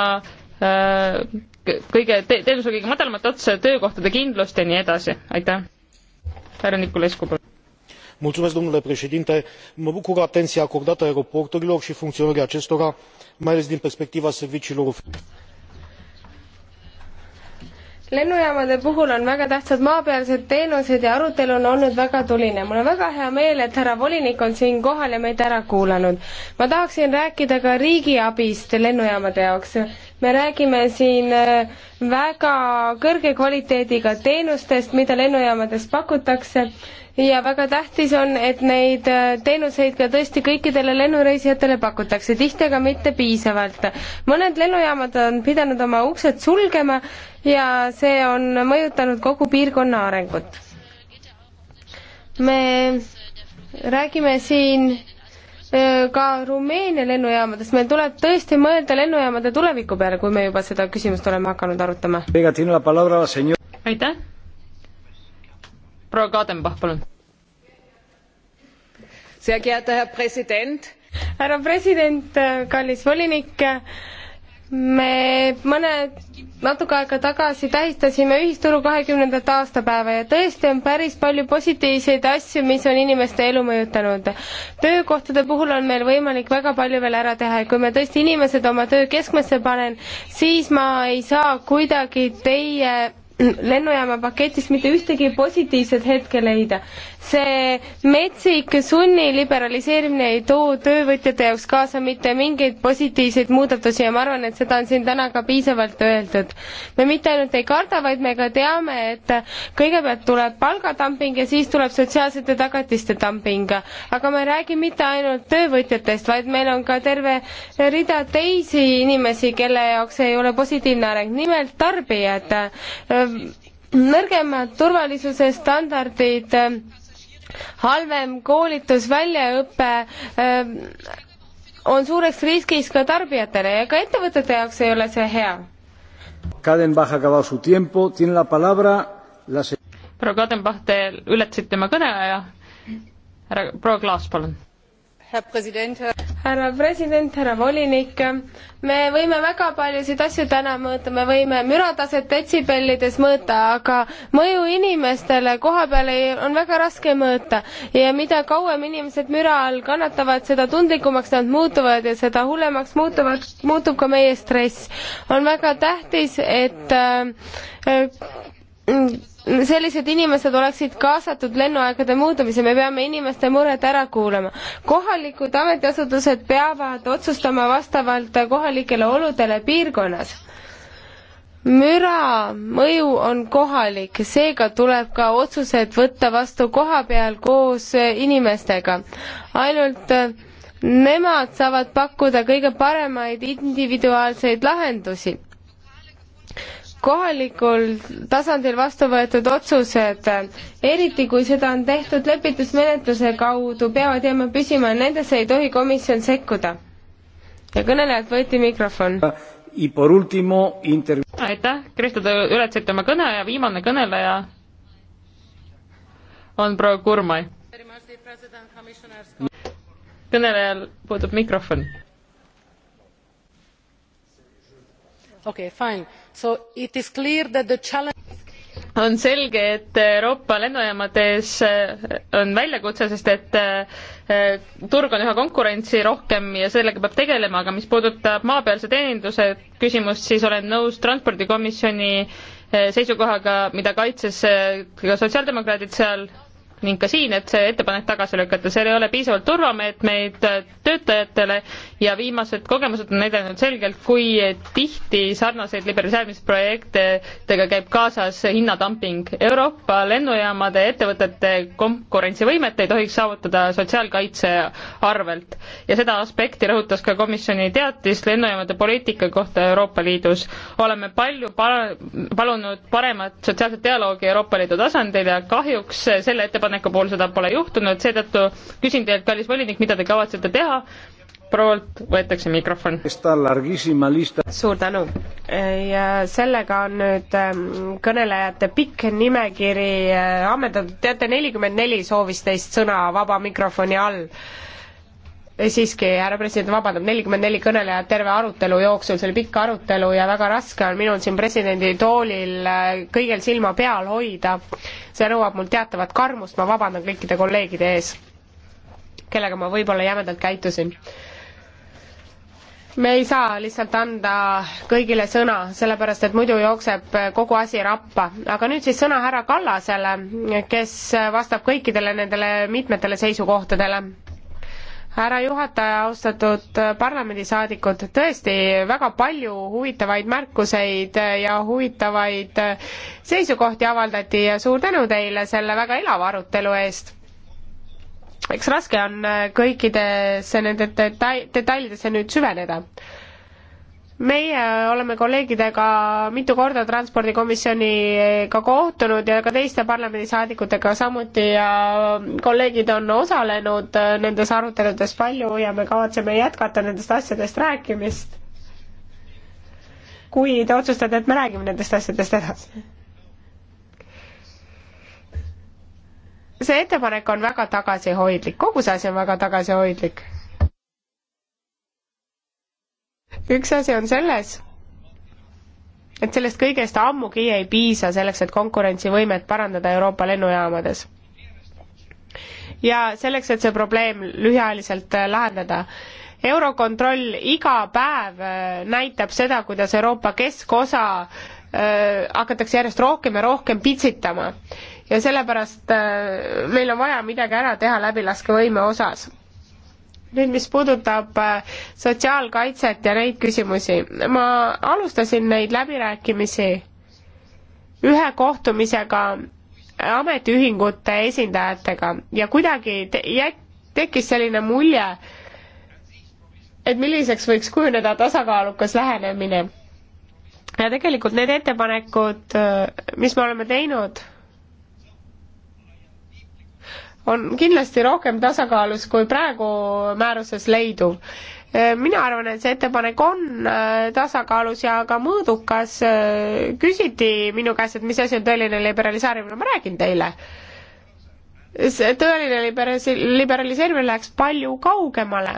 kõige te,, teenuse kõige madalamat otsa, töökohtade kindlust ja nii edasi, aitäh. härra Nikolai Skubov mă bucură atenia acordată aeroporturilor i funcionării acestora mai ales din perspectiva serviciilor oferite. lennujaamade puhul on väga tähtsad maapealsed teenused ja arutelu on olnud väga tuline. mul on väga hea meel et härra volinik on siin kohal ja meid ära kuulanud. ma tahaksin rääkida ka riigiabist lennujaamade jaoks me räägime siin väga kõrge kvaliteediga teenustest, mida lennujaamades pakutakse ja väga tähtis on, et neid äh, teenuseid ka tõesti kõikidele lennureisijatele pakutakse, tihti aga mitte piisavalt. mõned lennujaamad on pidanud oma uksed sulgema ja see on mõjutanud kogu piirkonna arengut. me räägime siin äh, ka Rumeenia lennujaamadest, meil tuleb tõesti mõelda lennujaamade tuleviku peale, kui me juba seda küsimust oleme hakanud arutama. aitäh! proua Kadenbach, palun. härra president, kallis volinik, me mõned natuke aega tagasi tähistasime ühisturu kahekümnendat aastapäeva ja tõesti on päris palju positiivseid asju, mis on inimeste elu mõjutanud. töökohtade puhul on meil võimalik väga palju veel ära teha ja kui me tõesti inimesed oma töö keskmesse panen, siis ma ei saa kuidagi teie lennujaama paketist mitte ühtegi positiivset hetke leida. see metsik sunni liberaliseerimine ei too töövõtjate jaoks kaasa mitte mingeid positiivseid muudatusi ja ma arvan, et seda on siin täna ka piisavalt öeldud. me mitte ainult ei karda, vaid me ka teame, et kõigepealt tuleb palgatamping ja siis tuleb sotsiaalsete tagatiste tamping. aga ma ei räägi mitte ainult töövõtjatest, vaid meil on ka terve rida teisi inimesi, kelle jaoks ei ole positiivne areng, nimelt tarbijad nõrgemad turvalisuse standardid, halvem koolitus, väljaõpe äh, on suureks riskiks ka tarbijatele ja ka ettevõtete jaoks ei ole see hea. proua Kadenbach, te ületasite oma kõneaja. härra proua Klaas, palun härra president, härra volinik, me võime väga paljusid asju täna mõõta, me võime mürataset detsibellides mõõta, aga mõju inimestele koha peal ei, on väga raske mõõta. ja mida kauem inimesed müra all kannatavad, seda tundlikumaks nad muutuvad ja seda hullemaks muutuvad, muutub ka meie stress. on väga tähtis, et äh, Mm, sellised inimesed oleksid kaasatud lennuaegade muutumise, me peame inimeste mured ära kuulama. kohalikud ametiasutused peavad otsustama vastavalt kohalikele oludele piirkonnas. müra mõju on kohalik, seega tuleb ka otsused võtta vastu koha peal koos inimestega. ainult eh, nemad saavad pakkuda kõige paremaid individuaalseid lahendusi kohalikul tasandil vastu võetud otsused, eriti kui seda on tehtud lepitusmenetluse kaudu, peavad jääma püsima, nendesse ei tohi komisjon sekkuda. ja kõnelejalt võeti mikrofon. aitäh, Kristo, te ületasite oma kõne ja viimane kõneleja on proua Kurmai. kõnelejal puudub mikrofon Okay, fine. So it is clear that the challenge on selge, et Euroopa lennujaamades äh, on väljakutse, sest et äh, äh, turg on üha konkurentsi rohkem ja sellega peab tegelema, aga mis puudutab maapealse teeninduse küsimust, siis olen nõus transpordikomisjoni seisukohaga, mida kaitses ka sotsiaaldemokraadid seal, ning ka siin, et see ettepanek tagasi lükata, seal ei ole piisavalt turvameetmeid töötajatele ja viimased kogemused on näidanud selgelt, kui tihti sarnaseid liberaliseerimisprojektidega käib kaasas hinnadumping. Euroopa lennujaamade ettevõtete konkurentsivõimet ei tohiks saavutada sotsiaalkaitse arvelt ja seda aspekti rõhutas ka komisjoni teatis lennujaamade poliitika kohta Euroopa Liidus. oleme palju pa palunud paremat sotsiaalset dialoogi Euroopa Liidu tasandil ja kahjuks selle ettepaneku ettepaneku puhul seda pole juhtunud, seetõttu küsin teilt, kallis volinik, mida te kavatsete teha? proualt võetakse mikrofon. suur tänu. ja sellega on nüüd ähm, kõnelejate pikk nimekiri äh, ammendatud, teate, nelikümmend neli soovis teist sõna vaba mikrofoni all Eh, siiski, härra president vabandab, nelikümmend neli kõnelejat terve arutelu jooksul, see oli pikk arutelu ja väga raske on minul siin presidendi toolil äh, kõigil silma peal hoida. see nõuab mul teatavat karmust, ma vabandan kõikide kolleegide ees, kellega ma võib-olla jämedalt käitusin. me ei saa lihtsalt anda kõigile sõna, sellepärast et muidu jookseb äh, kogu asi rappa. aga nüüd siis sõna härra Kallasele, kes vastab kõikidele nendele mitmetele seisukohtadele härra juhataja, austatud parlamendisaadikud, tõesti väga palju huvitavaid märkuseid ja huvitavaid seisukohti avaldati ja suur tänu teile selle väga elava arutelu eest. eks raske on kõikidesse nende detail, detailidesse nüüd süveneda meie oleme kolleegidega mitu korda transpordikomisjoniga eh, kohtunud ja ka teiste parlamendisaadikutega samuti ja kolleegid on osalenud eh, nendes aruteludes palju ja me kavatseme jätkata nendest asjadest rääkimist. kui te otsustate, et me räägime nendest asjadest edasi. see ettepanek on väga tagasihoidlik, kogu see asi on väga tagasihoidlik üks asi on selles, et sellest kõigest ammugi ei piisa selleks, et konkurentsivõimet parandada Euroopa lennujaamades. ja selleks, et see probleem lühiajaliselt äh, lahendada, Eurokontroll iga päev äh, näitab seda, kuidas Euroopa keskosa äh, hakatakse järjest rohkem ja rohkem pitsitama. ja sellepärast äh, meil on vaja midagi ära teha läbilaskevõime osas nüüd, mis puudutab äh, sotsiaalkaitset ja neid küsimusi, ma alustasin neid läbirääkimisi ühe kohtumisega ametiühingute esindajatega ja kuidagi te-, jät-, tekkis selline mulje, et milliseks võiks kujuneda tasakaalukas lähenemine. ja tegelikult need ettepanekud, äh, mis me oleme teinud on kindlasti rohkem tasakaalus kui praegu määruses leiduv. mina arvan, et see ettepanek on äh, tasakaalus ja ka mõõdukas. Äh, küsiti minu käest, et mis asi on tõeline liberaliseerimine, ma räägin teile. see tõeline liberaliseerimine läheks palju kaugemale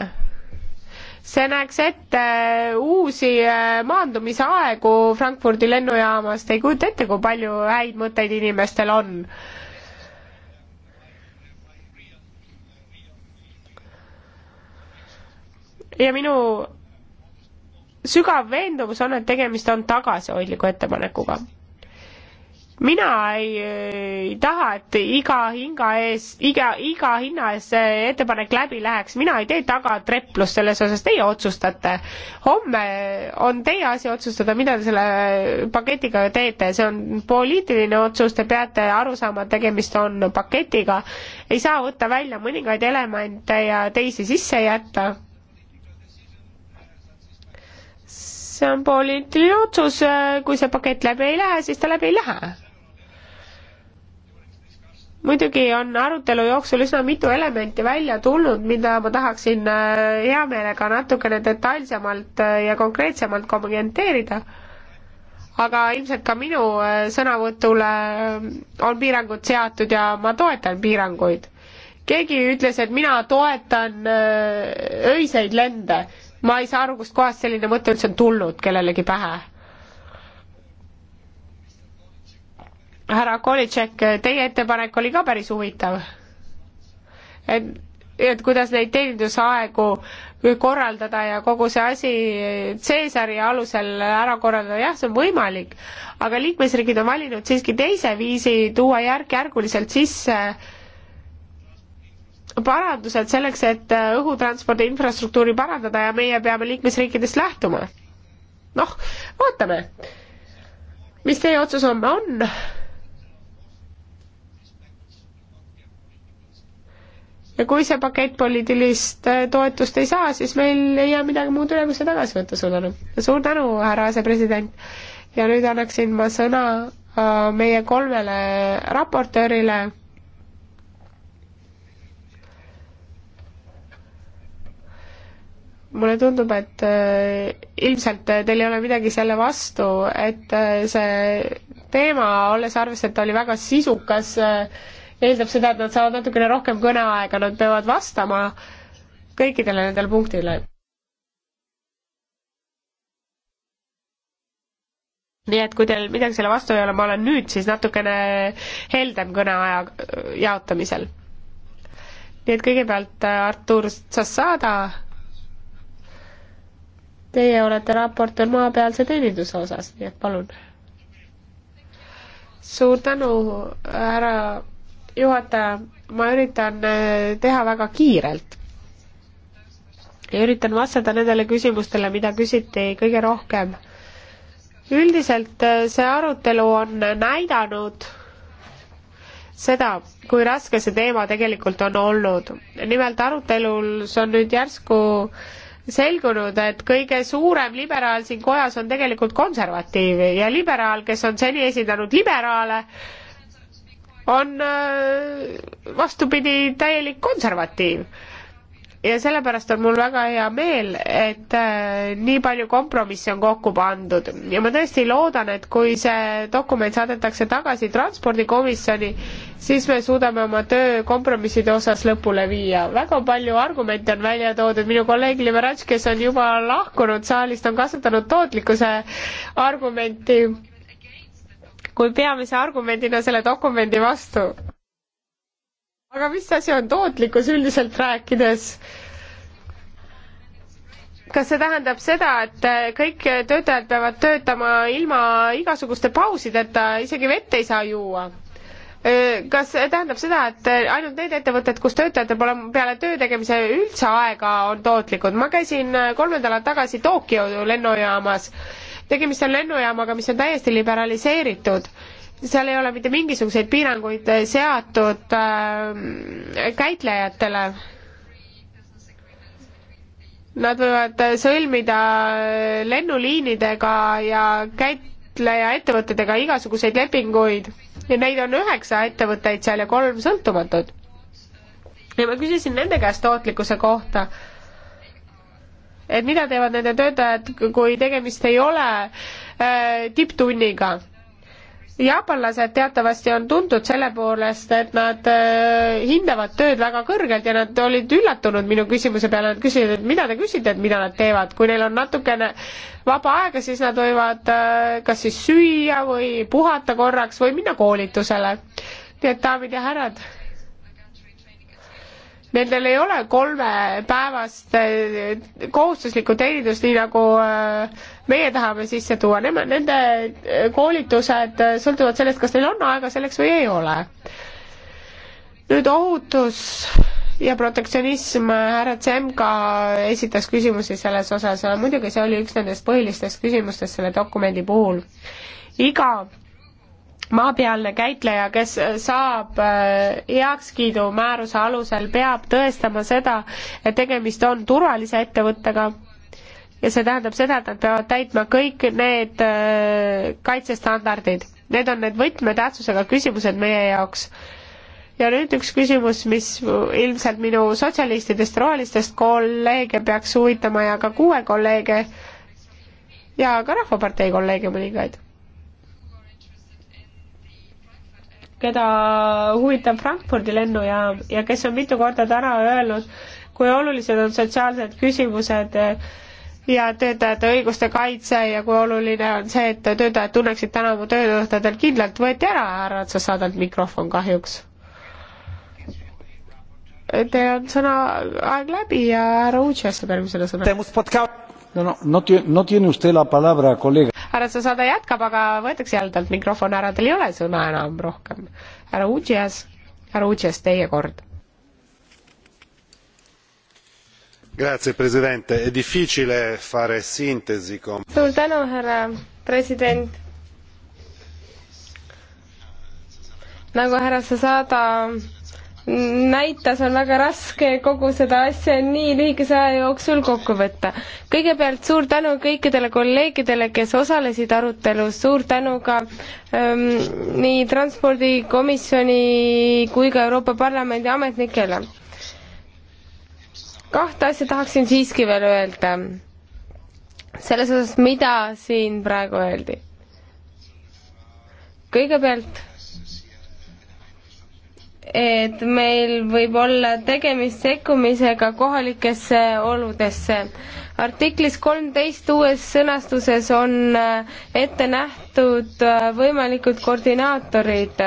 see näeks ette äh, uusi maandumise aegu Frankfurdi lennujaamast, ei kujuta ette, kui palju häid mõtteid inimestel on ja minu sügav veendumus on, et tegemist on tagasihoidliku ettepanekuga. mina ei, ei taha, et iga hinga ees, iga, iga hinna ees see ettepanek läbi läheks, mina ei tee tagatreplust selles osas, teie otsustate. homme on teie asi otsustada, mida te selle paketiga teete, see on poliitiline otsus, te peate aru saama, et tegemist on paketiga. ei saa võtta välja mõningaid elemente ja teisi sisse jätta see on poliitiline otsus, kui see pakett läbi ei lähe, siis ta läbi ei lähe. muidugi on arutelu jooksul üsna mitu elementi välja tulnud, mida ma tahaksin äh, hea meelega natukene detailsemalt äh, ja konkreetsemalt kommenteerida aga ilmselt ka minu äh, sõnavõtule on piirangud seatud ja ma toetan piiranguid. keegi ütles, et mina toetan öiseid lende ma ei saa aru, kust kohast selline mõte üldse on tulnud kellelegi pähe. härra Kolitšek, teie ettepanek oli ka päris huvitav. et, et kuidas neid teenindusaegu korraldada ja kogu see asi Caesari alusel ära korraldada, jah, see on võimalik, aga liikmesriigid on valinud siiski teise viisi tuua järk-järguliselt sisse äh, parandused selleks, et äh, õhutranspordi infrastruktuuri parandada ja meie peame liikmesriikidest lähtuma. noh, vaatame, mis teie otsus homme on, on.. ja kui see pakett poliitilist äh, toetust ei saa, siis meil ei jää midagi muud üle, kui see tagasi võtta, suur tänu. suur tänu, härra asepresident. ja nüüd annaksin ma sõna äh, meie kolmele raportöörile mulle tundub, et äh, ilmselt teil ei ole midagi selle vastu, et äh, see teema, olles arvesse, et ta oli väga sisukas, äh, eeldab seda, et nad saavad natukene rohkem kõneaega, nad peavad vastama kõikidele nendele punktile. nii et kui teil midagi selle vastu ei ole, ma olen nüüd siis natukene heldem kõneaja jaotamisel. nii et kõigepealt Artur Sassada Teie olete raportöör maapealse teeninduse osas, nii et palun. suur tänu, härra juhataja, ma üritan äh, teha väga kiirelt. ja üritan vastata nendele küsimustele, mida küsiti kõige rohkem. üldiselt äh, see arutelu on näidanud seda, kui raske see teema tegelikult on olnud. nimelt arutelus on nüüd järsku äh, selgunud, et kõige suurem liberaal siin kojas on tegelikult konservatiiv ja liberaal, kes on seni esindanud liberaale, on äh, vastupidi täielik konservatiiv ja sellepärast on mul väga hea meel, et äh, nii palju kompromisse on kokku pandud ja ma tõesti loodan, et kui see dokument saadetakse tagasi transpordikomisjoni, siis me suudame oma töö kompromisside osas lõpule viia. väga palju argumente on välja toodud, minu kolleeg Liberatš, kes on juba lahkunud saalist, on kasutanud tootlikkuse argumenti kui peamise argumendina selle dokumendi vastu aga mis asi on tootlikkus üldiselt rääkides? kas see tähendab seda, et kõik töötajad peavad töötama ilma igasuguste pausideta, isegi vett ei saa juua? kas see tähendab seda, et ainult need ettevõtted, kus töötajatel pole peale töö tegemise üldse aega, on tootlikud? ma käisin kolm nädalat tagasi Tokyo lennujaamas. tegemist on lennujaamaga, mis on täiesti liberaliseeritud seal ei ole mitte mingisuguseid piiranguid seatud äh, käitlejatele. Nad võivad sõlmida lennuliinidega ja käitleja ettevõtetega igasuguseid lepinguid ja neid on üheksa ettevõtteid seal ja kolm sõltumatut. ja ma küsisin nende käest tootlikkuse kohta et mida teevad nende töötajad, kui tegemist ei ole äh, tipptunniga jaapanlased teatavasti on tuntud selle poolest, et nad äh, hindavad tööd väga kõrgelt ja nad olid üllatunud minu küsimuse peale, nad küsisid, et mida te küsite, et mida nad teevad, kui neil on natukene vaba aega, siis nad võivad äh, kas siis süüa või puhata korraks või minna koolitusele. nii et daamid ja härrad, nendel ei ole kolmepäevast äh, kohustuslikku teenindust, nii nagu äh, meie tahame sisse tuua, nemad, nende eh, koolitused eh, sõltuvad sellest, kas neil on aega selleks või ei ole. nüüd ohutus ja protektsionism, härra Tsemka esitas küsimusi selles osas, muidugi see oli üks nendest põhilistest küsimustest selle dokumendi puhul. iga maapealne käitleja, kes saab eh, heakskiidu määruse alusel, peab tõestama seda, et tegemist on turvalise ettevõttega ja see tähendab seda, et nad peavad täitma kõik need äh, kaitsestandardid. Need on need võtmetähtsusega küsimused meie jaoks ja nüüd üks küsimus, mis ilmselt minu sotsialistidest, rohelistest kolleege peaks huvitama ja ka kuue kolleege ja ka Rahvapartei kolleege mõningaid. keda huvitab Frankfurdi lennujaam ja kes on mitu korda täna öelnud, kui olulised on sotsiaalsed küsimused äh, ja töötajate õiguste kaitse ja kui oluline on see, et töötajad tunneksid täna oma töökohtadel kindlalt, võeti ära härra Otsasaadelt mikrofon kahjuks. Teil on sõna, aeg läbi ja härra Uutši asjab järgmisele sõna. No, no, no, no tiene usted la palabra, kolleeg. härra Otsasaade jätkab, aga võetakse jälle talt mikrofon ära, teil ei ole sõna enam rohkem. härra Uutšias, härra Uutšias, teie kord Grazie, president. È difficile fare sintesi con... suur tänu, härra president. nagu härra Sasada näitas, on väga raske kogu seda asja nii lühikese aja jooksul kokku võtta. kõigepealt suur tänu kõikidele kolleegidele, kes osalesid arutelus, suur tänu ka ähm, nii Transpordikomisjoni kui ka Euroopa Parlamendi ametnikele kahte asja tahaksin siiski veel öelda. selles osas, mida siin praegu öeldi. kõigepealt, et meil võib olla tegemist sekkumisega kohalikesse oludesse. artiklis kolmteist uues sõnastuses on äh, ette nähtud äh, võimalikud koordinaatorid,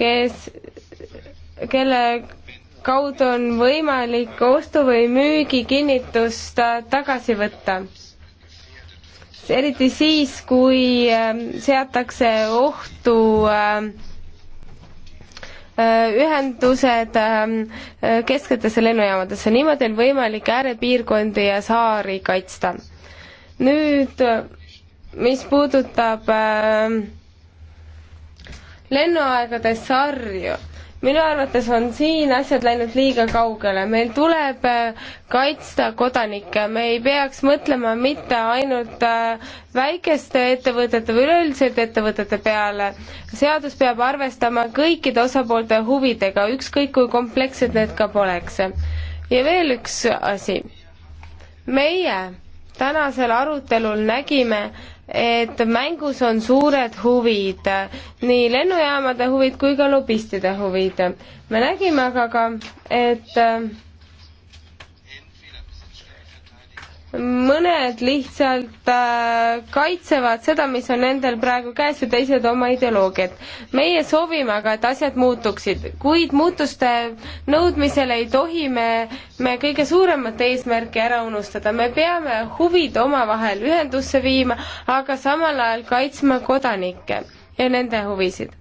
kes, kelle kaudu on võimalik ostu või müügi kinnitust äh, tagasi võtta. eriti siis, kui ähm, seatakse ohtu ähm, äh, ühendused ähm, äh, kesketesse lennujaamadesse, niimoodi on võimalik äärepiirkondi ja saari kaitsta. nüüd, mis puudutab lennuaegade sarju minu arvates on siin asjad läinud liiga kaugele, meil tuleb äh, kaitsta kodanikke, me ei peaks mõtlema mitte ainult äh, väikeste ettevõtete või üleüldiselt ettevõtete peale. seadus peab arvestama kõikide osapoolte huvidega, ükskõik kui komplekssed need ka poleks. ja veel üks asi. meie tänasel arutelul nägime, et mängus on suured huvid, nii lennujaamade huvid kui ka lobistide huvid. me nägime aga ka, et mõned lihtsalt äh, kaitsevad seda, mis on nendel praegu käes ja teised oma ideoloogiat. meie soovime aga, et asjad muutuksid, kuid muutuste nõudmisel ei tohi me, me kõige suuremat eesmärki ära unustada. me peame huvid omavahel ühendusse viima, aga samal ajal kaitsma kodanikke ja nende huvisid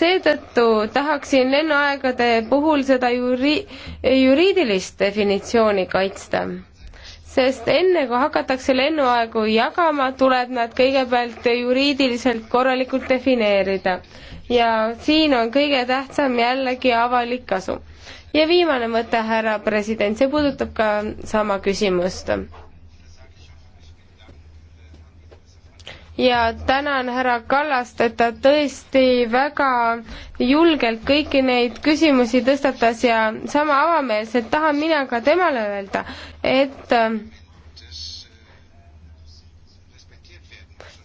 seetõttu tahaksin lennuaegade puhul seda juri-, juriidilist definitsiooni kaitsta sest enne kui hakatakse lennuaegu jagama, tuleb nad kõigepealt juriidiliselt korralikult defineerida. ja siin on kõige tähtsam jällegi avalik kasu. ja viimane mõte, härra president, see puudutab ka sama küsimust. ja tänan härra Kallast, et ta tõesti väga julgelt kõiki neid küsimusi tõstatas ja sama avameelselt tahan mina ka temale öelda, et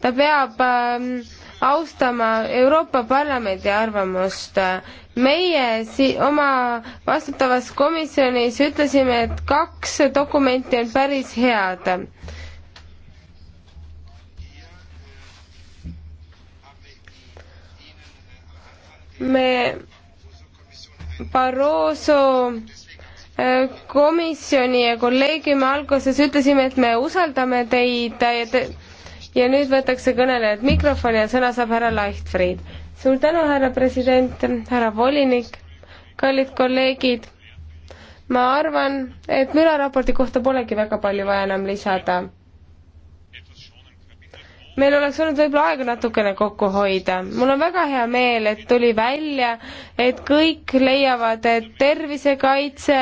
ta peab ähm, austama Euroopa Parlamendi arvamust meie si-, oma vastutavas komisjonis ütlesime, et kaks dokumenti on päris head. me Barroso äh, komisjoni ja kolleegiumi alguses ütlesime, et me usaldame teid ja, te, ja nüüd võetakse kõnelejalt mikrofoni ja sõna saab härra Leichtfried. suur tänu, härra president, härra volinik, kallid kolleegid. ma arvan, et müraraporti kohta polegi väga palju vaja enam lisada meil oleks olnud võib-olla aega natukene kokku hoida. mul on väga hea meel, et tuli välja, et kõik leiavad, et tervisekaitse,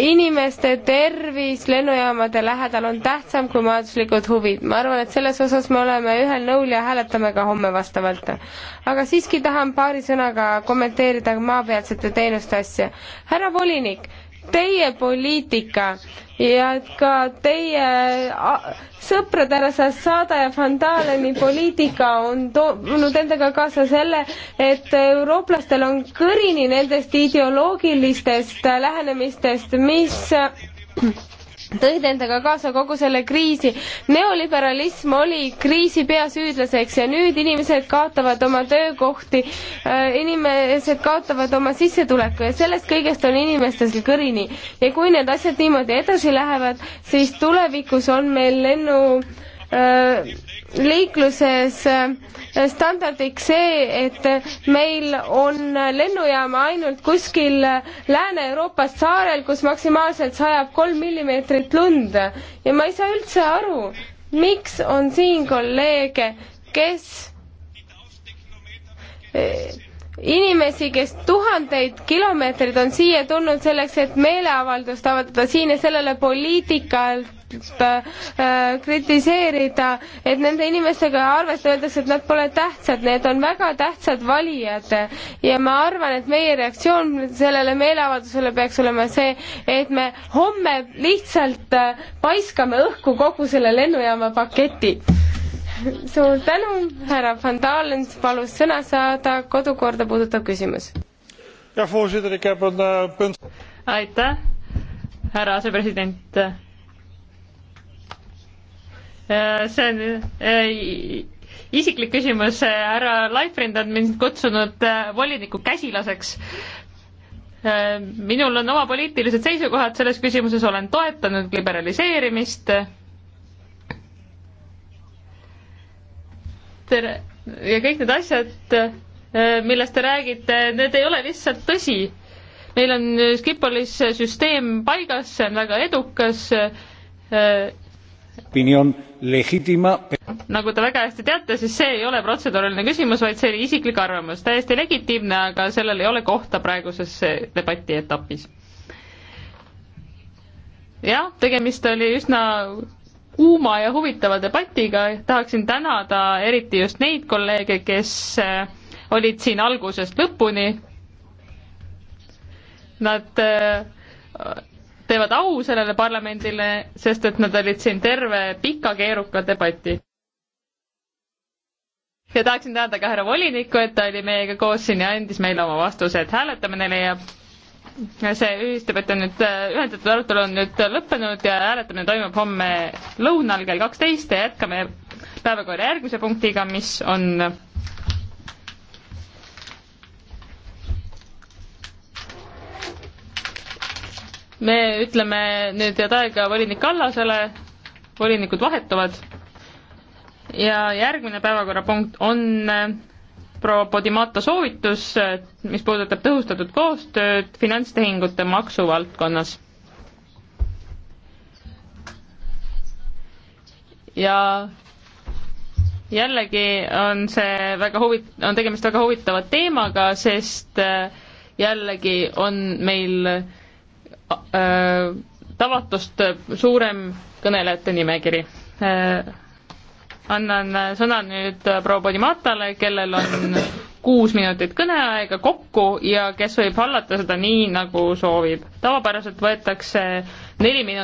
inimeste tervis lennujaamade lähedal on tähtsam kui majanduslikud huvid. ma arvan, et selles osas me oleme ühel nõul ja hääletame ka homme vastavalt. aga siiski tahan paari sõnaga kommenteerida maapealsete teenuste asja. härra volinik teie poliitika ja et ka teie sõprade härra Sassada ja Van Daleni poliitika on toonud endaga kaasa selle, et eurooplastel on kõrini nendest ideoloogilistest lähenemistest, mis tõid endaga kaasa kogu selle kriisi. neoliberalism oli kriisi peasüüdlaseks ja nüüd inimesed kaotavad oma töökohti, äh, inimesed kaotavad oma sissetuleku ja sellest kõigest on inimestel kõrini. ja kui need asjad niimoodi edasi lähevad, siis tulevikus on meil lennu äh, Äh, liikluses äh, standardiks see, et meil on lennujaama ainult kuskil Lääne-Euroopas saarel, kus maksimaalselt sajab kolm millimeetrit lund ja ma ei saa üldse aru, miks on siin kolleege, kes äh, inimesi, kes tuhandeid kilomeetreid on siia tulnud selleks, et meeleavaldust avaldada siin ja sellele poliitikalt Äh, äh, kritiseerida, et nende inimestega arvestada, öeldakse, et nad pole tähtsad, need on väga tähtsad valijad. ja ma arvan, et meie reaktsioon sellele meeleavaldusele peaks olema see, et me homme lihtsalt äh, paiskame õhku kogu selle lennujaama paketi suur tänu, härra Van Dalen palus sõna saada, kodukorda puudutav küsimus. jah, voorzitter, ik heb een uh, punt. aitäh, härra asepresident Äh, see on äh, isiklik küsimus, äh, härra Leifrind on mind kutsunud voliniku käsilaseks. minul on oma poliitilised seisukohad selles küsimuses, olen toetanud liberaliseerimist. tere, ja kõik need asjad, millest te räägite, need ei ole lihtsalt tõsi. meil on Skipolis süsteem paigas, see on väga edukas nagu te väga hästi teate, siis see ei ole protseduuriline küsimus, vaid see oli isiklik arvamus, täiesti legitiimne, aga sellel ei ole kohta praeguses debati etapis. jah, tegemist oli üsna kuuma ja huvitava debatiga, tahaksin tänada eriti just neid kolleege, kes eh, olid siin algusest lõpuni. Nad eh, teevad au sellele parlamendile, sest et nad olid siin terve pika keeruka debati. ja tahaksin tänada ka härra volinikku, et ta oli meiega koos siin ja andis meile oma vastused. hääletamine leiab see ühisdebatt on nüüd, ühendatud arutelu on nüüd lõppenud ja hääletamine toimub homme lõunal kell kaksteist ja jätkame päevakorra järgmise punktiga, mis on me ütleme nüüd head aega volinik Kallasele, volinikud vahetuvad ja järgmine päevakorrapunkt on eh, proua Podimata soovitus, eh, mis puudutab tõhustatud koostööd finantstehingute maksuvaldkonnas. ja jällegi on see väga huvit-, on tegemist väga huvitava teemaga, sest eh, jällegi on meil tavatust suurem kõnelejate nimekiri. annan sõna nüüd proua Podimatale, kellel on kuus minutit kõneaega kokku ja kes võib hallata seda nii, nagu soovib. tavapäraselt võetakse neli minutit